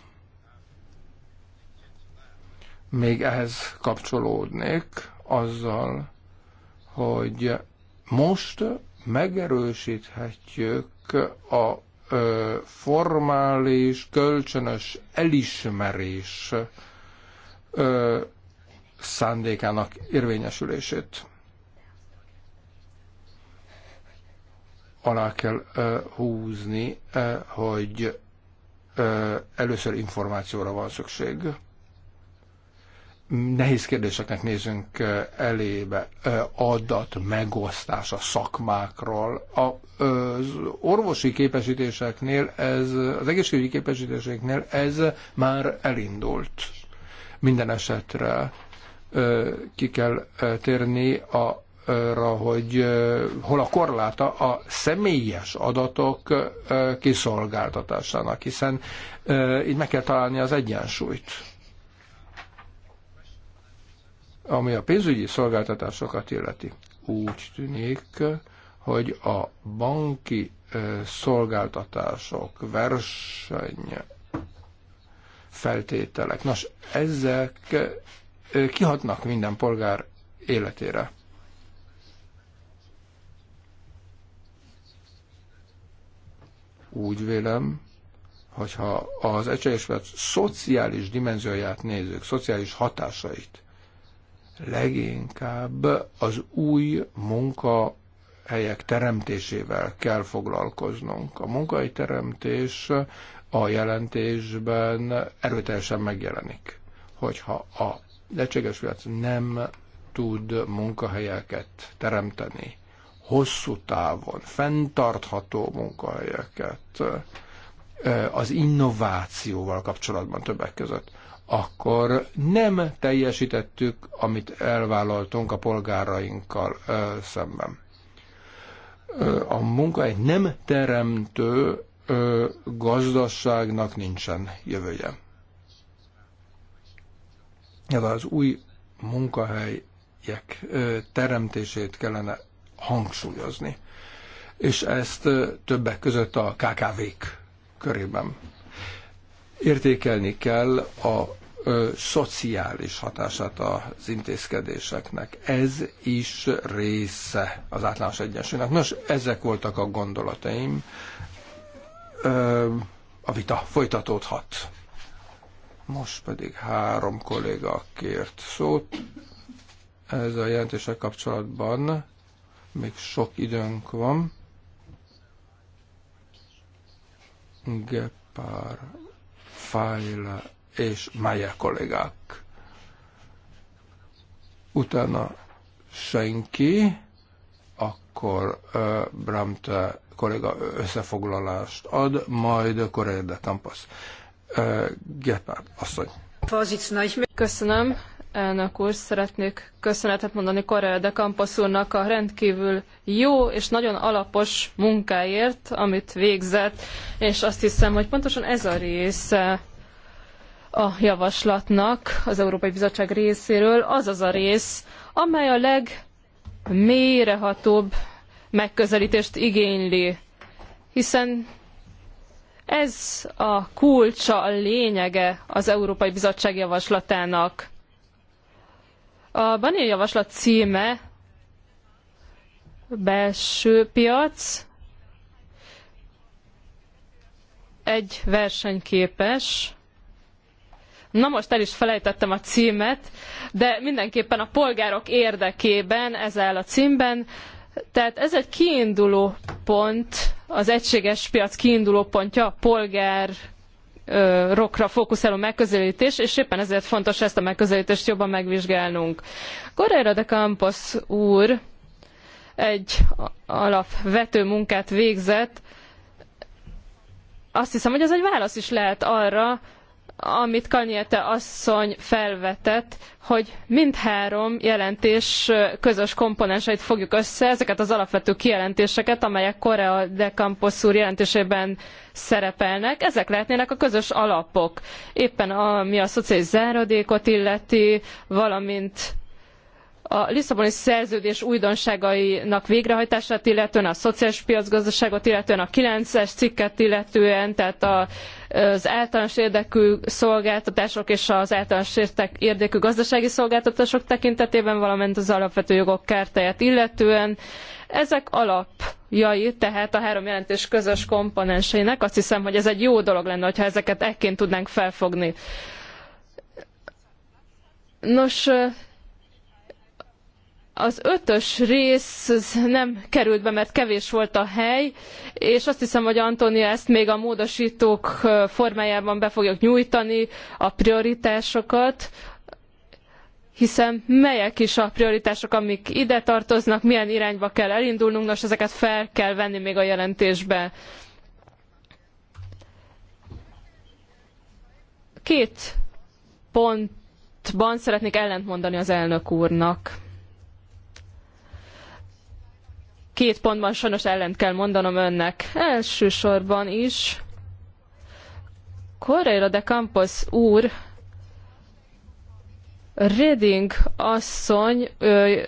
Még ehhez kapcsolódnék azzal, hogy most megerősíthetjük a formális, kölcsönös elismerés szándékának érvényesülését alá kell húzni, hogy először információra van szükség. Nehéz kérdéseknek nézünk elébe. Adat megosztása szakmákról. Az orvosi képesítéseknél, ez, az egészségügyi képesítéseknél ez már elindult. Minden esetre ki kell térni a hogy hol a korláta a személyes adatok kiszolgáltatásának, hiszen így meg kell találni az egyensúlyt. Ami a pénzügyi szolgáltatásokat illeti, úgy tűnik, hogy a banki szolgáltatások verseny feltételek. Nos, ezek kihatnak minden polgár életére. Úgy vélem, hogyha az egységes szociális dimenzióját nézzük, szociális hatásait, leginkább az új munka helyek teremtésével kell foglalkoznunk. A munkai teremtés a jelentésben erőteljesen megjelenik, hogyha a lecséges nem tud munkahelyeket teremteni, hosszú távon fenntartható munkahelyeket az innovációval kapcsolatban többek között, akkor nem teljesítettük, amit elvállaltunk a polgárainkkal szemben. A munkahely nem teremtő gazdaságnak nincsen jövője. Ez az új munkahelyek teremtését kellene hangsúlyozni. És ezt többek között a KKV-k körében. Értékelni kell a ö, szociális hatását az intézkedéseknek. Ez is része az általános egyensúlynak. Nos, ezek voltak a gondolataim. Ö, a vita folytatódhat. Most pedig három kolléga kért szót. Ez a jelentése kapcsolatban még sok időnk van. Gepár, Fájle és Mayer kollégák. Utána senki, akkor uh, Bramte kolléga összefoglalást ad, majd Korea de Campos. Uh, Gepard asszony. Köszönöm elnök úr, szeretnék köszönetet mondani Correa de Campos úrnak a rendkívül jó és nagyon alapos munkáért, amit végzett, és azt hiszem, hogy pontosan ez a része a javaslatnak az Európai Bizottság részéről, az az a rész, amely a legmélyrehatóbb megközelítést igényli, hiszen ez a kulcsa, a lényege az Európai Bizottság javaslatának a Banél javaslat címe belső piac, egy versenyképes. Na most el is felejtettem a címet, de mindenképpen a polgárok érdekében ez áll a címben. Tehát ez egy kiinduló pont, az egységes piac kiinduló pontja a polgár rokra fókuszáló megközelítés, és éppen ezért fontos ezt a megközelítést jobban megvizsgálnunk. Correira de Campos úr egy alapvető munkát végzett, azt hiszem, hogy ez egy válasz is lehet arra, amit Kaniete asszony felvetett, hogy mindhárom jelentés közös komponenseit fogjuk össze, ezeket az alapvető kijelentéseket, amelyek Korea de Campos úr jelentésében szerepelnek, ezek lehetnének a közös alapok. Éppen ami a szociális záradékot illeti, valamint a Lisszaboni szerződés újdonságainak végrehajtását illetően, a szociális piacgazdaságot illetően, a 9-es cikket illetően, tehát a az általános érdekű szolgáltatások és az általános érdekű gazdasági szolgáltatások tekintetében, valamint az alapvető jogok kártáját illetően. Ezek alapjai, tehát a három jelentés közös komponenseinek, azt hiszem, hogy ez egy jó dolog lenne, ha ezeket ekként tudnánk felfogni. Nos, az ötös rész nem került be, mert kevés volt a hely, és azt hiszem, hogy Antonia ezt még a módosítók formájában be fogjuk nyújtani, a prioritásokat, hiszen melyek is a prioritások, amik ide tartoznak, milyen irányba kell elindulnunk, nos, ezeket fel kell venni még a jelentésbe. Két pontban szeretnék ellentmondani az elnök úrnak. két pontban sajnos ellent kell mondanom önnek. Elsősorban is Correira de Campos úr Reding asszony ö,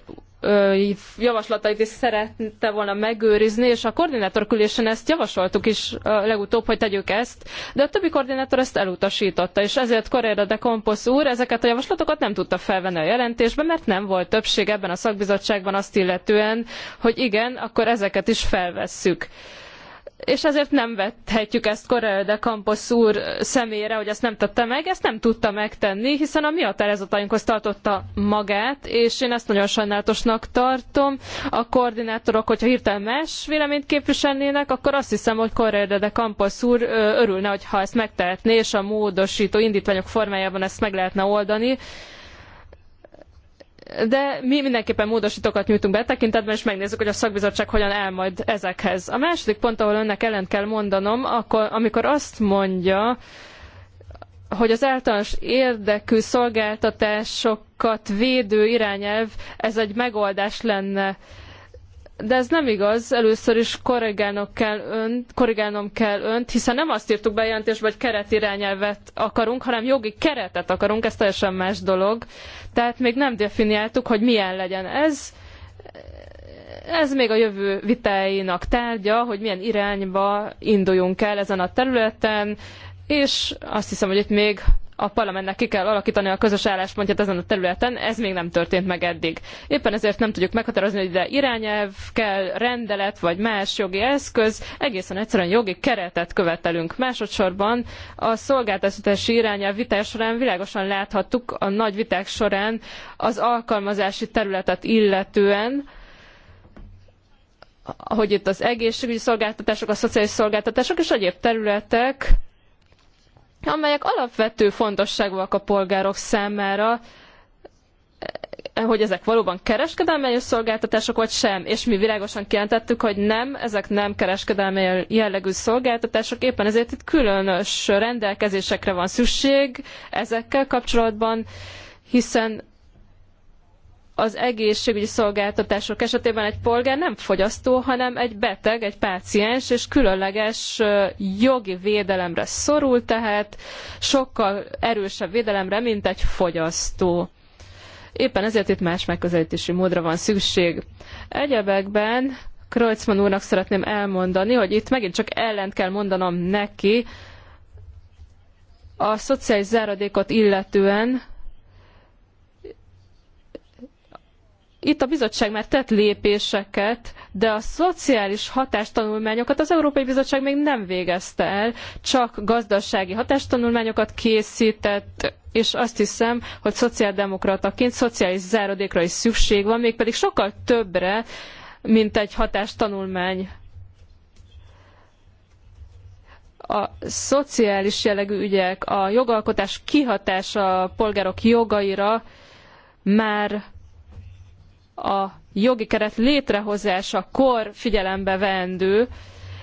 javaslatait is szerette volna megőrizni, és a koordinátorkülésen ezt javasoltuk is legutóbb, hogy tegyük ezt, de a többi koordinátor ezt elutasította, és ezért Correa de Campos úr ezeket a javaslatokat nem tudta felvenni a jelentésbe, mert nem volt többség ebben a szakbizottságban azt illetően, hogy igen, akkor ezeket is felvesszük és ezért nem vethetjük ezt Correa de Campos úr szemére, hogy ezt nem tette meg, ezt nem tudta megtenni, hiszen a mi határozatainkhoz tartotta magát, és én ezt nagyon sajnálatosnak tartom. A koordinátorok, hogyha hirtelen más véleményt képviselnének, akkor azt hiszem, hogy Correa de Campos úr örülne, hogyha ezt megtehetné, és a módosító indítványok formájában ezt meg lehetne oldani de mi mindenképpen módosítókat nyújtunk be e tekintetben, és megnézzük, hogy a szakbizottság hogyan áll majd ezekhez. A második pont, ahol önnek ellent kell mondanom, akkor, amikor azt mondja, hogy az általános érdekű szolgáltatásokat védő irányelv, ez egy megoldás lenne de ez nem igaz, először is korrigálnom kell, önt, korrigálnom kell önt, hiszen nem azt írtuk be jelentésbe, hogy keretirányelvet akarunk, hanem jogi keretet akarunk, ez teljesen más dolog. Tehát még nem definiáltuk, hogy milyen legyen ez. Ez még a jövő vitáinak tárgya, hogy milyen irányba induljunk el ezen a területen, és azt hiszem, hogy itt még a parlamentnek ki kell alakítani a közös álláspontját ezen a területen, ez még nem történt meg eddig. Éppen ezért nem tudjuk meghatározni, hogy ide irányelv kell, rendelet vagy más jogi eszköz, egészen egyszerűen jogi keretet követelünk. Másodszorban a szolgáltatási irányelv viták során világosan láthattuk a nagy viták során az alkalmazási területet illetően, hogy itt az egészségügyi szolgáltatások, a szociális szolgáltatások és egyéb területek amelyek alapvető fontosságúak a polgárok számára, eh, hogy ezek valóban kereskedelmi szolgáltatások, vagy sem. És mi világosan kijelentettük, hogy nem, ezek nem kereskedelmi jellegű szolgáltatások, éppen ezért itt különös rendelkezésekre van szükség ezekkel kapcsolatban, hiszen az egészségügyi szolgáltatások esetében egy polgár nem fogyasztó, hanem egy beteg, egy páciens, és különleges jogi védelemre szorul, tehát sokkal erősebb védelemre, mint egy fogyasztó. Éppen ezért itt más megközelítési módra van szükség. Egyebekben Kreutzmann úrnak szeretném elmondani, hogy itt megint csak ellent kell mondanom neki, a szociális záradékot illetően Itt a bizottság már tett lépéseket, de a szociális hatástanulmányokat az Európai Bizottság még nem végezte el, csak gazdasági hatástanulmányokat készített, és azt hiszem, hogy szociáldemokrataként szociális záradékra is szükség van, mégpedig sokkal többre, mint egy hatástanulmány a szociális jellegű ügyek, a jogalkotás kihatása a polgárok jogaira már a jogi keret létrehozásakor figyelembe vendő,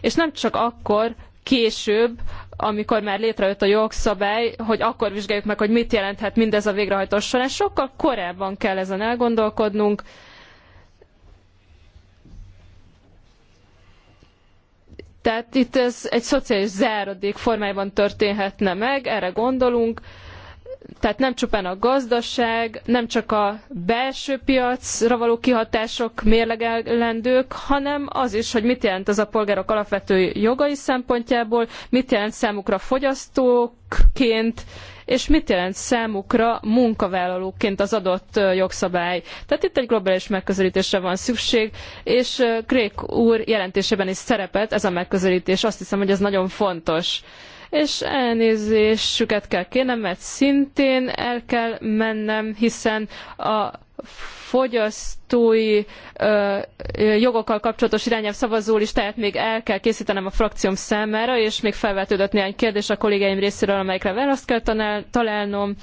és nem csak akkor, később, amikor már létrejött a jogszabály, hogy akkor vizsgáljuk meg, hogy mit jelenthet mindez a végrehajtás során. Sokkal korábban kell ezen elgondolkodnunk. Tehát itt ez egy szociális záradék formájában történhetne meg, erre gondolunk tehát nem csupán a gazdaság, nem csak a belső piacra való kihatások mérlegelendők, hanem az is, hogy mit jelent ez a polgárok alapvető jogai szempontjából, mit jelent számukra fogyasztóként, és mit jelent számukra munkavállalóként az adott jogszabály. Tehát itt egy globális megközelítésre van szükség, és Krék úr jelentésében is szerepelt ez a megközelítés. Azt hiszem, hogy ez nagyon fontos és elnézésüket kell kérnem, mert szintén el kell mennem, hiszen a fogyasztói ö, jogokkal kapcsolatos irányelv szavazólistáját még el kell készítenem a frakcióm számára, és még felvetődött néhány kérdés a kollégáim részéről, amelyekre választ kell tanál, találnom.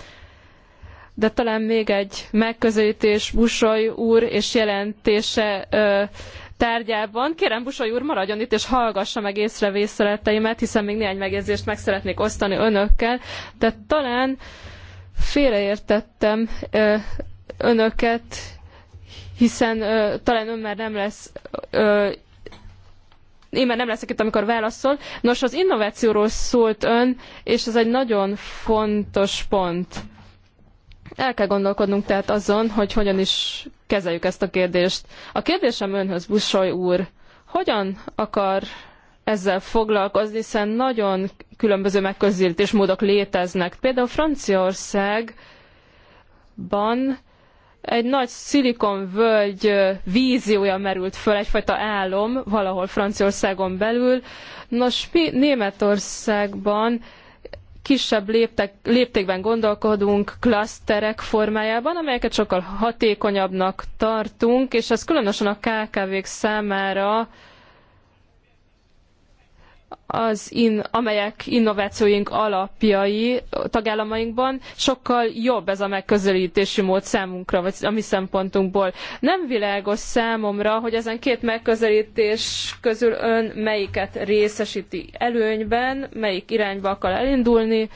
De talán még egy megközelítés Busoly úr és jelentése ö, tárgyában. Kérem, Busoly úr, maradjon itt, és hallgassa meg észrevészleteimet, hiszen még néhány megjegyzést meg szeretnék osztani önökkel, de talán félreértettem ö, önöket, hiszen ö, talán ön már nem lesz ö, én már nem leszek itt, amikor válaszol. Nos, az innovációról szólt ön, és ez egy nagyon fontos pont el kell gondolkodnunk tehát azon, hogy hogyan is kezeljük ezt a kérdést. A kérdésem önhöz, Busoly úr, hogyan akar ezzel foglalkozni, hiszen nagyon különböző megközelítésmódok léteznek. Például Franciaországban egy nagy szilikonvölgy víziója merült föl, egyfajta álom valahol Franciaországon belül. Nos, mi Németországban kisebb léptek, léptékben gondolkodunk, klaszterek formájában, amelyeket sokkal hatékonyabbnak tartunk, és ez különösen a KKV-k számára az in, amelyek innovációink alapjai tagállamainkban, sokkal jobb ez a megközelítési mód számunkra, vagy a mi szempontunkból. Nem világos számomra, hogy ezen két megközelítés közül ön melyiket részesíti előnyben, melyik irányba akar elindulni,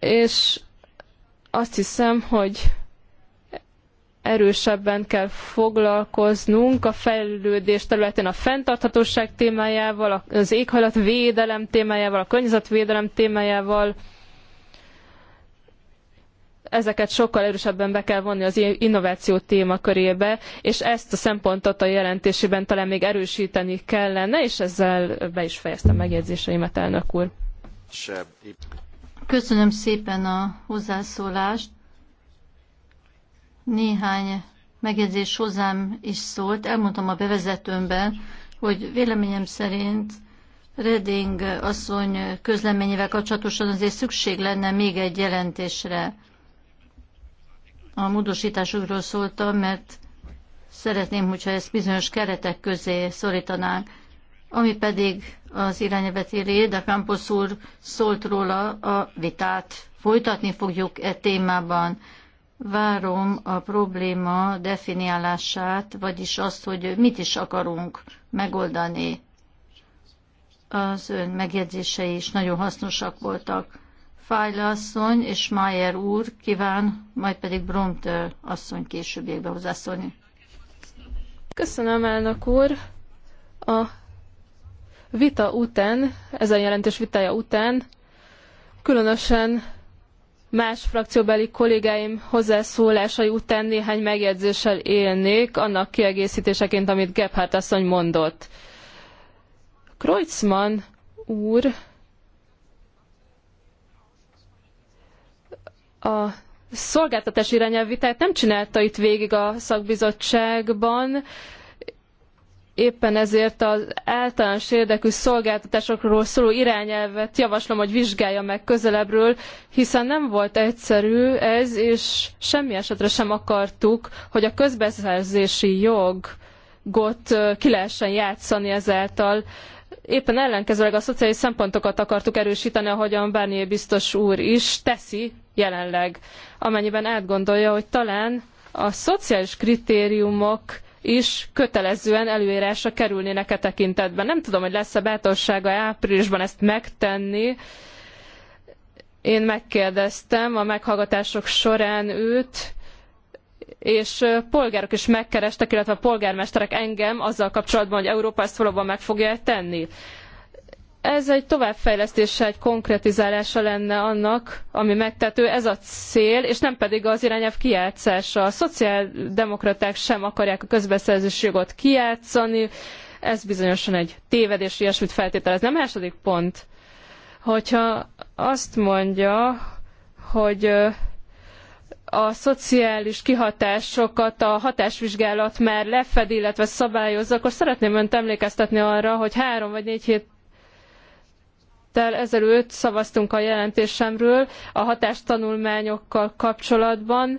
és azt hiszem, hogy erősebben kell foglalkoznunk a fejlődés területén a fenntarthatóság témájával, az éghajlatvédelem témájával, a környezetvédelem témájával. Ezeket sokkal erősebben be kell vonni az innováció témakörébe, és ezt a szempontot a jelentésében talán még erősíteni kellene, és ezzel be is fejeztem megjegyzéseimet, elnök úr. Köszönöm szépen a hozzászólást. Néhány megjegyzés hozzám is szólt. Elmondtam a bevezetőmben, hogy véleményem szerint Reding asszony közleményével kapcsolatosan azért szükség lenne még egy jelentésre. A módosításokról szóltam, mert szeretném, hogyha ezt bizonyos keretek közé szorítanánk. Ami pedig az irányelvet éri, de Campos úr szólt róla, a vitát folytatni fogjuk e témában várom a probléma definiálását, vagyis azt, hogy mit is akarunk megoldani. Az ön megjegyzései is nagyon hasznosak voltak. Fájla asszony és Mayer úr kíván, majd pedig Bromter asszony későbbiekbe hozzászólni. Köszönöm, elnök úr. A vita után, ezen jelentős vitája után különösen más frakcióbeli kollégáim hozzászólásai után néhány megjegyzéssel élnék, annak kiegészítéseként, amit Gebhardt asszony mondott. Kreutzmann úr a szolgáltatás irányelv nem csinálta itt végig a szakbizottságban, Éppen ezért az általános érdekű szolgáltatásokról szóló irányelvet javaslom, hogy vizsgálja meg közelebbről, hiszen nem volt egyszerű ez, és semmi esetre sem akartuk, hogy a közbeszerzési jogot ki lehessen játszani ezáltal. Éppen ellenkezőleg a szociális szempontokat akartuk erősíteni, ahogyan Barnier biztos úr is teszi jelenleg, amennyiben átgondolja, hogy talán a szociális kritériumok is kötelezően előírásra kerülnének e tekintetben. Nem tudom, hogy lesz-e bátorsága áprilisban ezt megtenni. Én megkérdeztem a meghallgatások során őt, és polgárok is megkerestek, illetve a polgármesterek engem azzal kapcsolatban, hogy Európa ezt valóban meg fogja -e tenni. Ez egy továbbfejlesztése, egy konkretizálása lenne annak, ami megtető, ez a cél, és nem pedig az irányelv kijátszása. A szociáldemokraták sem akarják a közbeszerzési jogot kijátszani, ez bizonyosan egy tévedés, ilyesmit feltételez. Nem második pont, hogyha azt mondja, hogy a szociális kihatásokat a hatásvizsgálat már lefedi, illetve szabályozza, akkor szeretném önt emlékeztetni arra, hogy három vagy négy hét héttel ezelőtt szavaztunk a jelentésemről a hatástanulmányokkal kapcsolatban,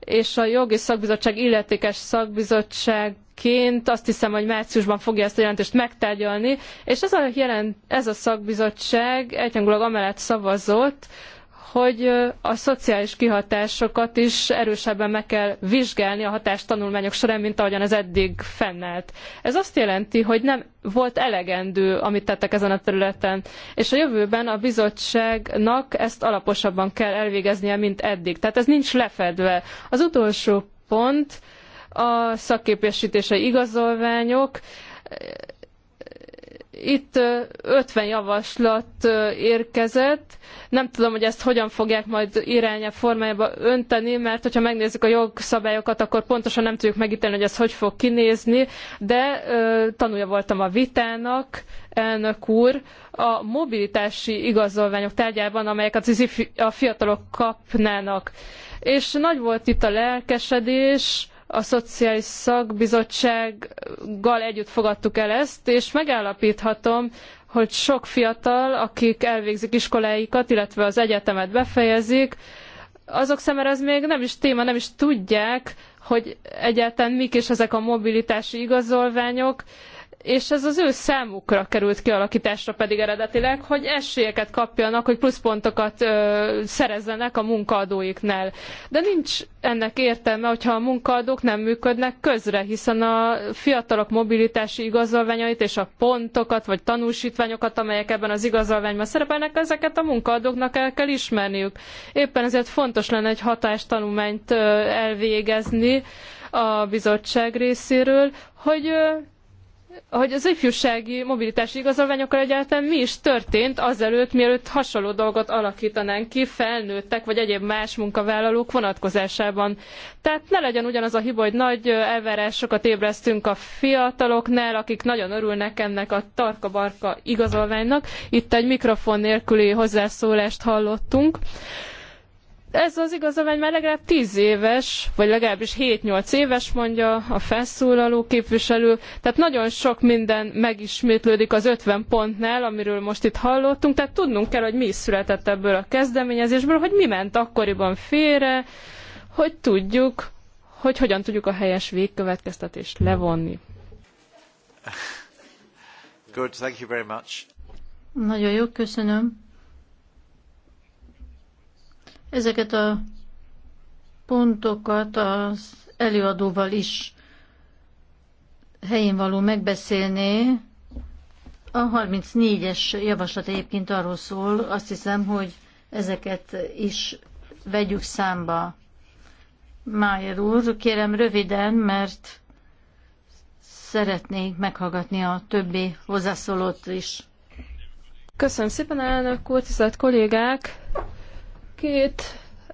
és a jogi szakbizottság illetékes szakbizottságként azt hiszem, hogy márciusban fogja ezt a jelentést megtárgyalni, és ez a, jelent, ez a szakbizottság egyhangulag amellett szavazott, hogy a szociális kihatásokat is erősebben meg kell vizsgálni a hatástanulmányok során, mint ahogyan ez eddig fennállt. Ez azt jelenti, hogy nem volt elegendő, amit tettek ezen a területen, és a jövőben a bizottságnak ezt alaposabban kell elvégeznie, mint eddig. Tehát ez nincs lefedve. Az utolsó pont a szakképesítése igazolványok itt 50 javaslat érkezett. Nem tudom, hogy ezt hogyan fogják majd irányá formájába önteni, mert hogyha megnézzük a jogszabályokat, akkor pontosan nem tudjuk megítélni, hogy ez hogy fog kinézni, de tanulja voltam a vitának, elnök úr, a mobilitási igazolványok tárgyában, amelyeket a fiatalok kapnának. És nagy volt itt a lelkesedés, a Szociális Szakbizottsággal együtt fogadtuk el ezt, és megállapíthatom, hogy sok fiatal, akik elvégzik iskoláikat, illetve az egyetemet befejezik, azok számára ez még nem is téma, nem is tudják, hogy egyáltalán mik is ezek a mobilitási igazolványok, és ez az ő számukra került kialakításra pedig eredetileg, hogy esélyeket kapjanak, hogy pluszpontokat ö, szerezzenek a munkaadóiknál. De nincs ennek értelme, hogyha a munkaadók nem működnek közre, hiszen a fiatalok mobilitási igazolványait és a pontokat vagy tanúsítványokat, amelyek ebben az igazolványban szerepelnek, ezeket a munkaadóknak el kell ismerniük. Éppen ezért fontos lenne egy hatástanulmányt elvégezni a bizottság részéről, hogy hogy az ifjúsági mobilitási igazolványokkal egyáltalán mi is történt azelőtt, mielőtt hasonló dolgot alakítanánk ki felnőttek vagy egyéb más munkavállalók vonatkozásában. Tehát ne legyen ugyanaz a hiba, hogy nagy elvárásokat ébresztünk a fiataloknál, akik nagyon örülnek ennek a tarka-barka igazolványnak. Itt egy mikrofon nélküli hozzászólást hallottunk. Uh, ez az igazolvány már legalább 10 éves, vagy legalábbis 7-8 éves, mondja a felszólaló képviselő. Tehát nagyon sok minden megismétlődik az 50 pontnál, amiről most itt hallottunk. Tehát tudnunk kell, hogy mi is született ebből a kezdeményezésből, hogy mi ment akkoriban félre, hogy tudjuk, hogy hogyan tudjuk a helyes végkövetkeztetést levonni. Good, thank you very much. Nagyon jó, köszönöm. Ezeket a pontokat az előadóval is helyén való megbeszélni. A 34-es javaslat egyébként arról szól, azt hiszem, hogy ezeket is vegyük számba. Májer úr, kérem röviden, mert szeretnék meghallgatni a többi hozzászólót is. Köszönöm szépen, elnök úr, tisztelt kollégák! Két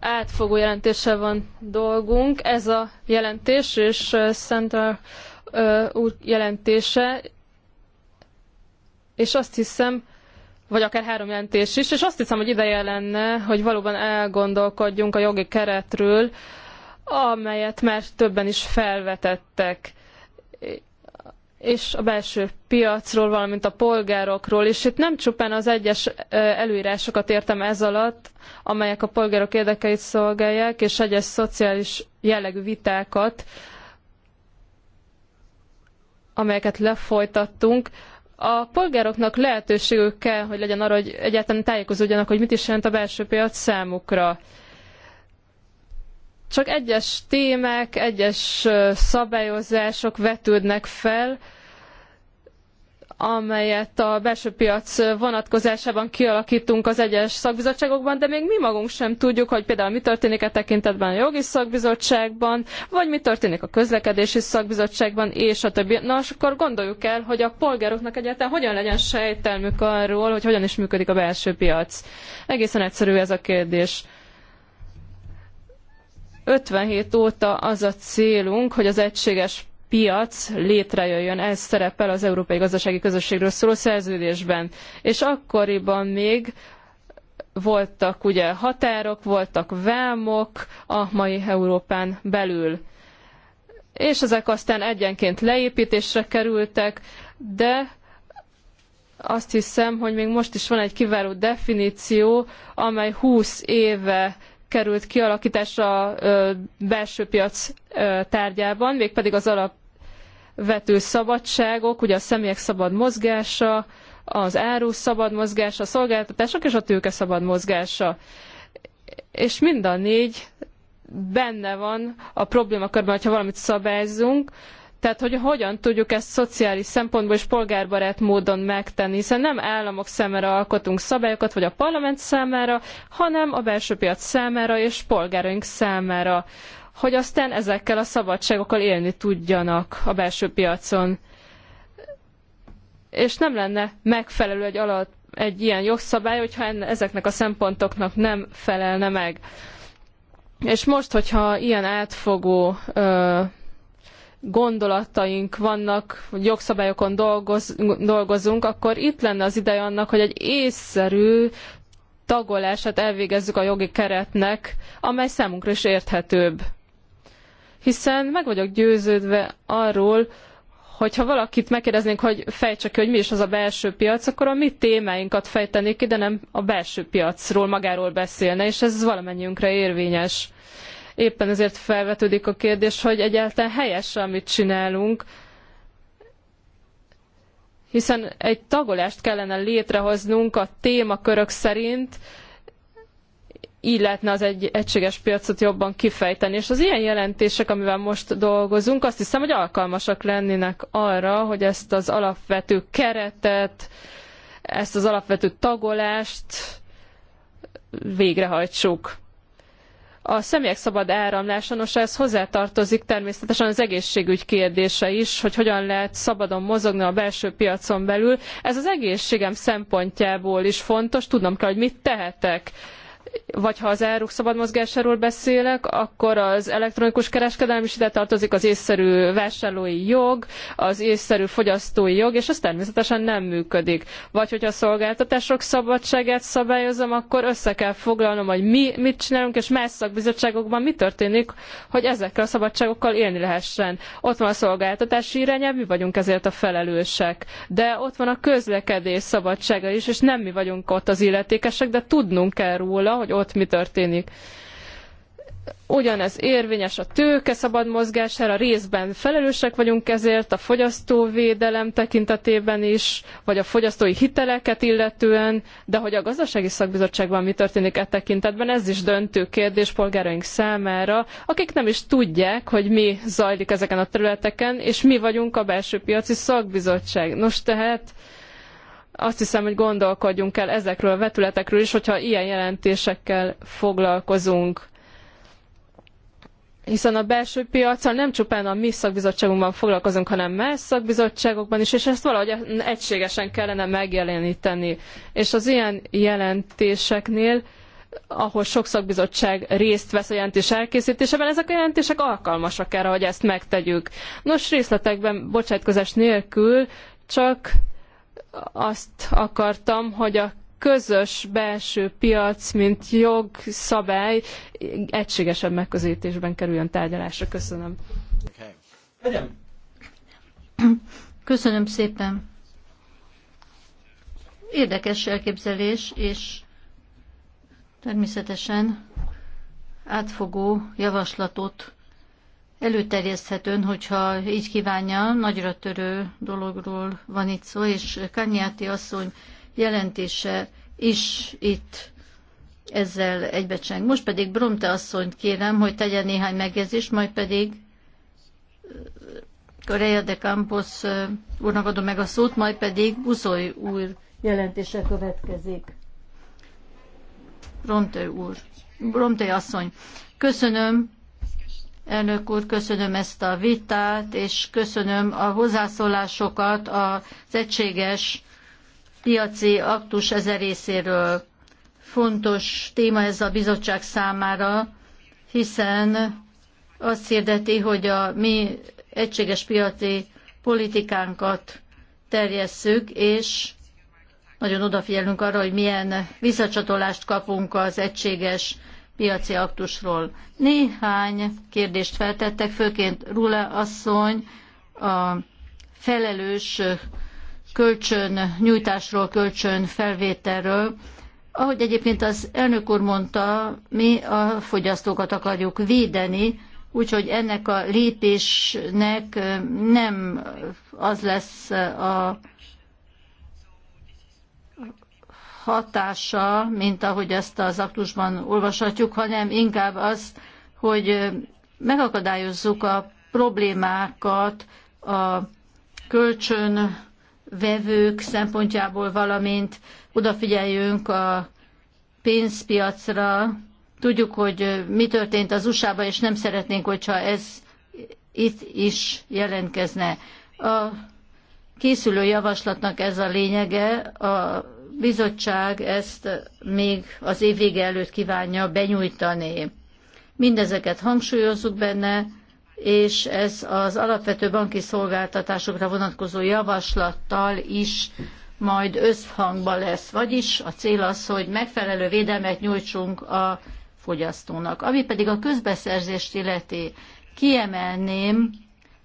átfogó jelentése van dolgunk. Ez a jelentés és Center úr jelentése, és azt hiszem, vagy akár három jelentés is, és azt hiszem, hogy ideje lenne, hogy valóban elgondolkodjunk a jogi keretről, amelyet már többen is felvetettek és a belső piacról, valamint a polgárokról, és itt nem csupán az egyes előírásokat értem ez alatt, amelyek a polgárok érdekeit szolgálják, és egyes szociális jellegű vitákat, amelyeket lefolytattunk. A polgároknak lehetőségük kell, hogy legyen arra, hogy egyáltalán tájékozódjanak, hogy mit is jelent a belső piac számukra csak egyes témák, egyes szabályozások vetődnek fel, amelyet a belső piac vonatkozásában kialakítunk az egyes szakbizottságokban, de még mi magunk sem tudjuk, hogy például mi történik e tekintetben a jogi szakbizottságban, vagy mi történik a közlekedési szakbizottságban, és a többi. Na, és akkor gondoljuk el, hogy a polgároknak egyáltalán hogyan legyen sejtelmük arról, hogy hogyan is működik a belső piac. Egészen egyszerű ez a kérdés. 57 óta az a célunk, hogy az egységes piac létrejöjjön, ez szerepel az Európai Gazdasági Közösségről szóló szerződésben. És akkoriban még voltak ugye határok, voltak vámok a mai Európán belül. És ezek aztán egyenként leépítésre kerültek, de azt hiszem, hogy még most is van egy kiváló definíció, amely 20 éve került kialakításra a belső piac tárgyában, mégpedig az alapvető szabadságok, ugye a személyek szabad mozgása, az áru szabad mozgása, a szolgáltatások és a tőke szabad mozgása. És mind a négy benne van a problémakörben, hogyha valamit szabályzunk, tehát, hogy hogyan tudjuk ezt szociális szempontból és polgárbarát módon megtenni, hiszen nem államok számára alkotunk szabályokat, vagy a parlament számára, hanem a belső piac számára és polgáraink számára, hogy aztán ezekkel a szabadságokkal élni tudjanak a belső piacon. És nem lenne megfelelő egy, alap, egy ilyen jogszabály, hogyha enne, ezeknek a szempontoknak nem felelne meg. És most, hogyha ilyen átfogó ö, gondolataink vannak, vagy jogszabályokon dolgoz, dolgozunk, akkor itt lenne az ideje annak, hogy egy észszerű tagolását elvégezzük a jogi keretnek, amely számunkra is érthetőbb. Hiszen meg vagyok győződve arról, hogyha valakit megkérdeznénk, hogy fejtse ki, hogy mi is az a belső piac, akkor a mi témáinkat fejtenék ki, de nem a belső piacról magáról beszélne, és ez valamennyiünkre érvényes. Éppen ezért felvetődik a kérdés, hogy egyáltalán helyes, amit csinálunk, hiszen egy tagolást kellene létrehoznunk a témakörök szerint, így lehetne az egy egységes piacot jobban kifejteni. És az ilyen jelentések, amivel most dolgozunk, azt hiszem, hogy alkalmasak lennének arra, hogy ezt az alapvető keretet, ezt az alapvető tagolást végrehajtsuk. A személyek szabad áramlása, nos ez hozzátartozik természetesen az egészségügy kérdése is, hogy hogyan lehet szabadon mozogni a belső piacon belül. Ez az egészségem szempontjából is fontos, tudnom kell, hogy mit tehetek vagy ha az áruk szabad mozgásáról beszélek, akkor az elektronikus kereskedelem is ide tartozik, az észszerű vásárlói jog, az észszerű fogyasztói jog, és ez természetesen nem működik. Vagy hogyha a szolgáltatások szabadságát szabályozom, akkor össze kell foglalnom, hogy mi mit csinálunk, és más szakbizottságokban mi történik, hogy ezekkel a szabadságokkal élni lehessen. Ott van a szolgáltatási irányelv, mi vagyunk ezért a felelősek. De ott van a közlekedés szabadsága is, és nem mi vagyunk ott az illetékesek, de tudnunk kell róla, hogy ott mi történik. Ugyanez érvényes a tőke szabad mozgására, részben felelősek vagyunk ezért a fogyasztóvédelem tekintetében is, vagy a fogyasztói hiteleket illetően, de hogy a gazdasági szakbizottságban mi történik e tekintetben, ez is döntő kérdés polgáraink számára, akik nem is tudják, hogy mi zajlik ezeken a területeken, és mi vagyunk a belső piaci szakbizottság. Nos tehát azt hiszem, hogy gondolkodjunk el ezekről a vetületekről is, hogyha ilyen jelentésekkel foglalkozunk. Hiszen a belső piacsal nem csupán a mi szakbizottságunkban foglalkozunk, hanem más szakbizottságokban is, és ezt valahogy egységesen kellene megjeleníteni. És az ilyen jelentéseknél ahol sok szakbizottság részt vesz a jelentés elkészítésében, ezek a jelentések alkalmasak erre, hogy ezt megtegyük. Nos, részletekben bocsátkozás nélkül csak azt akartam, hogy a közös belső piac, mint jogszabály egységesebb megközelítésben kerüljön tárgyalásra. Köszönöm. Köszönöm szépen. Érdekes elképzelés, és természetesen átfogó javaslatot előterjeszthetőn, hogyha így kívánja, nagyra törő dologról van itt szó, és Kanyáti asszony jelentése is itt ezzel egybecseng. Most pedig Bromte asszonyt kérem, hogy tegyen néhány megjegyzést, majd pedig Korea de Campos úrnak adom meg a szót, majd pedig Buzoly úr jelentése következik. Bromte úr, Bromte asszony, köszönöm, Elnök úr, köszönöm ezt a vitát, és köszönöm a hozzászólásokat az egységes piaci aktus ezer részéről. Fontos téma ez a bizottság számára, hiszen azt hirdeti, hogy a mi egységes piaci politikánkat terjesszük, és nagyon odafigyelünk arra, hogy milyen visszacsatolást kapunk az egységes piaci aktusról. Néhány kérdést feltettek, főként Rula asszony a felelős kölcsön nyújtásról, kölcsön felvételről. Ahogy egyébként az elnök úr mondta, mi a fogyasztókat akarjuk védeni, úgyhogy ennek a lépésnek nem az lesz a hatása, mint ahogy ezt az aktusban olvashatjuk, hanem inkább az, hogy megakadályozzuk a problémákat a kölcsönvevők szempontjából, valamint odafigyeljünk a pénzpiacra. Tudjuk, hogy mi történt az USA-ban, és nem szeretnénk, hogyha ez itt is jelentkezne. A készülő javaslatnak ez a lényege, a bizottság ezt még az év vége előtt kívánja benyújtani. Mindezeket hangsúlyozzuk benne, és ez az alapvető banki szolgáltatásokra vonatkozó javaslattal is majd összhangba lesz. Vagyis a cél az, hogy megfelelő védelmet nyújtsunk a fogyasztónak. Ami pedig a közbeszerzést illeti, kiemelném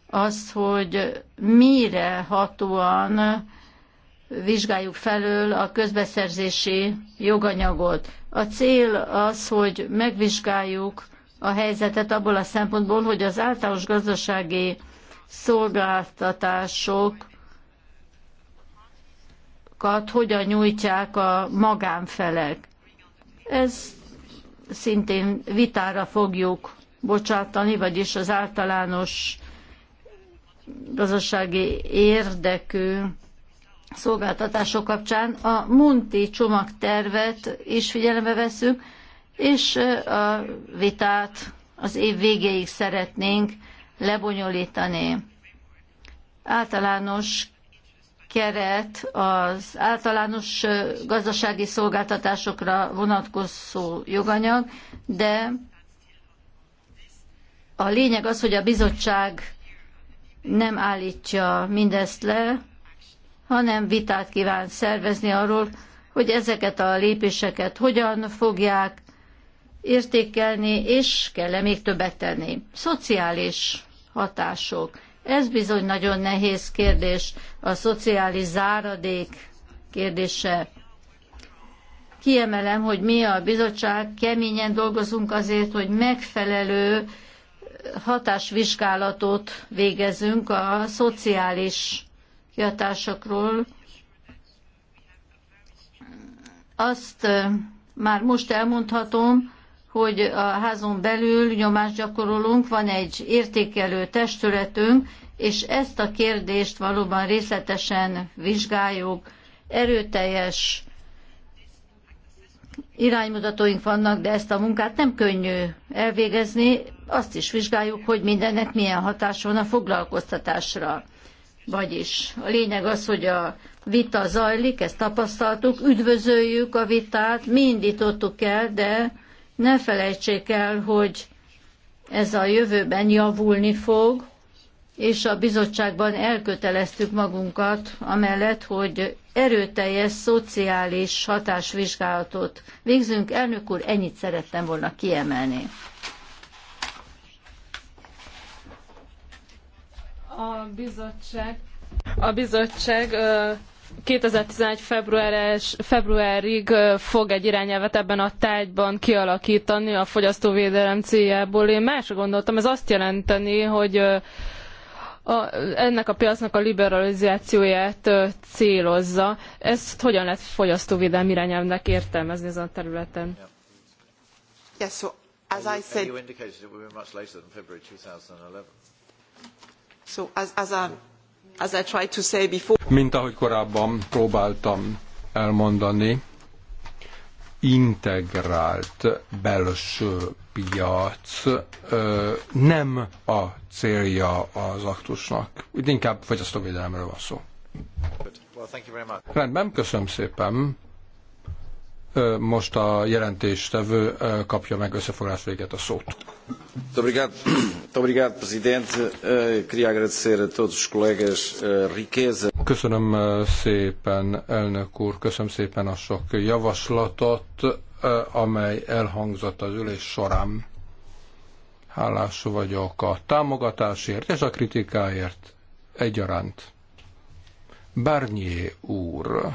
azt, hogy mire hatóan vizsgáljuk felől a közbeszerzési joganyagot. A cél az, hogy megvizsgáljuk a helyzetet abból a szempontból, hogy az általános gazdasági szolgáltatásokat hogyan nyújtják a magánfelek. Ez szintén vitára fogjuk bocsátani, vagyis az általános gazdasági érdekű szolgáltatások kapcsán a munti csomagtervet is figyelembe veszünk, és a vitát az év végéig szeretnénk lebonyolítani. Általános keret az általános gazdasági szolgáltatásokra vonatkozó joganyag, de a lényeg az, hogy a bizottság nem állítja mindezt le, hanem vitát kíván szervezni arról, hogy ezeket a lépéseket hogyan fogják értékelni, és kell-e még többet tenni. Szociális hatások. Ez bizony nagyon nehéz kérdés, a szociális záradék kérdése. Kiemelem, hogy mi a bizottság keményen dolgozunk azért, hogy megfelelő hatásvizsgálatot végezünk a szociális kiadásokról. Azt már most elmondhatom, hogy a házon belül nyomást gyakorolunk, van egy értékelő testületünk, és ezt a kérdést valóban részletesen vizsgáljuk. Erőteljes iránymutatóink vannak, de ezt a munkát nem könnyű elvégezni. Azt is vizsgáljuk, hogy mindennek milyen hatás van a foglalkoztatásra. Vagyis a lényeg az, hogy a vita zajlik, ezt tapasztaltuk, üdvözöljük a vitát, mi indítottuk el, de ne felejtsék el, hogy ez a jövőben javulni fog, és a bizottságban elköteleztük magunkat amellett, hogy erőteljes szociális hatásvizsgálatot végzünk. Elnök úr, ennyit szerettem volna kiemelni. A bizottság, a bizottság 2011. es, februárig fog egy irányelvet ebben a tárgyban kialakítani a fogyasztóvédelem céljából. Én másra gondoltam, ez azt jelenteni, hogy a, ennek a piacnak a liberalizációját célozza. Ezt hogyan lehet fogyasztóvédelmi irányelvnek értelmezni ezen a területen? Yes, so as I said... Mint ahogy korábban próbáltam elmondani, integrált belső piac ö, nem a célja az aktusnak. Itt inkább fogyasztóvédelemről van szó. Rendben, köszönöm szépen. Most a jelentéstevő kapja meg összefoglalás véget a szót. Köszönöm szépen, elnök úr, köszönöm szépen a sok javaslatot, amely elhangzott az ülés során. Hálás vagyok a támogatásért és a kritikáért egyaránt. Barnier úr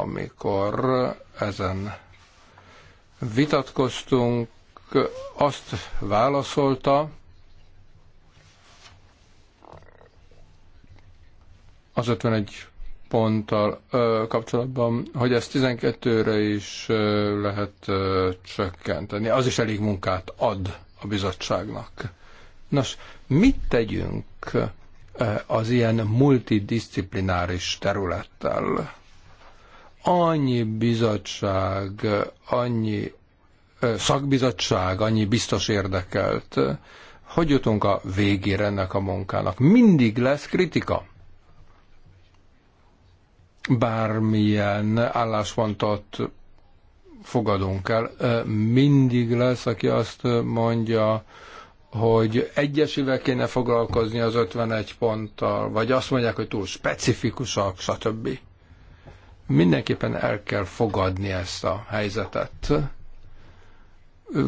amikor ezen vitatkoztunk, azt válaszolta, az 51 ponttal ö, kapcsolatban, hogy ezt 12-re is ö, lehet ö, csökkenteni. Az is elég munkát ad a bizottságnak. Nos, mit tegyünk ö, az ilyen multidisciplináris területtel? annyi bizottság, annyi szakbizottság, annyi biztos érdekelt, hogy jutunk a végére ennek a munkának. Mindig lesz kritika. Bármilyen álláspontot fogadunk el, mindig lesz, aki azt mondja, hogy egyesével kéne foglalkozni az 51 ponttal, vagy azt mondják, hogy túl specifikusak, stb. Mindenképpen el kell fogadni ezt a helyzetet.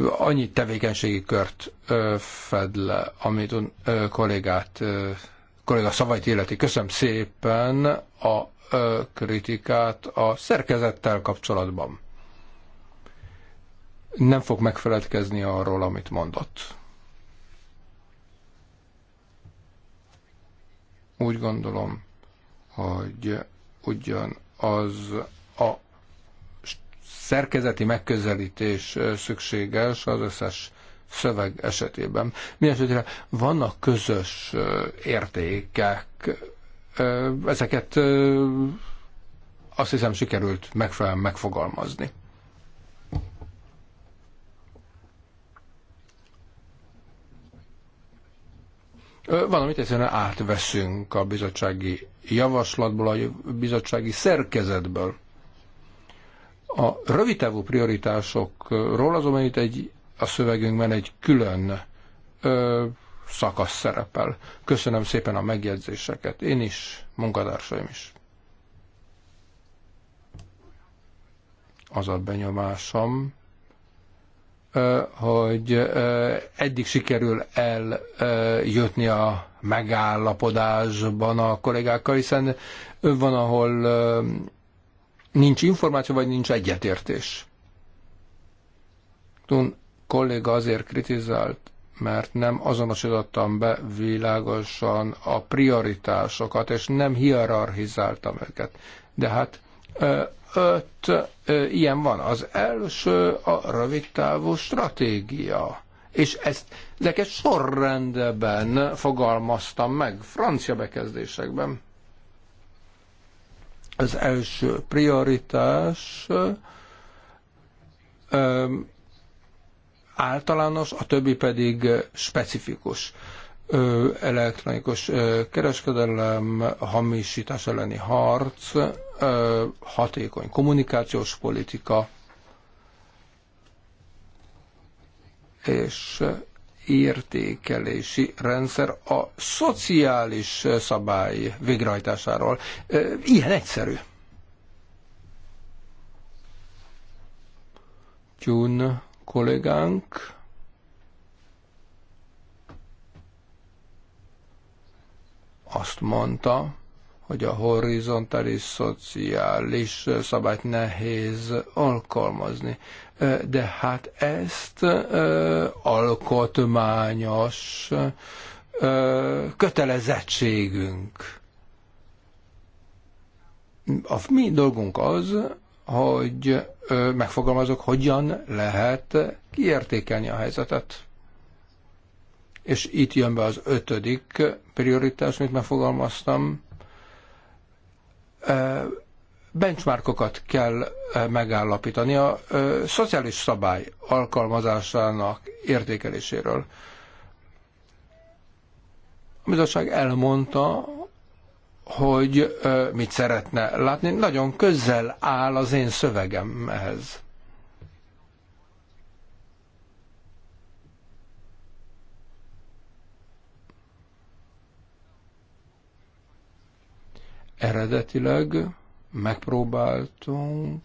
Annyi tevékenységi kört fed le, amit a kollégát, kolléga szavait illeti. Köszönöm szépen a kritikát a szerkezettel kapcsolatban. Nem fog megfeledkezni arról, amit mondott. Úgy gondolom, hogy ugyan az a szerkezeti megközelítés szükséges az összes szöveg esetében. Mindenesetre vannak közös értékek, ezeket azt hiszem sikerült megfelelően megfogalmazni. Valamit egyszerűen átveszünk a bizottsági javaslatból, a bizottsági szerkezetből. A rövidtávú prioritásokról azonban itt egy, a szövegünkben egy külön ö, szakasz szerepel. Köszönöm szépen a megjegyzéseket, én is, munkatársaim is. Az a benyomásom, hogy eddig sikerül eljutni a megállapodásban a kollégákkal, hiszen van, ahol nincs információ, vagy nincs egyetértés. Tun kolléga azért kritizált, mert nem azonosítottam be világosan a prioritásokat, és nem hierarchizáltam őket. De hát öt ilyen van. Az első a rövidtávú stratégia. És ezt, ezeket sorrendben fogalmaztam meg, francia bekezdésekben. Az első prioritás ö, általános, a többi pedig specifikus elektronikus kereskedelem, hamisítás elleni harc, hatékony kommunikációs politika, és értékelési rendszer a szociális szabály végrehajtásáról. Ilyen egyszerű. Tjún kollégánk. Azt mondta, hogy a horizontális szociális szabályt nehéz alkalmazni. De hát ezt alkotmányos kötelezettségünk. A mi dolgunk az, hogy megfogalmazok, hogyan lehet kiértékelni a helyzetet. És itt jön be az ötödik prioritás, amit megfogalmaztam, benchmarkokat kell megállapítani a szociális szabály alkalmazásának értékeléséről. A bizottság elmondta, hogy mit szeretne látni. Nagyon közel áll az én szövegemhez. Eredetileg megpróbáltunk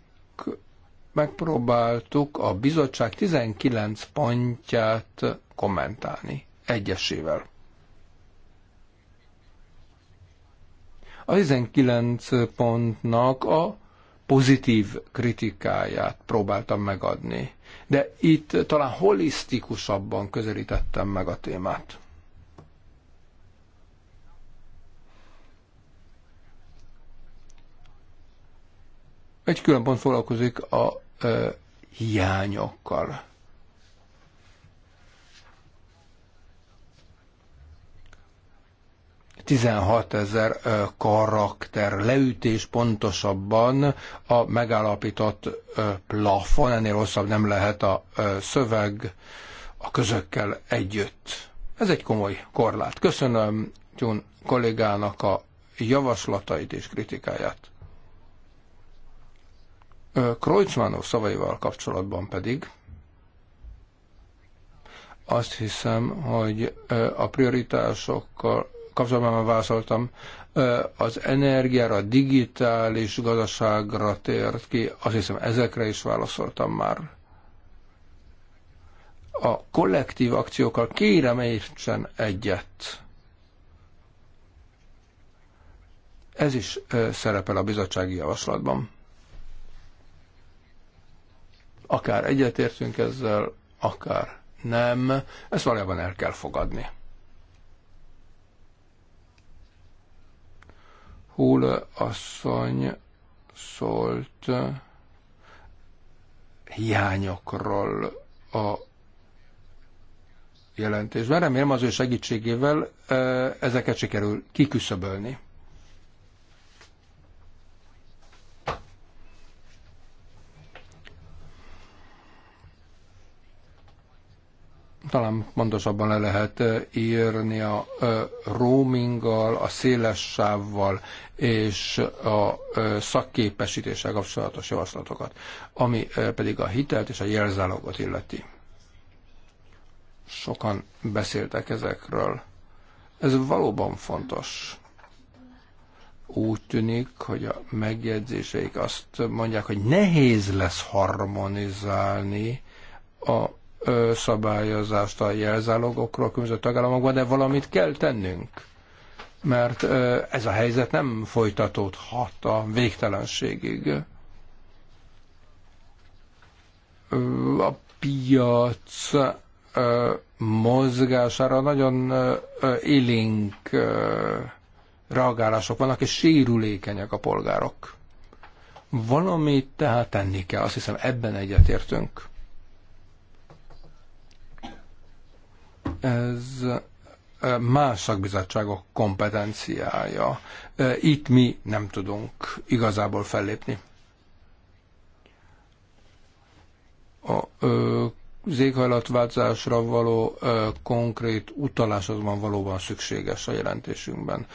megpróbáltuk a bizottság 19 pontját kommentálni egyesével. A 19 pontnak a pozitív kritikáját próbáltam megadni, de itt talán holisztikusabban közelítettem meg a témát. Egy külön pont foglalkozik a ö, hiányokkal. ezer karakter leütés pontosabban a megállapított ö, plafon, ennél rosszabb nem lehet a ö, szöveg a közökkel együtt. Ez egy komoly korlát. Köszönöm Tjún kollégának a javaslatait és kritikáját. Kreutzmannov szavaival kapcsolatban pedig azt hiszem, hogy a prioritásokkal kapcsolatban már válaszoltam, az energiára, a digitális gazdaságra tért ki, azt hiszem ezekre is válaszoltam már. A kollektív akciókkal kérem értsen egyet. Ez is szerepel a bizottsági javaslatban. Akár egyetértünk ezzel, akár nem, ezt valójában el kell fogadni. Hul asszony szólt hiányokról a jelentésben. Remélem az ő segítségével eh, ezeket sikerül kiküszöbölni. talán pontosabban le lehet írni a roaminggal, a széles sávval és a szakképesítéssel kapcsolatos javaslatokat, ami pedig a hitelt és a jelzálogot illeti. Sokan beszéltek ezekről. Ez valóban fontos. Úgy tűnik, hogy a megjegyzéseik azt mondják, hogy nehéz lesz harmonizálni a szabályozást a jelzálogokról a különböző tagállamokban, de valamit kell tennünk, mert ez a helyzet nem folytatódhat a végtelenségig. A piac mozgására nagyon élénk reagálások vannak, és sérülékenyek a polgárok. Valamit tehát tenni kell, azt hiszem ebben egyetértünk. Ez más szakbizottságok kompetenciája. Itt mi nem tudunk igazából fellépni. A ö, az éghajlatváltozásra való konkrét utalás azonban valóban szükséges a jelentésünkben.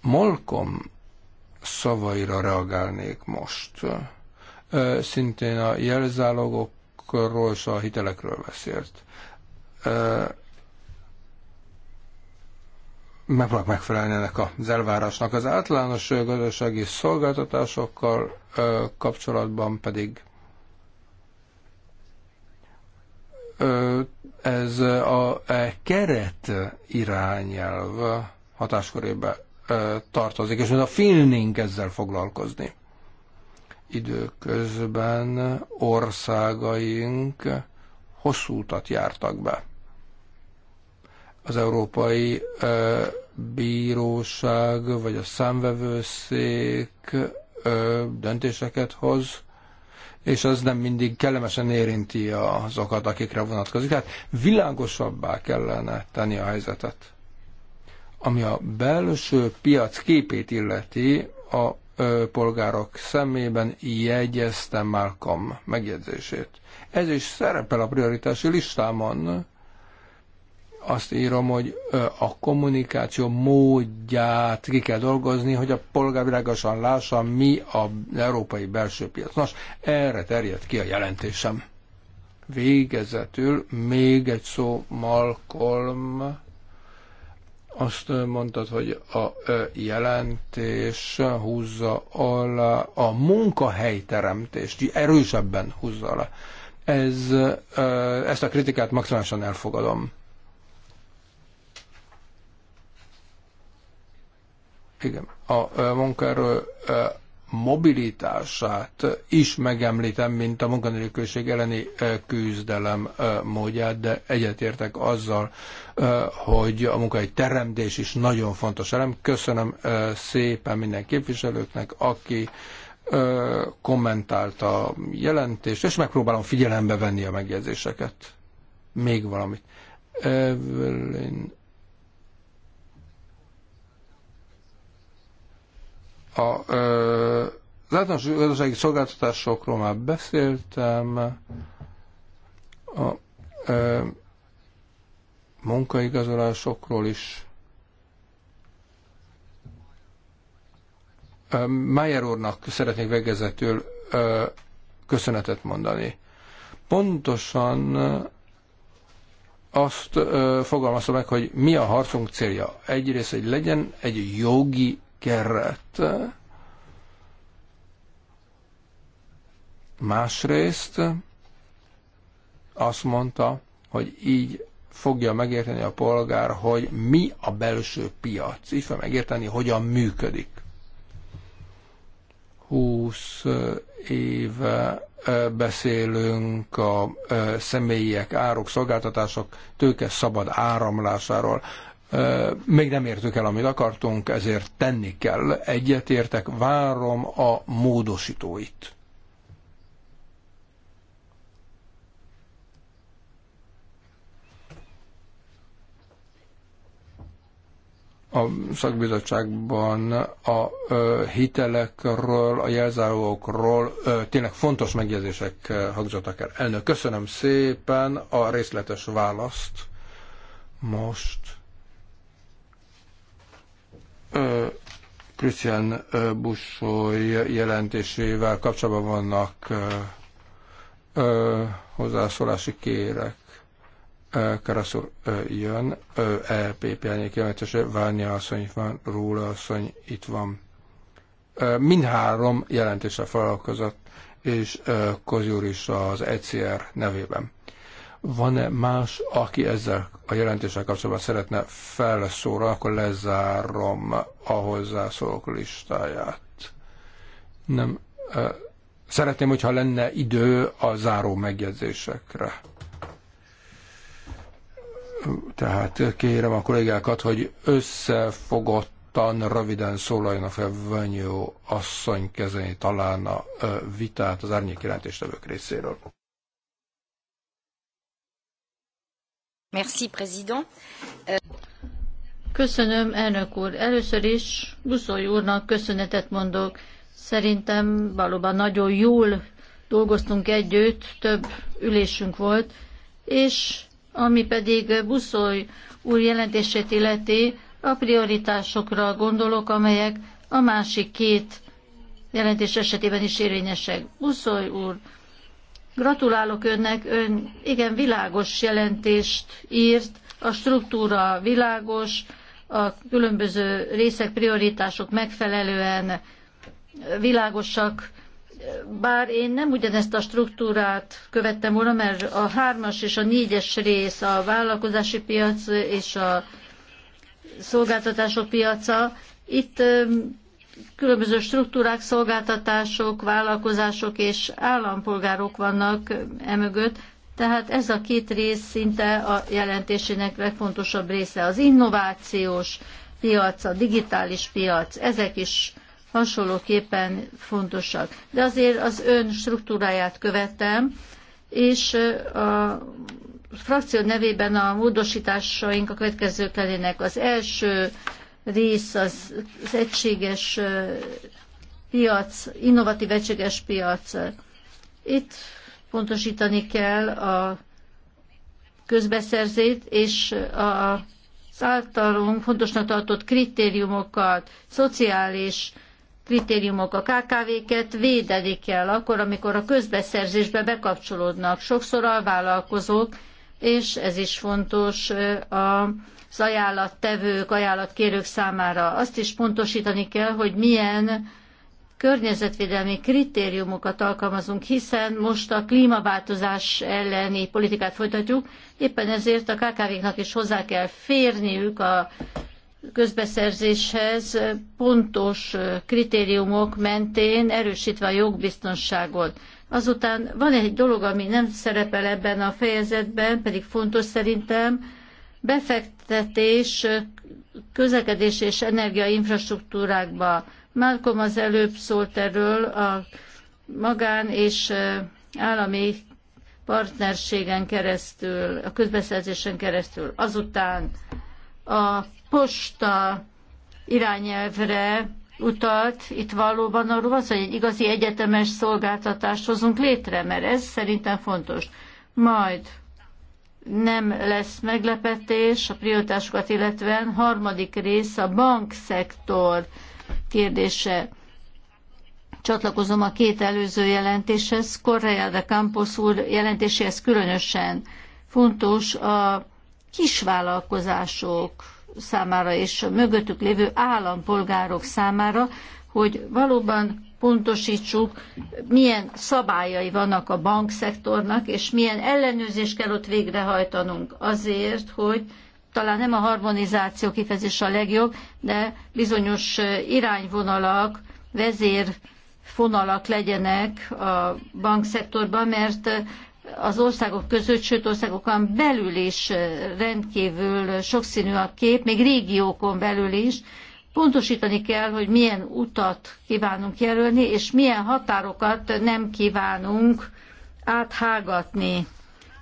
Malcolm szavaira reagálnék most. szintén a jelzálogokról és a hitelekről beszélt megpróbálok megfelelni ennek az elvárásnak. Az általános gazdasági szolgáltatásokkal kapcsolatban pedig ez a e keret irányelv hatáskörébe tartozik, és a filming ezzel foglalkozni. Időközben országaink hosszú utat jártak be az Európai Bíróság vagy a számvevőszék döntéseket hoz, és az nem mindig kellemesen érinti azokat, akikre vonatkozik. Tehát világosabbá kellene tenni a helyzetet. Ami a belső piac képét illeti, a polgárok szemében jegyeztem Malcolm megjegyzését. Ez is szerepel a prioritási listámon, azt írom, hogy a kommunikáció módját ki kell dolgozni, hogy a világosan lássa, mi az európai belső piac. Nos, erre terjed ki a jelentésem. Végezetül még egy szó, Malcolm. Azt mondtad, hogy a jelentés húzza alá a munkahelyteremtést, erősebben húzza alá. Ez, ezt a kritikát maximálisan elfogadom Igen, a munkaerő mobilitását is megemlítem, mint a munkanélküliség elleni küzdelem módját, de egyetértek azzal, hogy a munkai teremtés is nagyon fontos elem. Köszönöm szépen minden képviselőknek, aki kommentált a jelentést, és megpróbálom figyelembe venni a megjegyzéseket. Még valamit. Evelyn A az látnos gazdasági szolgáltatásokról már beszéltem, a ö, munkaigazolásokról is. Mayer úrnak szeretnék végezetül köszönetet mondani. Pontosan azt ö, fogalmazta meg, hogy mi a harcunk célja. Egyrészt, hogy legyen egy jogi kerett Másrészt azt mondta, hogy így fogja megérteni a polgár, hogy mi a belső piac. Így fogja megérteni, hogyan működik. 20 éve beszélünk a személyek, árok, szolgáltatások tőke szabad áramlásáról. Még nem értük el, amit akartunk, ezért tenni kell. Egyetértek, várom a módosítóit. a szakbizottságban a ö, hitelekről, a jelzálogokról ö, tényleg fontos megjegyzések hangzottak el. Elnök, köszönöm szépen a részletes választ. Most Christian Bussoly jelentésével kapcsolatban vannak hozzászólási kérek. Karaszur jön, EPP elnyék jelentése, Várnya asszony itt van, Róla asszony itt van. Mindhárom jelentése foglalkozott, és Kozjúr is az ECR nevében. Van-e más, aki ezzel a jelentéssel kapcsolatban szeretne felszólalni, akkor lezárom a hozzászólók listáját. Nem. Szeretném, hogyha lenne idő a záró megjegyzésekre. Tehát kérem a kollégákat, hogy összefogottan röviden szólaljon a felvenyő asszony kezén talán a vitát az árnyék jelentéstevők részéről. Merci, président. Köszönöm, elnök úr. Először is Buszoly úrnak köszönetet mondok. Szerintem valóban nagyon jól dolgoztunk együtt, több ülésünk volt, és ami pedig Buszoly úr jelentését illeti, a prioritásokra gondolok, amelyek a másik két jelentés esetében is érvényesek. Buszoly úr Gratulálok önnek, ön igen világos jelentést írt, a struktúra világos, a különböző részek, prioritások megfelelően világosak, bár én nem ugyanezt a struktúrát követtem volna, mert a hármas és a négyes rész a vállalkozási piac és a szolgáltatások piaca, itt különböző struktúrák, szolgáltatások, vállalkozások és állampolgárok vannak emögött, tehát ez a két rész szinte a jelentésének legfontosabb része. Az innovációs piac, a digitális piac, ezek is hasonlóképpen fontosak. De azért az ön struktúráját követtem, és a frakció nevében a módosításaink a következők lennének. Az első rész az, az egységes piac, innovatív egységes piac. Itt pontosítani kell a közbeszerzét és a általunk fontosnak tartott kritériumokat, szociális kritériumok, a KKV-ket védeni kell akkor, amikor a közbeszerzésbe bekapcsolódnak. Sokszor vállalkozók, és ez is fontos a az ajánlattevők, ajánlatkérők számára. Azt is pontosítani kell, hogy milyen környezetvédelmi kritériumokat alkalmazunk, hiszen most a klímaváltozás elleni politikát folytatjuk, éppen ezért a KKV-knak is hozzá kell férniük a közbeszerzéshez pontos kritériumok mentén erősítve a jogbiztonságot. Azután van egy dolog, ami nem szerepel ebben a fejezetben, pedig fontos szerintem, befektetés közlekedés és energiainfrastruktúrákba. Malcolm az előbb szólt erről a magán és állami partnerségen keresztül, a közbeszerzésen keresztül. Azután a posta irányelvre utalt, itt valóban arról az, hogy egy igazi egyetemes szolgáltatást hozunk létre, mert ez szerintem fontos. Majd nem lesz meglepetés a prioritásokat illetően. Harmadik rész a bankszektor kérdése. Csatlakozom a két előző jelentéshez, Correa de Campos úr jelentéséhez különösen fontos a kisvállalkozások számára és a mögöttük lévő állampolgárok számára, hogy valóban pontosítsuk, milyen szabályai vannak a bankszektornak, és milyen ellenőrzést kell ott végrehajtanunk azért, hogy talán nem a harmonizáció kifejezés a legjobb, de bizonyos irányvonalak, vezérfonalak legyenek a bankszektorban, mert az országok között, sőt országokon belül is rendkívül sokszínű a kép, még régiókon belül is, Pontosítani kell, hogy milyen utat kívánunk jelölni, és milyen határokat nem kívánunk áthágatni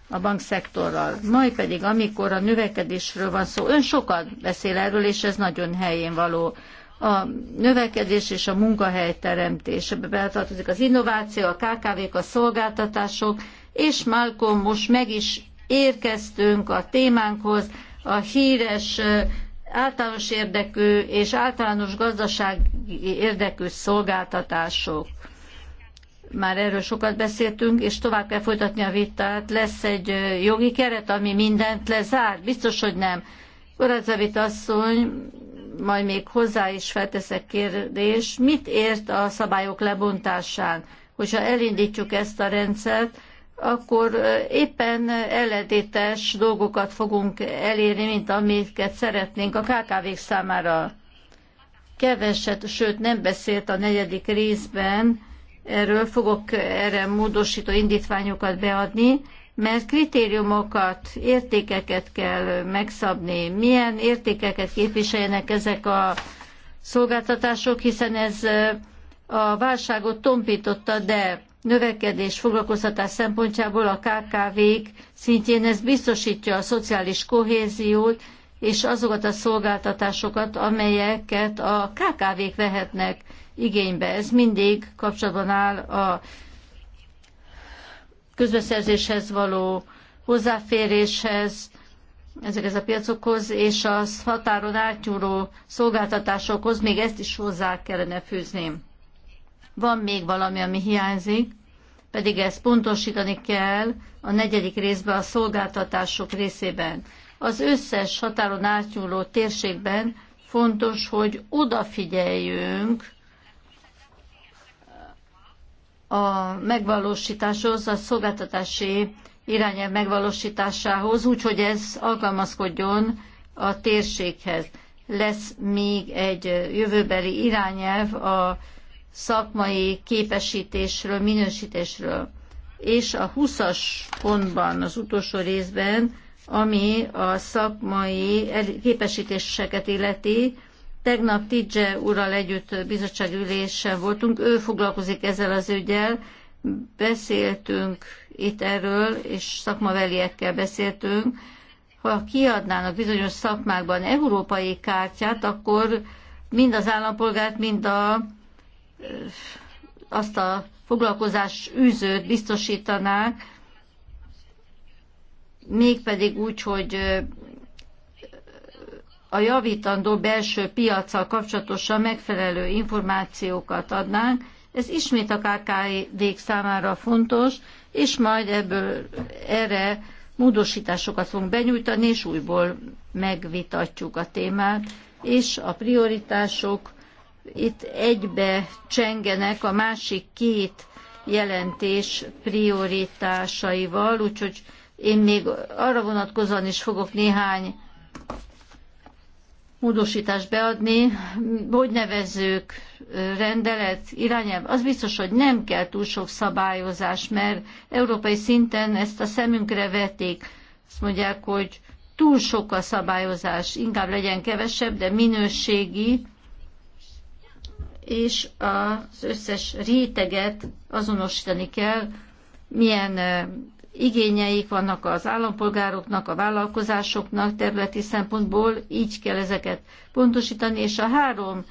a bankszektorral. Majd pedig, amikor a növekedésről van szó, ön sokat beszél erről, és ez nagyon helyén való. A növekedés és a munkahelyteremtés, ebbe beletartozik az innováció, a KKV-k, a szolgáltatások, és Malcolm, most meg is érkeztünk a témánkhoz, a híres általános érdekű és általános gazdasági érdekű szolgáltatások. Már erről sokat beszéltünk, és tovább kell folytatni a vitát. Lesz egy jogi keret, ami mindent lezár? Biztos, hogy nem. Koradzavit asszony, majd még hozzá is felteszek kérdést, mit ért a szabályok lebontásán? Hogyha elindítjuk ezt a rendszert, akkor éppen ellentétes dolgokat fogunk elérni, mint amiket szeretnénk a kkv számára. Keveset, sőt nem beszélt a negyedik részben, erről fogok erre módosító indítványokat beadni, mert kritériumokat, értékeket kell megszabni, milyen értékeket képviseljenek ezek a szolgáltatások, hiszen ez a válságot tompította, de növekedés foglalkoztatás szempontjából a KKV-k szintjén ez biztosítja a szociális kohéziót és azokat a szolgáltatásokat, amelyeket a KKV-k vehetnek igénybe. Ez mindig kapcsolatban áll a közbeszerzéshez való hozzáféréshez, ezekhez a piacokhoz, és a határon átnyúló szolgáltatásokhoz még ezt is hozzá kellene fűzni van még valami, ami hiányzik, pedig ezt pontosítani kell a negyedik részben, a szolgáltatások részében. Az összes határon átnyúló térségben fontos, hogy odafigyeljünk a megvalósításhoz, a szolgáltatási irányelv megvalósításához, úgyhogy ez alkalmazkodjon a térséghez. Lesz még egy jövőbeli irányelv a szakmai képesítésről, minősítésről. És a 20-as pontban, az utolsó részben, ami a szakmai képesítéseket illeti, tegnap Tidze úrral együtt bizottságülésen voltunk, ő foglalkozik ezzel az ügyel, beszéltünk itt erről, és szakmaveliekkel beszéltünk, ha kiadnának bizonyos szakmákban európai kártyát, akkor mind az állampolgárt, mind a azt a foglalkozás űzőt biztosítanák, mégpedig úgy, hogy a javítandó belső piacsal kapcsolatosan megfelelő információkat adnánk. Ez ismét a kkv számára fontos, és majd ebből erre módosításokat fogunk benyújtani, és újból megvitatjuk a témát, és a prioritások itt egybe csengenek a másik két jelentés prioritásaival, úgyhogy én még arra vonatkozóan is fogok néhány módosítást beadni, hogy nevezők rendelet, irányelv, az biztos, hogy nem kell túl sok szabályozás, mert európai szinten ezt a szemünkre vetik. Azt mondják, hogy túl sok a szabályozás, inkább legyen kevesebb, de minőségi, és az összes réteget azonosítani kell, milyen igényeik vannak az állampolgároknak, a vállalkozásoknak területi szempontból, így kell ezeket pontosítani, és a három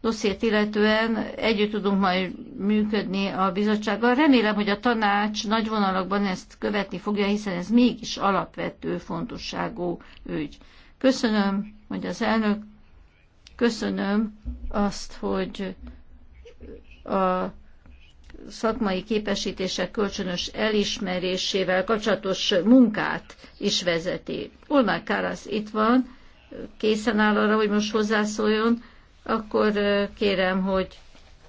dossziét illetően együtt tudunk majd működni a bizottsággal. Remélem, hogy a tanács nagy vonalakban ezt követni fogja, hiszen ez mégis alapvető fontosságú ügy. Köszönöm, hogy az elnök Köszönöm azt, hogy a szakmai képesítések kölcsönös elismerésével kapcsolatos munkát is vezeti. Olmár Kárász itt van, készen áll arra, hogy most hozzászóljon, akkor kérem, hogy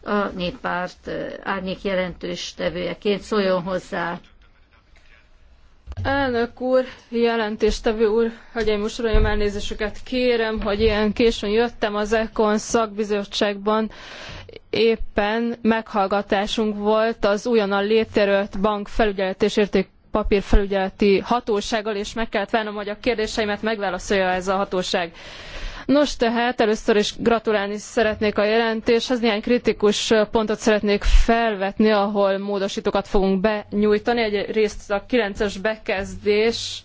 a néppárt árnyék jelentős tevőjeként szóljon hozzá. Elnök úr, jelentéstevő úr, hölgyeim és uraim, elnézésüket kérem, hogy ilyen későn jöttem az EKON szakbizottságban. Éppen meghallgatásunk volt az újonnan létrejött bank felügyelet és értékpapírfelügyeleti hatósággal, és meg kellett várnom, hogy a kérdéseimet megválaszolja ez a hatóság. Nos, tehát először is gratulálni szeretnék a jelentéshez. Néhány kritikus pontot szeretnék felvetni, ahol módosítókat fogunk benyújtani. Egy a 9-es bekezdés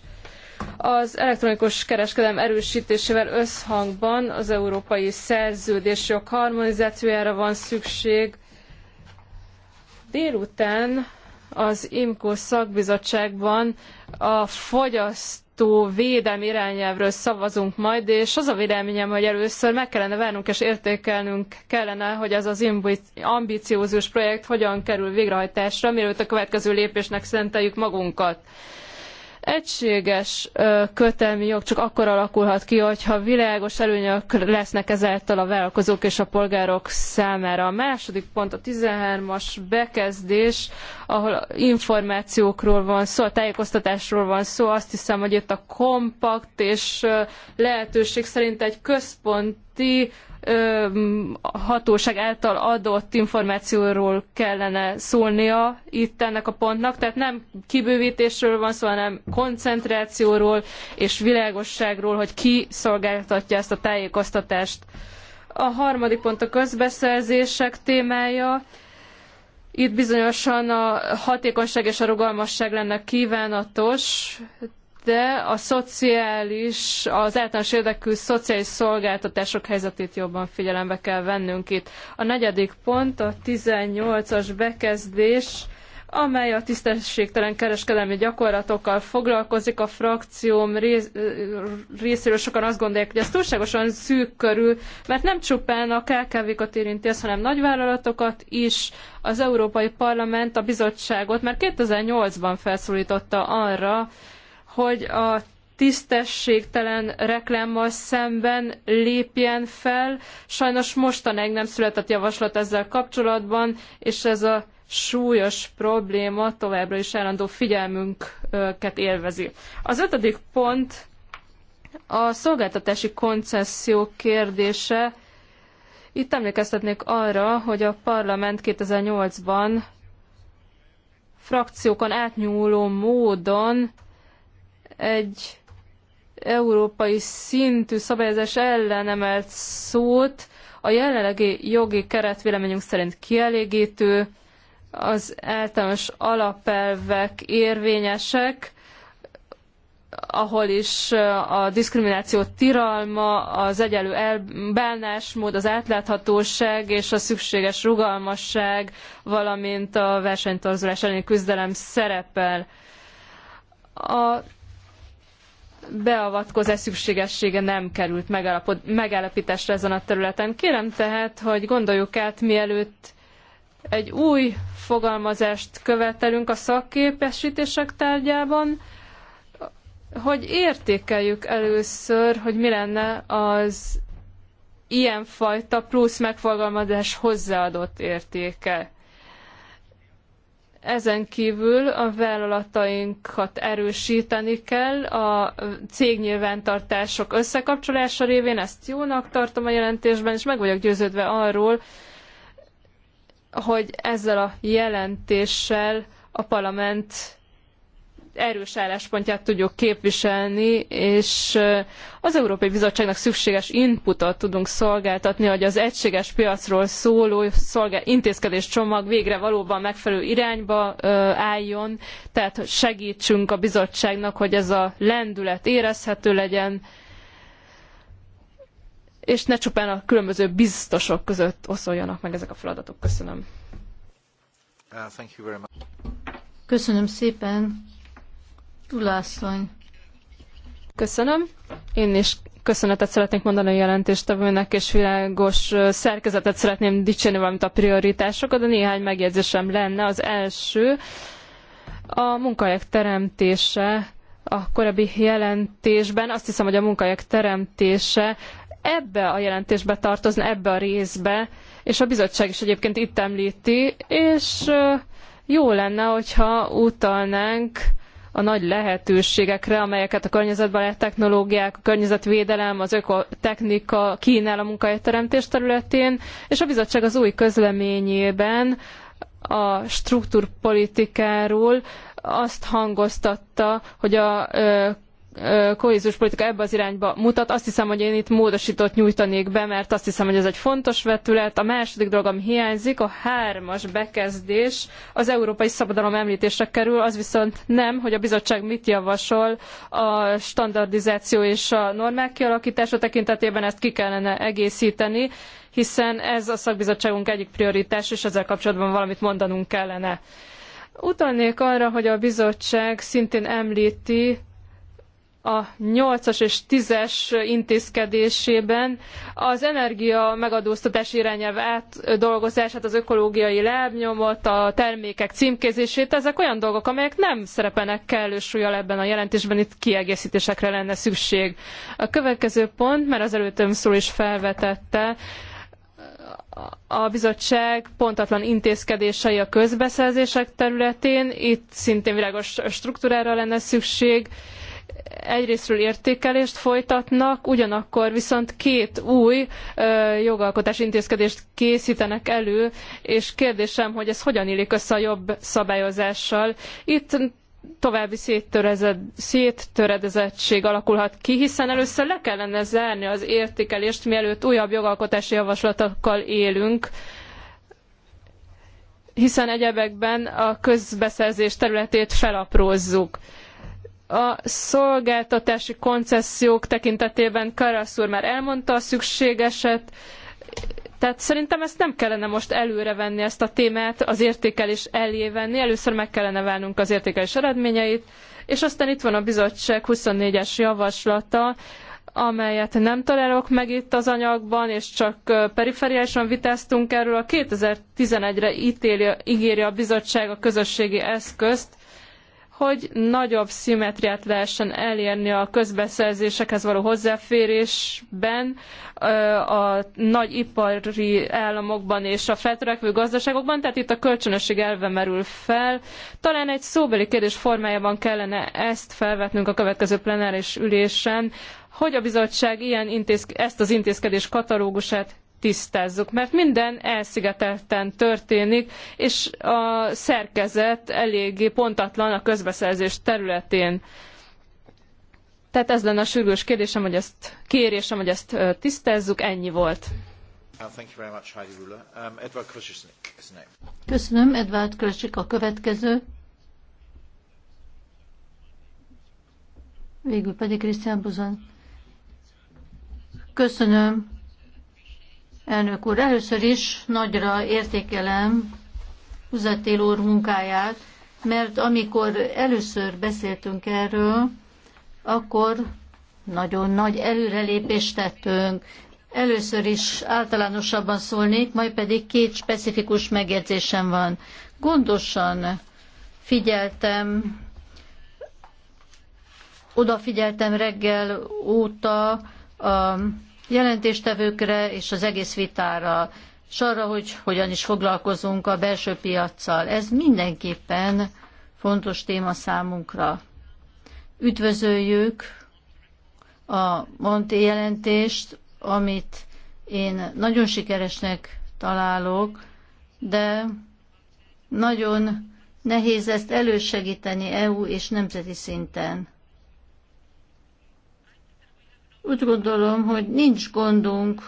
az elektronikus kereskedelem erősítésével összhangban az európai szerződésjog harmonizációjára van szükség. Délután az IMCO szakbizottságban a fogyaszt alkotó védelmi irányelvről szavazunk majd, és az a véleményem, hogy először meg kellene várnunk és értékelnünk kellene, hogy ez az ambiciózus projekt hogyan kerül végrehajtásra, mielőtt a következő lépésnek szenteljük magunkat. Egységes kötelmi jog csak akkor alakulhat ki, hogyha világos előnyök lesznek ezáltal a vállalkozók és a polgárok számára. A második pont a 13-as bekezdés, ahol információkról van szó, a tájékoztatásról van szó. Azt hiszem, hogy itt a kompakt és lehetőség szerint egy központi hatóság által adott információról kellene szólnia itt ennek a pontnak, tehát nem kibővítésről van szó, hanem koncentrációról és világosságról, hogy ki szolgáltatja ezt a tájékoztatást. A harmadik pont a közbeszerzések témája. Itt bizonyosan a hatékonyság és a rugalmasság lenne kívánatos, de a szociális, az általános érdekű szociális szolgáltatások helyzetét jobban figyelembe kell vennünk itt. A negyedik pont a 18-as bekezdés, amely a tisztességtelen kereskedelmi gyakorlatokkal foglalkozik. A frakcióm rész, részéről sokan azt gondolják, hogy ez túlságosan szűk körül, mert nem csupán a KKV-kat érinti ez, hanem nagyvállalatokat is. Az Európai Parlament a bizottságot már 2008-ban felszólította arra, hogy a tisztességtelen reklámmal szemben lépjen fel. Sajnos mostanáig nem született javaslat ezzel kapcsolatban, és ez a súlyos probléma továbbra is állandó figyelmünket élvezi. Az ötödik pont a szolgáltatási koncesszió kérdése. Itt emlékeztetnék arra, hogy a parlament 2008-ban frakciókon átnyúló módon egy európai szintű szabályozás ellen emelt szót. A jelenlegi jogi keret véleményünk szerint kielégítő, az általános alapelvek érvényesek, ahol is a diszkrimináció tilalma, az egyenlő bánásmód, az átláthatóság és a szükséges rugalmasság, valamint a versenytorzulás elleni küzdelem szerepel. A beavatkozás szükségessége nem került megállapításra ezen a területen. Kérem tehát, hogy gondoljuk át, mielőtt egy új fogalmazást követelünk a szakképesítések tárgyában, hogy értékeljük először, hogy mi lenne az ilyenfajta plusz megfogalmazás hozzáadott értéke. Ezen kívül a vállalatainkat erősíteni kell a cégnyilvántartások összekapcsolása révén, ezt jónak tartom a jelentésben, és meg vagyok győződve arról, hogy ezzel a jelentéssel a parlament erős álláspontját tudjuk képviselni, és az Európai Bizottságnak szükséges inputot tudunk szolgáltatni, hogy az egységes piacról szóló szolgál, intézkedés csomag végre valóban megfelelő irányba álljon, tehát segítsünk a bizottságnak, hogy ez a lendület érezhető legyen, és ne csupán a különböző biztosok között oszoljanak meg ezek a feladatok. Köszönöm. Uh, Köszönöm szépen. Tulászony. Köszönöm. Én is köszönetet szeretnék mondani a jelentéstevőnek, és világos szerkezetet szeretném dicsérni, valamint a prioritásokat, de néhány megjegyzésem lenne. Az első, a munkahelyek teremtése a korábbi jelentésben, azt hiszem, hogy a munkahelyek teremtése ebbe a jelentésbe tartozna, ebbe a részbe, és a bizottság is egyébként itt említi, és jó lenne, hogyha utalnánk a nagy lehetőségekre, amelyeket a környezetbarát technológiák, a környezetvédelem, az ökotechnika kínál a munkahelyteremtés területén, és a bizottság az új közleményében a struktúrpolitikáról azt hangoztatta, hogy a kohéziós politika ebbe az irányba mutat. Azt hiszem, hogy én itt módosított nyújtanék be, mert azt hiszem, hogy ez egy fontos vetület. A második dolog, ami hiányzik, a hármas bekezdés az európai szabadalom említésre kerül, az viszont nem, hogy a bizottság mit javasol a standardizáció és a normák kialakítása tekintetében ezt ki kellene egészíteni, hiszen ez a szakbizottságunk egyik prioritás, és ezzel kapcsolatban valamit mondanunk kellene. Utalnék arra, hogy a bizottság szintén említi, a 8-as és 10-es intézkedésében az energia megadóztatás irányelv átdolgozását, az ökológiai lábnyomot, a termékek címkézését, ezek olyan dolgok, amelyek nem szerepelnek kellő súlyal ebben a jelentésben, itt kiegészítésekre lenne szükség. A következő pont, mert az előttem szól is felvetette, a bizottság pontatlan intézkedései a közbeszerzések területén, itt szintén világos struktúrára lenne szükség, egyrésztről értékelést folytatnak, ugyanakkor viszont két új jogalkotási intézkedést készítenek elő, és kérdésem, hogy ez hogyan illik össze a jobb szabályozással. Itt további széttöredezettség alakulhat ki, hiszen először le kellene zárni az értékelést, mielőtt újabb jogalkotási javaslatokkal élünk, hiszen egyebekben a közbeszerzés területét felaprózzuk. A szolgáltatási koncesziók tekintetében Karasz úr már elmondta a szükségeset, tehát szerintem ezt nem kellene most előrevenni ezt a témát az értékelés elé venni. Először meg kellene várnunk az értékelés eredményeit, és aztán itt van a bizottság 24-es javaslata, amelyet nem találok meg itt az anyagban, és csak perifériálisan vitáztunk erről. A 2011-re ítéli, ígéri a bizottság a közösségi eszközt, hogy nagyobb szimmetriát lehessen elérni a közbeszerzésekhez való hozzáférésben a nagy ipari államokban és a feltörekvő gazdaságokban, tehát itt a kölcsönösség elve merül fel. Talán egy szóbeli kérdés formájában kellene ezt felvetnünk a következő plenáris ülésen, hogy a bizottság ilyen intézk- ezt az intézkedés katalógusát tisztázzuk, mert minden elszigetelten történik, és a szerkezet eléggé pontatlan a közbeszerzés területén. Tehát ez lenne a sürgős kérdésem, hogy ezt kérésem, hogy ezt tisztázzuk, ennyi volt. Uh, um, Köszönöm, Edward Krasik a következő. Végül pedig Krisztián Buzan. Köszönöm, elnök úr. Először is nagyra értékelem Uzatél úr munkáját, mert amikor először beszéltünk erről, akkor nagyon nagy előrelépést tettünk. Először is általánosabban szólnék, majd pedig két specifikus megjegyzésem van. Gondosan figyeltem, odafigyeltem reggel óta a jelentéstevőkre és az egész vitára, és arra, hogy hogyan is foglalkozunk a belső piaccal. Ez mindenképpen fontos téma számunkra. Üdvözöljük a Monti jelentést, amit én nagyon sikeresnek találok, de nagyon nehéz ezt elősegíteni EU és nemzeti szinten. Úgy gondolom, hogy nincs gondunk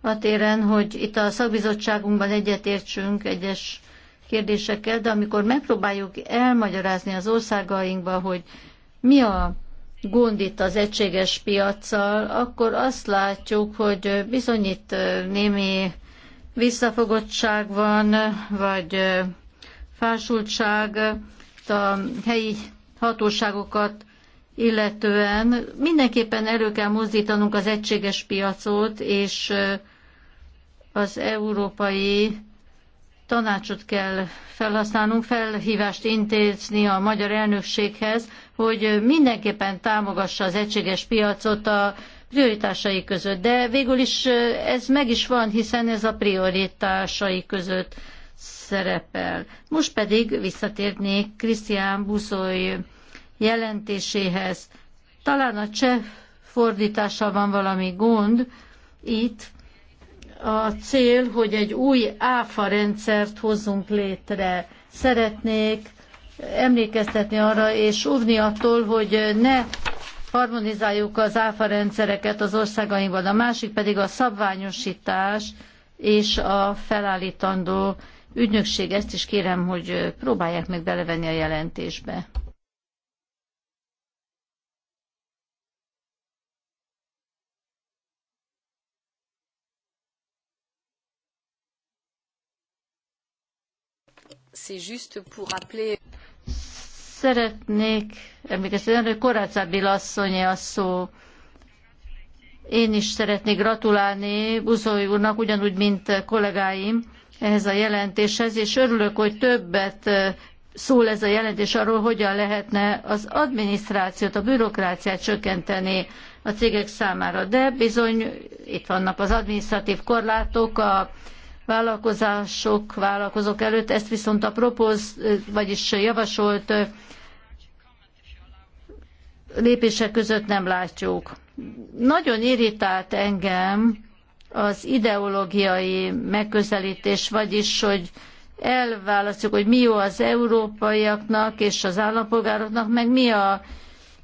a téren, hogy itt a szakbizottságunkban egyetértsünk egyes kérdésekkel, de amikor megpróbáljuk elmagyarázni az országainkba, hogy mi a gond itt az egységes piaccal, akkor azt látjuk, hogy bizony itt némi visszafogottság van, vagy fásultság, a helyi hatóságokat illetően mindenképpen elő kell mozdítanunk az egységes piacot, és az európai tanácsot kell felhasználnunk, felhívást intézni a magyar elnökséghez, hogy mindenképpen támogassa az egységes piacot a prioritásai között. De végül is ez meg is van, hiszen ez a prioritásai között szerepel. Most pedig visszatérnék Krisztián Buszoly jelentéséhez. Talán a cseh fordítással van valami gond itt. A cél, hogy egy új áfa rendszert hozzunk létre. Szeretnék emlékeztetni arra, és óvni attól, hogy ne harmonizáljuk az áfa rendszereket az országainkban. A másik pedig a szabványosítás és a felállítandó ügynökség. Ezt is kérem, hogy próbálják meg belevenni a jelentésbe. Szeretnék emlékeztetni, hogy Korácábi asszonyi a szó. Én is szeretnék gratulálni Buzoly úrnak, ugyanúgy, mint kollégáim ehhez a jelentéshez, és örülök, hogy többet szól ez a jelentés arról, hogyan lehetne az adminisztrációt, a bürokráciát csökkenteni a cégek számára. De bizony itt vannak az adminisztratív korlátok, a vállalkozások, vállalkozók előtt, ezt viszont a propoz, vagyis javasolt lépések között nem látjuk. Nagyon irritált engem az ideológiai megközelítés, vagyis, hogy elválasztjuk, hogy mi jó az európaiaknak és az állampolgároknak, meg mi a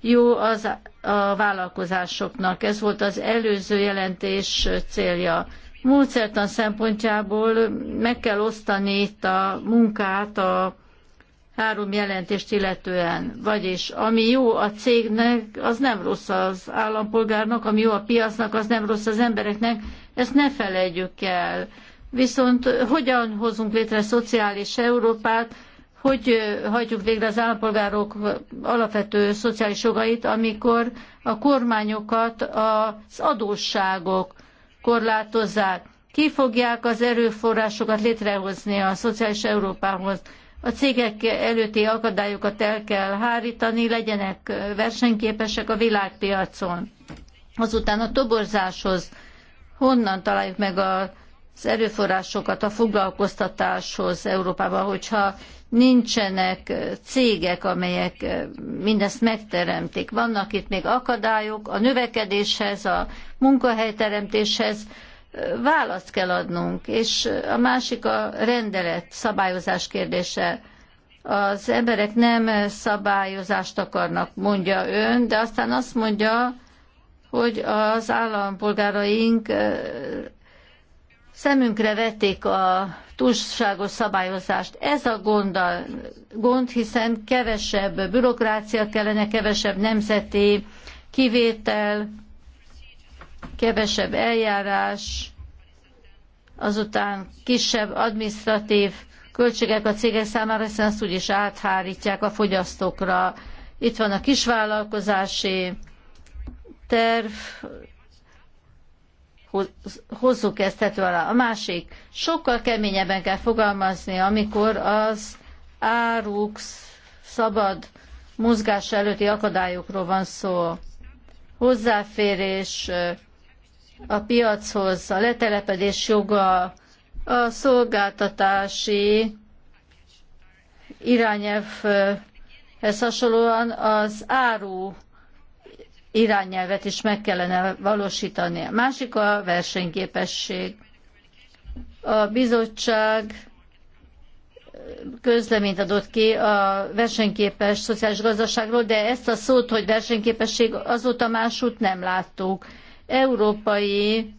jó az a vállalkozásoknak. Ez volt az előző jelentés célja módszertan szempontjából meg kell osztani itt a munkát a három jelentést illetően. Vagyis ami jó a cégnek, az nem rossz az állampolgárnak, ami jó a piacnak, az nem rossz az embereknek, ezt ne felejtjük el. Viszont hogyan hozunk létre szociális Európát, hogy hagyjuk végre az állampolgárok alapvető szociális jogait, amikor a kormányokat az adósságok korlátozzák. Ki fogják az erőforrásokat létrehozni a szociális Európához? A cégek előtti akadályokat el kell hárítani, legyenek versenyképesek a világpiacon. Azután a toborzáshoz honnan találjuk meg az erőforrásokat a foglalkoztatáshoz Európában, hogyha nincsenek cégek, amelyek mindezt megteremtik. Vannak itt még akadályok a növekedéshez, a munkahelyteremtéshez, választ kell adnunk, és a másik a rendelet szabályozás kérdése. Az emberek nem szabályozást akarnak, mondja ön, de aztán azt mondja, hogy az állampolgáraink szemünkre vették a túlságos szabályozást. Ez a gond, a gond, hiszen kevesebb bürokrácia kellene, kevesebb nemzeti kivétel, kevesebb eljárás, azután kisebb administratív költségek a cégek számára, hiszen azt úgyis áthárítják a fogyasztókra. Itt van a kisvállalkozási terv, hozzuk ezt tető alá. A másik, sokkal keményebben kell fogalmazni, amikor az áruk szabad mozgás előtti akadályokról van szó. Hozzáférés a piachoz, a letelepedés joga, a szolgáltatási irányelvhez hasonlóan az áru irányelvet is meg kellene valóstani. A másik a versenyképesség. A bizottság közleményt adott ki a versenyképes szociális gazdaságról, de ezt a szót, hogy versenyképesség, azóta másút nem láttuk. Európai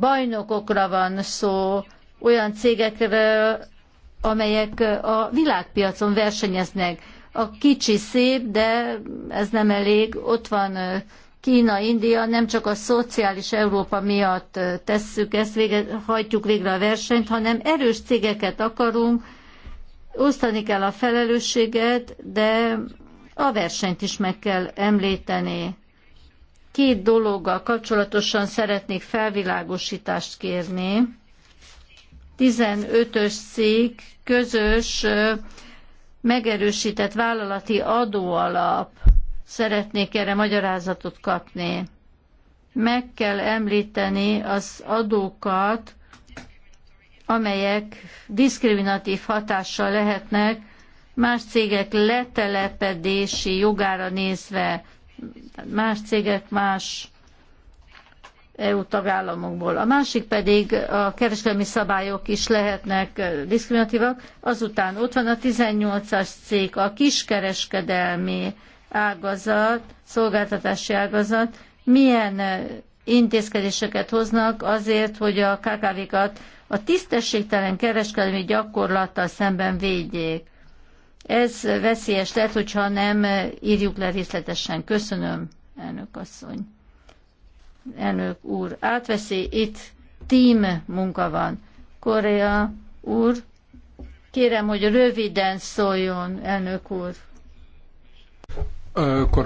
bajnokokra van szó, olyan cégekről, amelyek a világpiacon versenyeznek a kicsi szép, de ez nem elég. Ott van Kína, India, nem csak a szociális Európa miatt tesszük ezt, vége, hajtjuk végre a versenyt, hanem erős cégeket akarunk, osztani kell a felelősséget, de a versenyt is meg kell említeni. Két dologgal kapcsolatosan szeretnék felvilágosítást kérni. 15-ös cikk közös megerősített vállalati adóalap. Szeretnék erre magyarázatot kapni. Meg kell említeni az adókat, amelyek diszkriminatív hatással lehetnek más cégek letelepedési jogára nézve, más cégek más EU tagállamokból. A másik pedig a kereskedelmi szabályok is lehetnek diszkriminatívak. Azután ott van a 18-as cikk, a kiskereskedelmi ágazat, szolgáltatási ágazat, milyen intézkedéseket hoznak azért, hogy a KKV-kat a tisztességtelen kereskedelmi gyakorlattal szemben védjék. Ez veszélyes lehet, hogyha nem írjuk le részletesen. Köszönöm, elnök asszony elnök úr átveszi. Itt tím munka van. Korea úr, kérem, hogy röviden szóljon, elnök úr.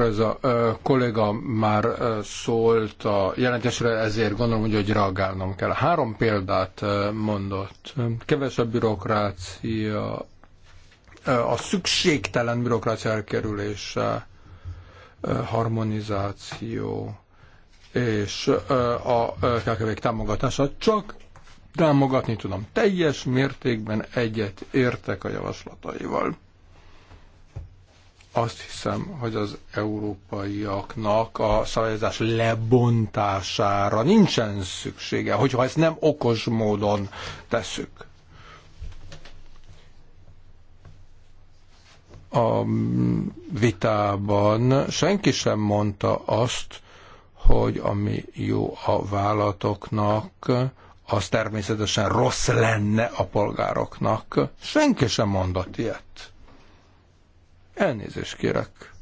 ez a kollega már szólt a jelentésre, ezért gondolom, hogy, hogy reagálnom kell. Három példát mondott. Kevesebb bürokrácia, a szükségtelen bürokrácia elkerülése, harmonizáció, és a kkv támogatása csak támogatni tudom. Teljes mértékben egyet értek a javaslataival. Azt hiszem, hogy az európaiaknak a szabályozás lebontására nincsen szüksége, hogyha ezt nem okos módon tesszük. A vitában senki sem mondta azt, hogy ami jó a vállalatoknak, az természetesen rossz lenne a polgároknak. Senki sem mondott ilyet. Elnézést kérek.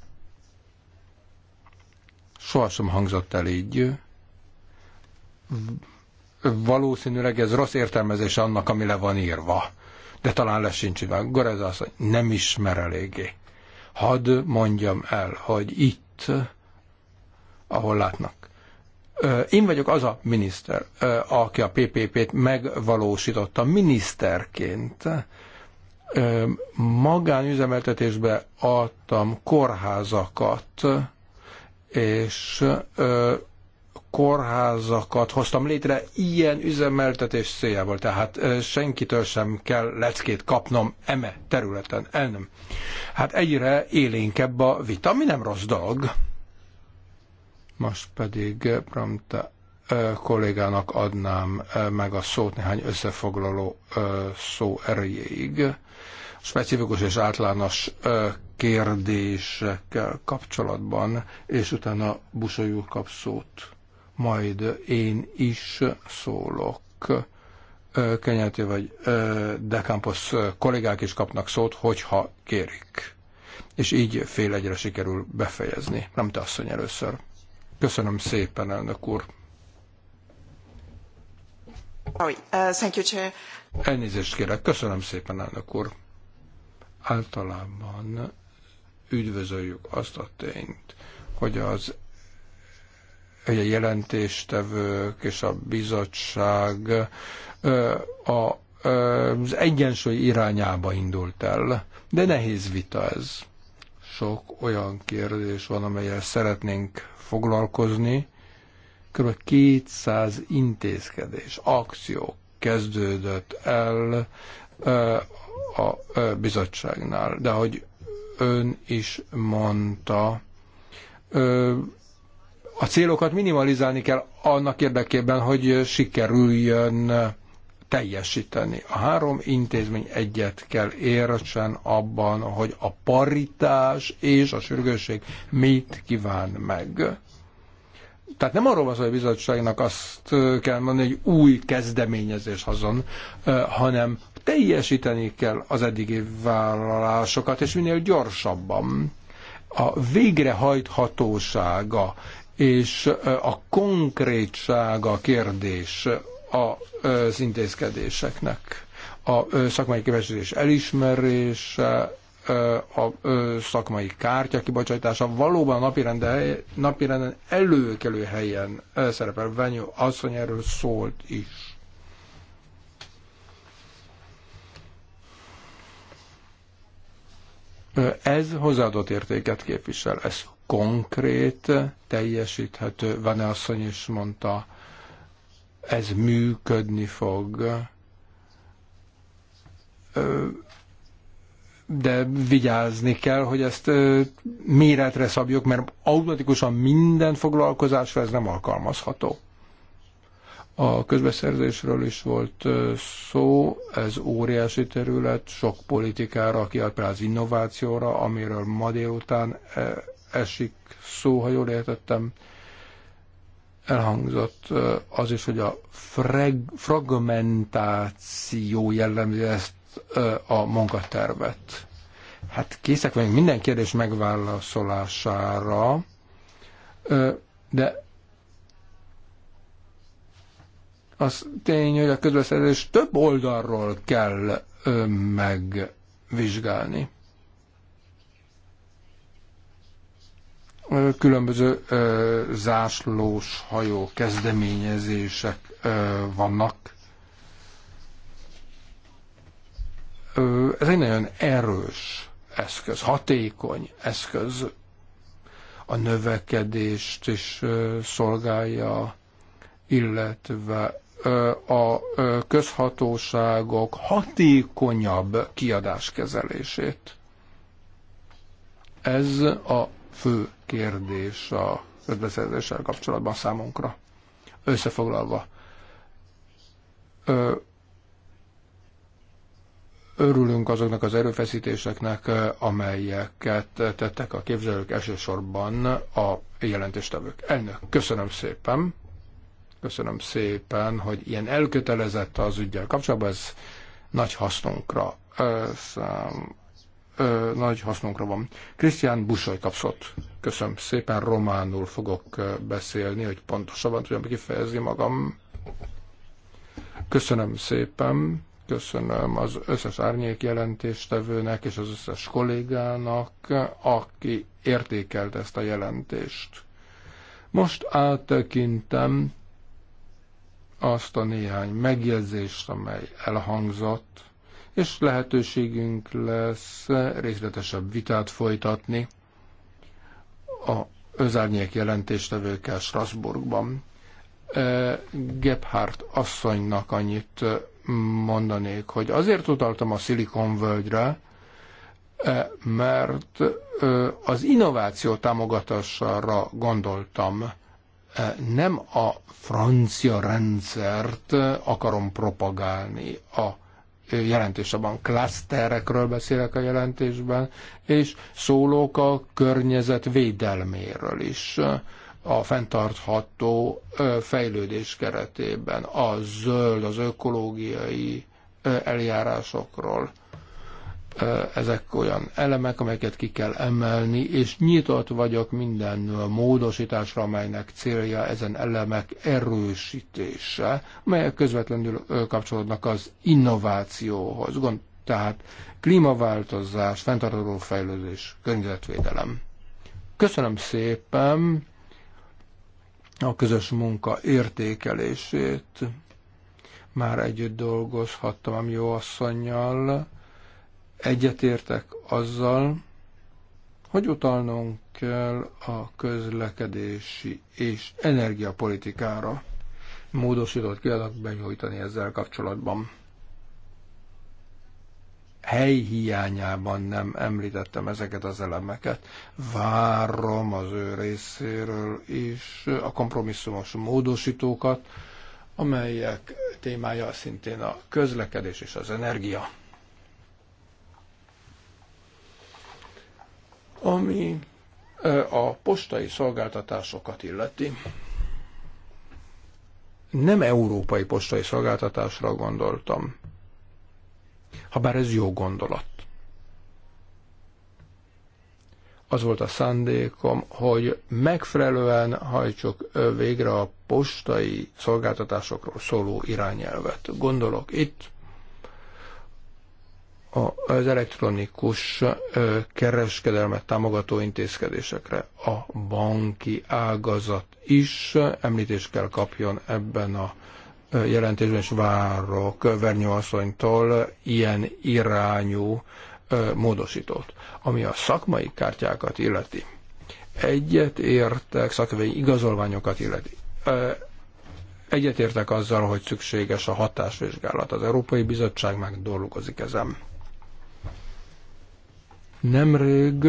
Sohasem hangzott el így. Valószínűleg ez rossz értelmezés annak, ami le van írva. De talán lesz sincs meg. Gorez azt, nem ismer eléggé. Hadd mondjam el, hogy itt ahol látnak. Én vagyok az a miniszter, aki a PPP-t megvalósította miniszterként. Magánüzemeltetésbe adtam kórházakat, és kórházakat hoztam létre ilyen üzemeltetés céljából, tehát senkitől sem kell leckét kapnom eme területen, el nem. Hát egyre élénkebb a vita, ami nem rossz dolog. Most pedig eh, Pramta eh, kollégának adnám eh, meg a szót néhány összefoglaló szó erejéig. Specifikus és általános kérdésekkel kapcsolatban, és utána Busoly kap szót. Majd én is szólok. Kenyelti vagy Dekampos kollégák is kapnak szót, hogyha kérik. És így fél egyre sikerül befejezni. Nem te asszony először. Köszönöm szépen, elnök úr. Uh, Elnézést kérek, köszönöm szépen, elnök úr. Általában üdvözöljük azt a tényt, hogy az hogy a jelentéstevők és a bizottság az egyensúly irányába indult el. De nehéz vita ez sok olyan kérdés van, amelyel szeretnénk foglalkozni. Kb. 200 intézkedés, akció kezdődött el a bizottságnál. De hogy ön is mondta, a célokat minimalizálni kell annak érdekében, hogy sikerüljön teljesíteni. A három intézmény egyet kell értsen abban, hogy a paritás és a sürgősség mit kíván meg. Tehát nem arról van hogy a bizottságnak azt kell mondani, hogy új kezdeményezés hazon, hanem teljesíteni kell az eddigi vállalásokat, és minél gyorsabban. A végrehajthatósága és a konkrétsága kérdés az intézkedéseknek. A szakmai képesítés elismerése, a szakmai kártya kibocsátása valóban napirenden, napirenden előkelő helyen szerepel. Venyő asszony erről szólt is. Ez hozzáadott értéket képvisel, ez konkrét, teljesíthető. Vane asszony is mondta, ez működni fog. De vigyázni kell, hogy ezt méretre szabjuk, mert automatikusan minden foglalkozásra ez nem alkalmazható. A közbeszerzésről is volt szó, ez óriási terület, sok politikára, aki például az innovációra, amiről ma délután esik szó, ha jól értettem, Elhangzott az is, hogy a fragmentáció jellemzi ezt a munkatervet. Hát készek vagyunk minden kérdés megválaszolására, de az tény, hogy a közbeszerzés több oldalról kell megvizsgálni. különböző zászlós hajó kezdeményezések vannak. Ez egy nagyon erős eszköz, hatékony eszköz. A növekedést is szolgálja, illetve a közhatóságok hatékonyabb kiadáskezelését. Ez a fő kérdés a közbeszerzéssel kapcsolatban számunkra. Összefoglalva, örülünk azoknak az erőfeszítéseknek, amelyeket tettek a képzelők elsősorban a jelentéstevők. Elnök, köszönöm szépen. Köszönöm szépen, hogy ilyen elkötelezett az ügyel kapcsolatban, ez nagy hasznunkra szám ö, nagy hasznunkra van. Krisztián Busoly kapszott. Köszönöm szépen, románul fogok beszélni, hogy pontosabban tudjam kifejezni magam. Köszönöm szépen, köszönöm az összes árnyék jelentéstevőnek és az összes kollégának, aki értékelt ezt a jelentést. Most áttekintem azt a néhány megjegyzést, amely elhangzott, és lehetőségünk lesz részletesebb vitát folytatni a özárnyék jelentéstevőkkel Strasbourgban. Gebhardt asszonynak annyit mondanék, hogy azért utaltam a szilikonvölgyre, mert az innováció támogatására gondoltam, nem a francia rendszert akarom propagálni, a jelentés abban klaszterekről beszélek a jelentésben, és szólok a környezet védelméről is a fenntartható fejlődés keretében, a zöld, az ökológiai eljárásokról, ezek olyan elemek, amelyeket ki kell emelni, és nyitott vagyok minden módosításra, amelynek célja ezen elemek erősítése, melyek közvetlenül kapcsolódnak az innovációhoz. Gond, tehát klímaváltozás, fenntartható fejlődés, környezetvédelem. Köszönöm szépen a közös munka értékelését. Már együtt dolgozhattam a jó asszonynal, Egyetértek azzal, hogy utalnunk kell a közlekedési és energiapolitikára. Módosított kiadnak benyújtani ezzel kapcsolatban. Hely hiányában nem említettem ezeket az elemeket. Várom az ő részéről is a kompromisszumos módosítókat, amelyek témája szintén a közlekedés és az energia. Ami a postai szolgáltatásokat illeti, nem európai postai szolgáltatásra gondoltam, habár ez jó gondolat. Az volt a szándékom, hogy megfelelően hajtsuk végre a postai szolgáltatásokról szóló irányelvet. Gondolok itt az elektronikus kereskedelmet támogató intézkedésekre. A banki ágazat is említést kell kapjon ebben a jelentésben, és várok Vernyó asszonytól ilyen irányú módosítót, ami a szakmai kártyákat illeti. Egyet értek, szakmai igazolványokat illeti. Egyetértek azzal, hogy szükséges a hatásvizsgálat. Az Európai Bizottság meg dolgozik ezen Nemrég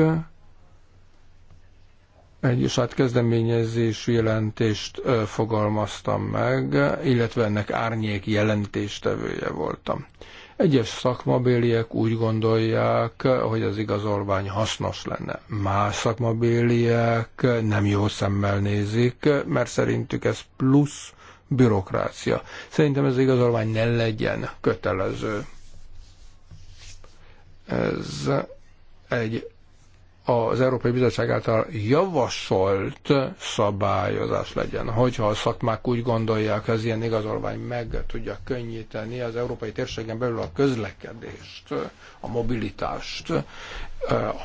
egy saját kezdeményezésű jelentést fogalmaztam meg, illetve ennek árnyék jelentéstevője voltam. Egyes szakmabéliek úgy gondolják, hogy az igazolvány hasznos lenne. Más szakmabéliek nem jó szemmel nézik, mert szerintük ez plusz bürokrácia. Szerintem ez igazolvány ne legyen kötelező. Ez egy az Európai Bizottság által javasolt szabályozás legyen. Hogyha a szakmák úgy gondolják, az ilyen igazolvány meg tudja könnyíteni az európai térségen belül a közlekedést, a mobilitást,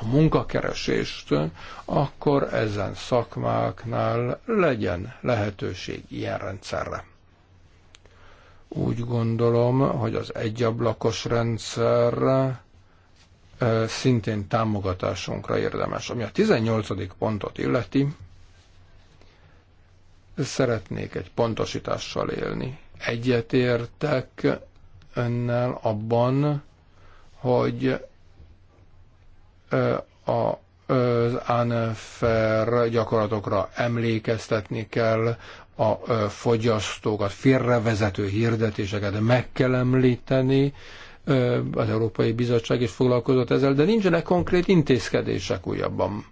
a munkakeresést, akkor ezen szakmáknál legyen lehetőség ilyen rendszerre. Úgy gondolom, hogy az egyablakos rendszer szintén támogatásunkra érdemes. Ami a 18. pontot illeti, szeretnék egy pontosítással élni. Egyetértek önnel abban, hogy a az unfair gyakorlatokra emlékeztetni kell, a fogyasztókat, félrevezető hirdetéseket meg kell említeni, az Európai Bizottság is foglalkozott ezzel, de nincsenek konkrét intézkedések újabban.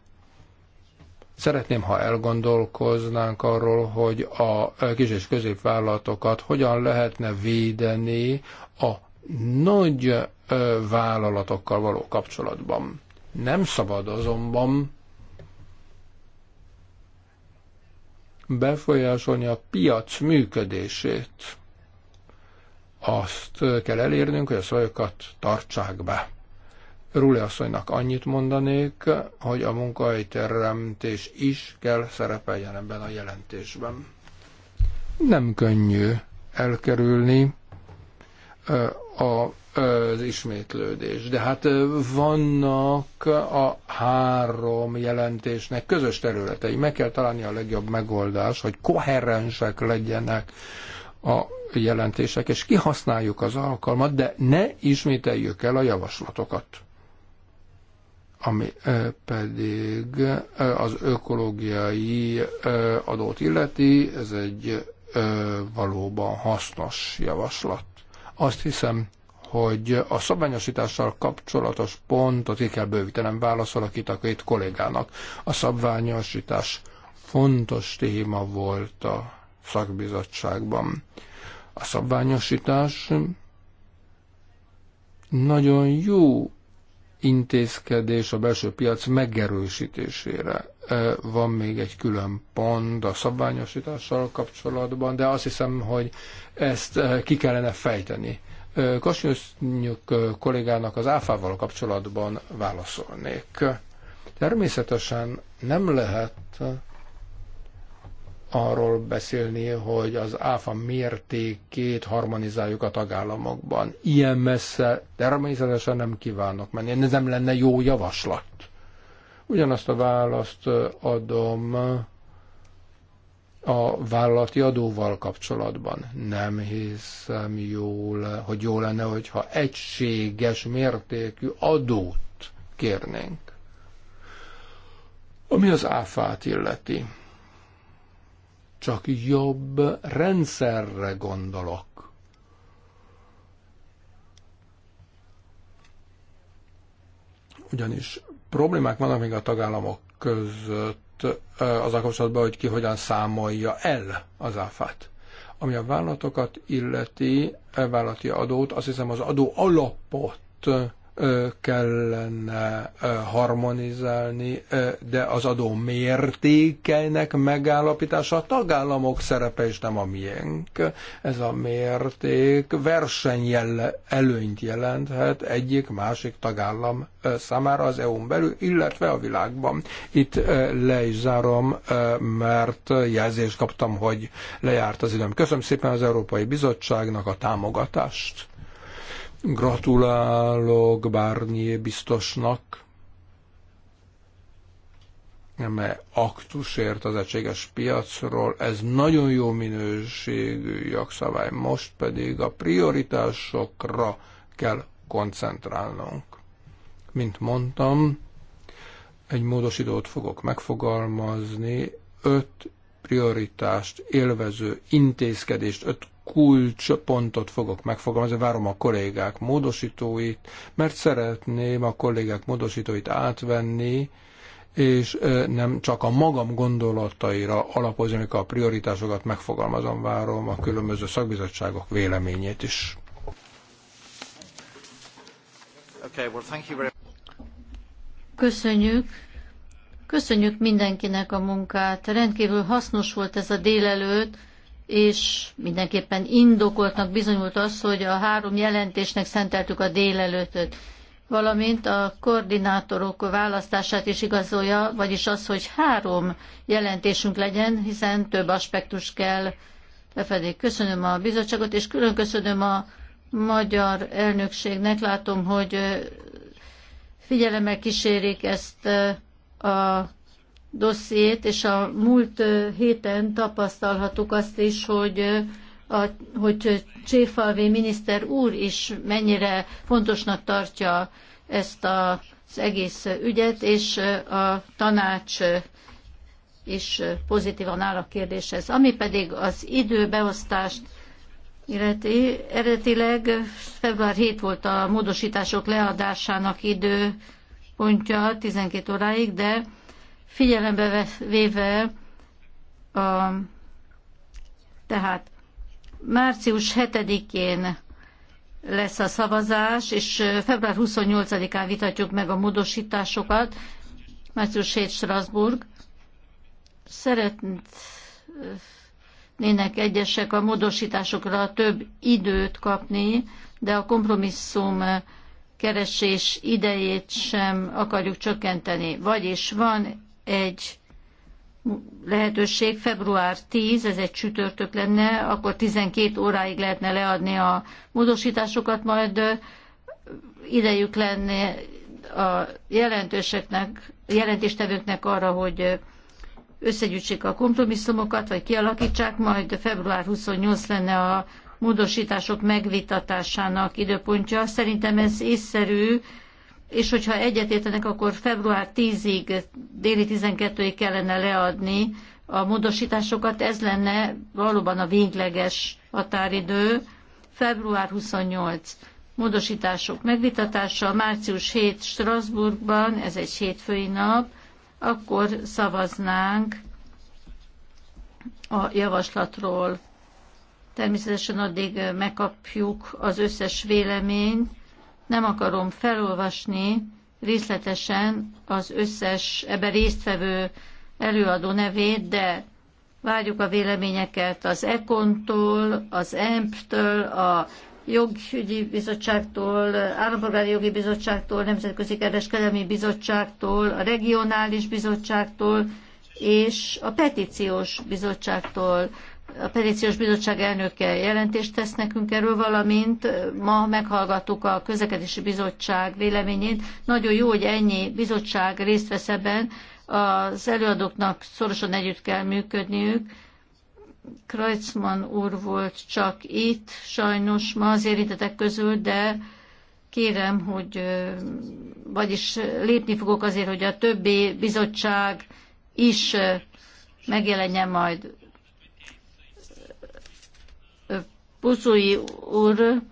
Szeretném, ha elgondolkoznánk arról, hogy a kis- és középvállalatokat hogyan lehetne védeni a nagy vállalatokkal való kapcsolatban. Nem szabad azonban befolyásolni a piac működését azt kell elérnünk, hogy a szabályokat tartsák be. Rúle asszonynak annyit mondanék, hogy a teremtés is kell szerepeljen ebben a jelentésben. Nem könnyű elkerülni az ismétlődés. De hát vannak a három jelentésnek közös területei. Meg kell találni a legjobb megoldás, hogy koherensek legyenek a jelentések, és kihasználjuk az alkalmat, de ne ismételjük el a javaslatokat. Ami pedig az ökológiai adót illeti, ez egy valóban hasznos javaslat. Azt hiszem, hogy a szabványosítással kapcsolatos pontot ki kell bővítenem, válaszolok itt a két kollégának. A szabványosítás fontos téma volt a szakbizottságban. A szabványosítás nagyon jó intézkedés a belső piac megerősítésére. Van még egy külön pont a szabványosítással kapcsolatban, de azt hiszem, hogy ezt ki kellene fejteni. Kasnyősznyük kollégának az áfával kapcsolatban válaszolnék. Természetesen nem lehet arról beszélni, hogy az áfa mértékét harmonizáljuk a tagállamokban. Ilyen messze természetesen nem kívánok menni. Ez nem lenne jó javaslat. Ugyanazt a választ adom a vállalati adóval kapcsolatban. Nem hiszem jól, hogy jó lenne, hogyha egységes mértékű adót kérnénk. Ami az áfát illeti csak jobb rendszerre gondolok. Ugyanis problémák vannak még a tagállamok között az a kapcsolatban, hogy ki hogyan számolja el az áfát. Ami a vállalatokat illeti, e, vállalati adót, azt hiszem az adó alapot kellene harmonizálni, de az adó mértékeinek megállapítása a tagállamok szerepe is nem a miénk. Ez a mérték versenyjel előnyt jelenthet egyik másik tagállam számára az EU-n belül, illetve a világban. Itt le is zárom, mert jelzést kaptam, hogy lejárt az időm. Köszönöm szépen az Európai Bizottságnak a támogatást. Gratulálok Barnier biztosnak, mert aktusért az egységes piacról, ez nagyon jó minőségű jogszabály, most pedig a prioritásokra kell koncentrálnunk. Mint mondtam, egy módosítót fogok megfogalmazni, öt prioritást élvező intézkedést, öt kulcspontot fogok megfogalmazni, várom a kollégák módosítóit, mert szeretném a kollégák módosítóit átvenni, és nem csak a magam gondolataira alapozni, amikor a prioritásokat megfogalmazom, várom a különböző szakbizottságok véleményét is. Köszönjük Köszönjük mindenkinek a munkát. Rendkívül hasznos volt ez a délelőtt, és mindenképpen indokoltnak bizonyult az, hogy a három jelentésnek szenteltük a délelőtöt valamint a koordinátorok választását is igazolja, vagyis az, hogy három jelentésünk legyen, hiszen több aspektus kell lefedni. Köszönöm a bizottságot, és külön köszönöm a magyar elnökségnek. Látom, hogy figyelemmel kísérik ezt a dossziét, és a múlt héten tapasztalhattuk azt is, hogy a, hogy Cséfalvé miniszter úr is mennyire fontosnak tartja ezt a, az egész ügyet, és a tanács is pozitívan áll a kérdéshez. Ami pedig az időbeosztást illeti, eredetileg február 7 volt a módosítások leadásának idő pontja 12 óráig, de figyelembe véve a, tehát március 7-én lesz a szavazás, és február 28-án vitatjuk meg a módosításokat, március 7 Strasbourg. Szeretnének egyesek a módosításokra több időt kapni, de a kompromisszum keresés idejét sem akarjuk csökkenteni. Vagyis van egy lehetőség, február 10, ez egy csütörtök lenne, akkor 12 óráig lehetne leadni a módosításokat, majd idejük lenne a jelentőseknek, jelentéstevőknek arra, hogy összegyűjtsék a kompromisszumokat, vagy kialakítsák, majd február 28 lenne a módosítások megvitatásának időpontja. Szerintem ez észszerű, és hogyha egyetértenek, akkor február 10-ig, déli 12-ig kellene leadni a módosításokat. Ez lenne valóban a végleges határidő, február 28. Módosítások megvitatása március 7 Strasbourgban, ez egy hétfői nap, akkor szavaznánk a javaslatról Természetesen addig megkapjuk az összes véleményt. Nem akarom felolvasni részletesen az összes ebbe résztvevő előadó nevét, de várjuk a véleményeket az ECON-tól, az EMP-től, a jogügyi bizottságtól, állampolgári jogi bizottságtól, nemzetközi kereskedelmi bizottságtól, a regionális bizottságtól és a petíciós bizottságtól a petíciós bizottság elnöke jelentést tesz nekünk erről, valamint ma meghallgattuk a közlekedési bizottság véleményét. Nagyon jó, hogy ennyi bizottság részt vesz ebben. Az előadóknak szorosan együtt kell működniük. Kreutzmann úr volt csak itt, sajnos ma az érintetek közül, de kérem, hogy vagyis lépni fogok azért, hogy a többi bizottság is megjelenjen majd Buzui úr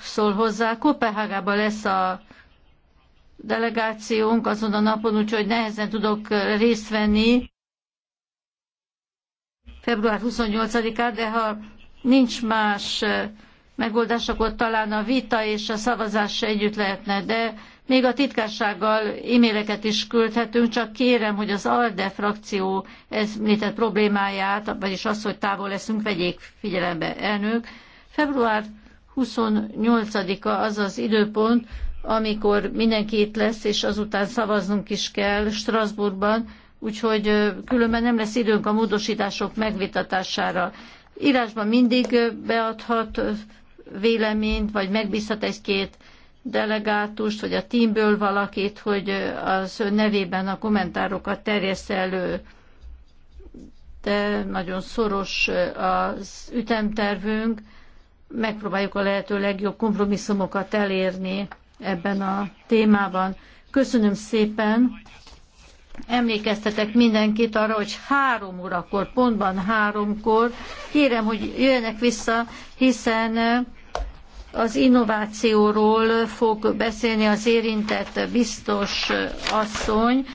szól hozzá. Kopenhágában lesz a delegációnk azon a napon, úgyhogy nehezen tudok részt venni február 28-án, de ha nincs más megoldás, akkor talán a vita és a szavazás együtt lehetne, de még a titkársággal e-maileket is küldhetünk, csak kérem, hogy az ALDE frakció említett problémáját, vagyis azt, hogy távol leszünk, vegyék figyelembe elnök. Február 28-a az az időpont, amikor mindenki itt lesz, és azután szavaznunk is kell Strasbourgban, úgyhogy különben nem lesz időnk a módosítások megvitatására. Írásban mindig beadhat véleményt, vagy megbízhat egy-két delegátust, vagy a teamből valakit, hogy az ön nevében a kommentárokat terjesz elő. De nagyon szoros az ütemtervünk, megpróbáljuk a lehető legjobb kompromisszumokat elérni ebben a témában. Köszönöm szépen! Emlékeztetek mindenkit arra, hogy három órakor, pontban háromkor, kérem, hogy jöjjenek vissza, hiszen az innovációról fog beszélni az érintett biztos asszony.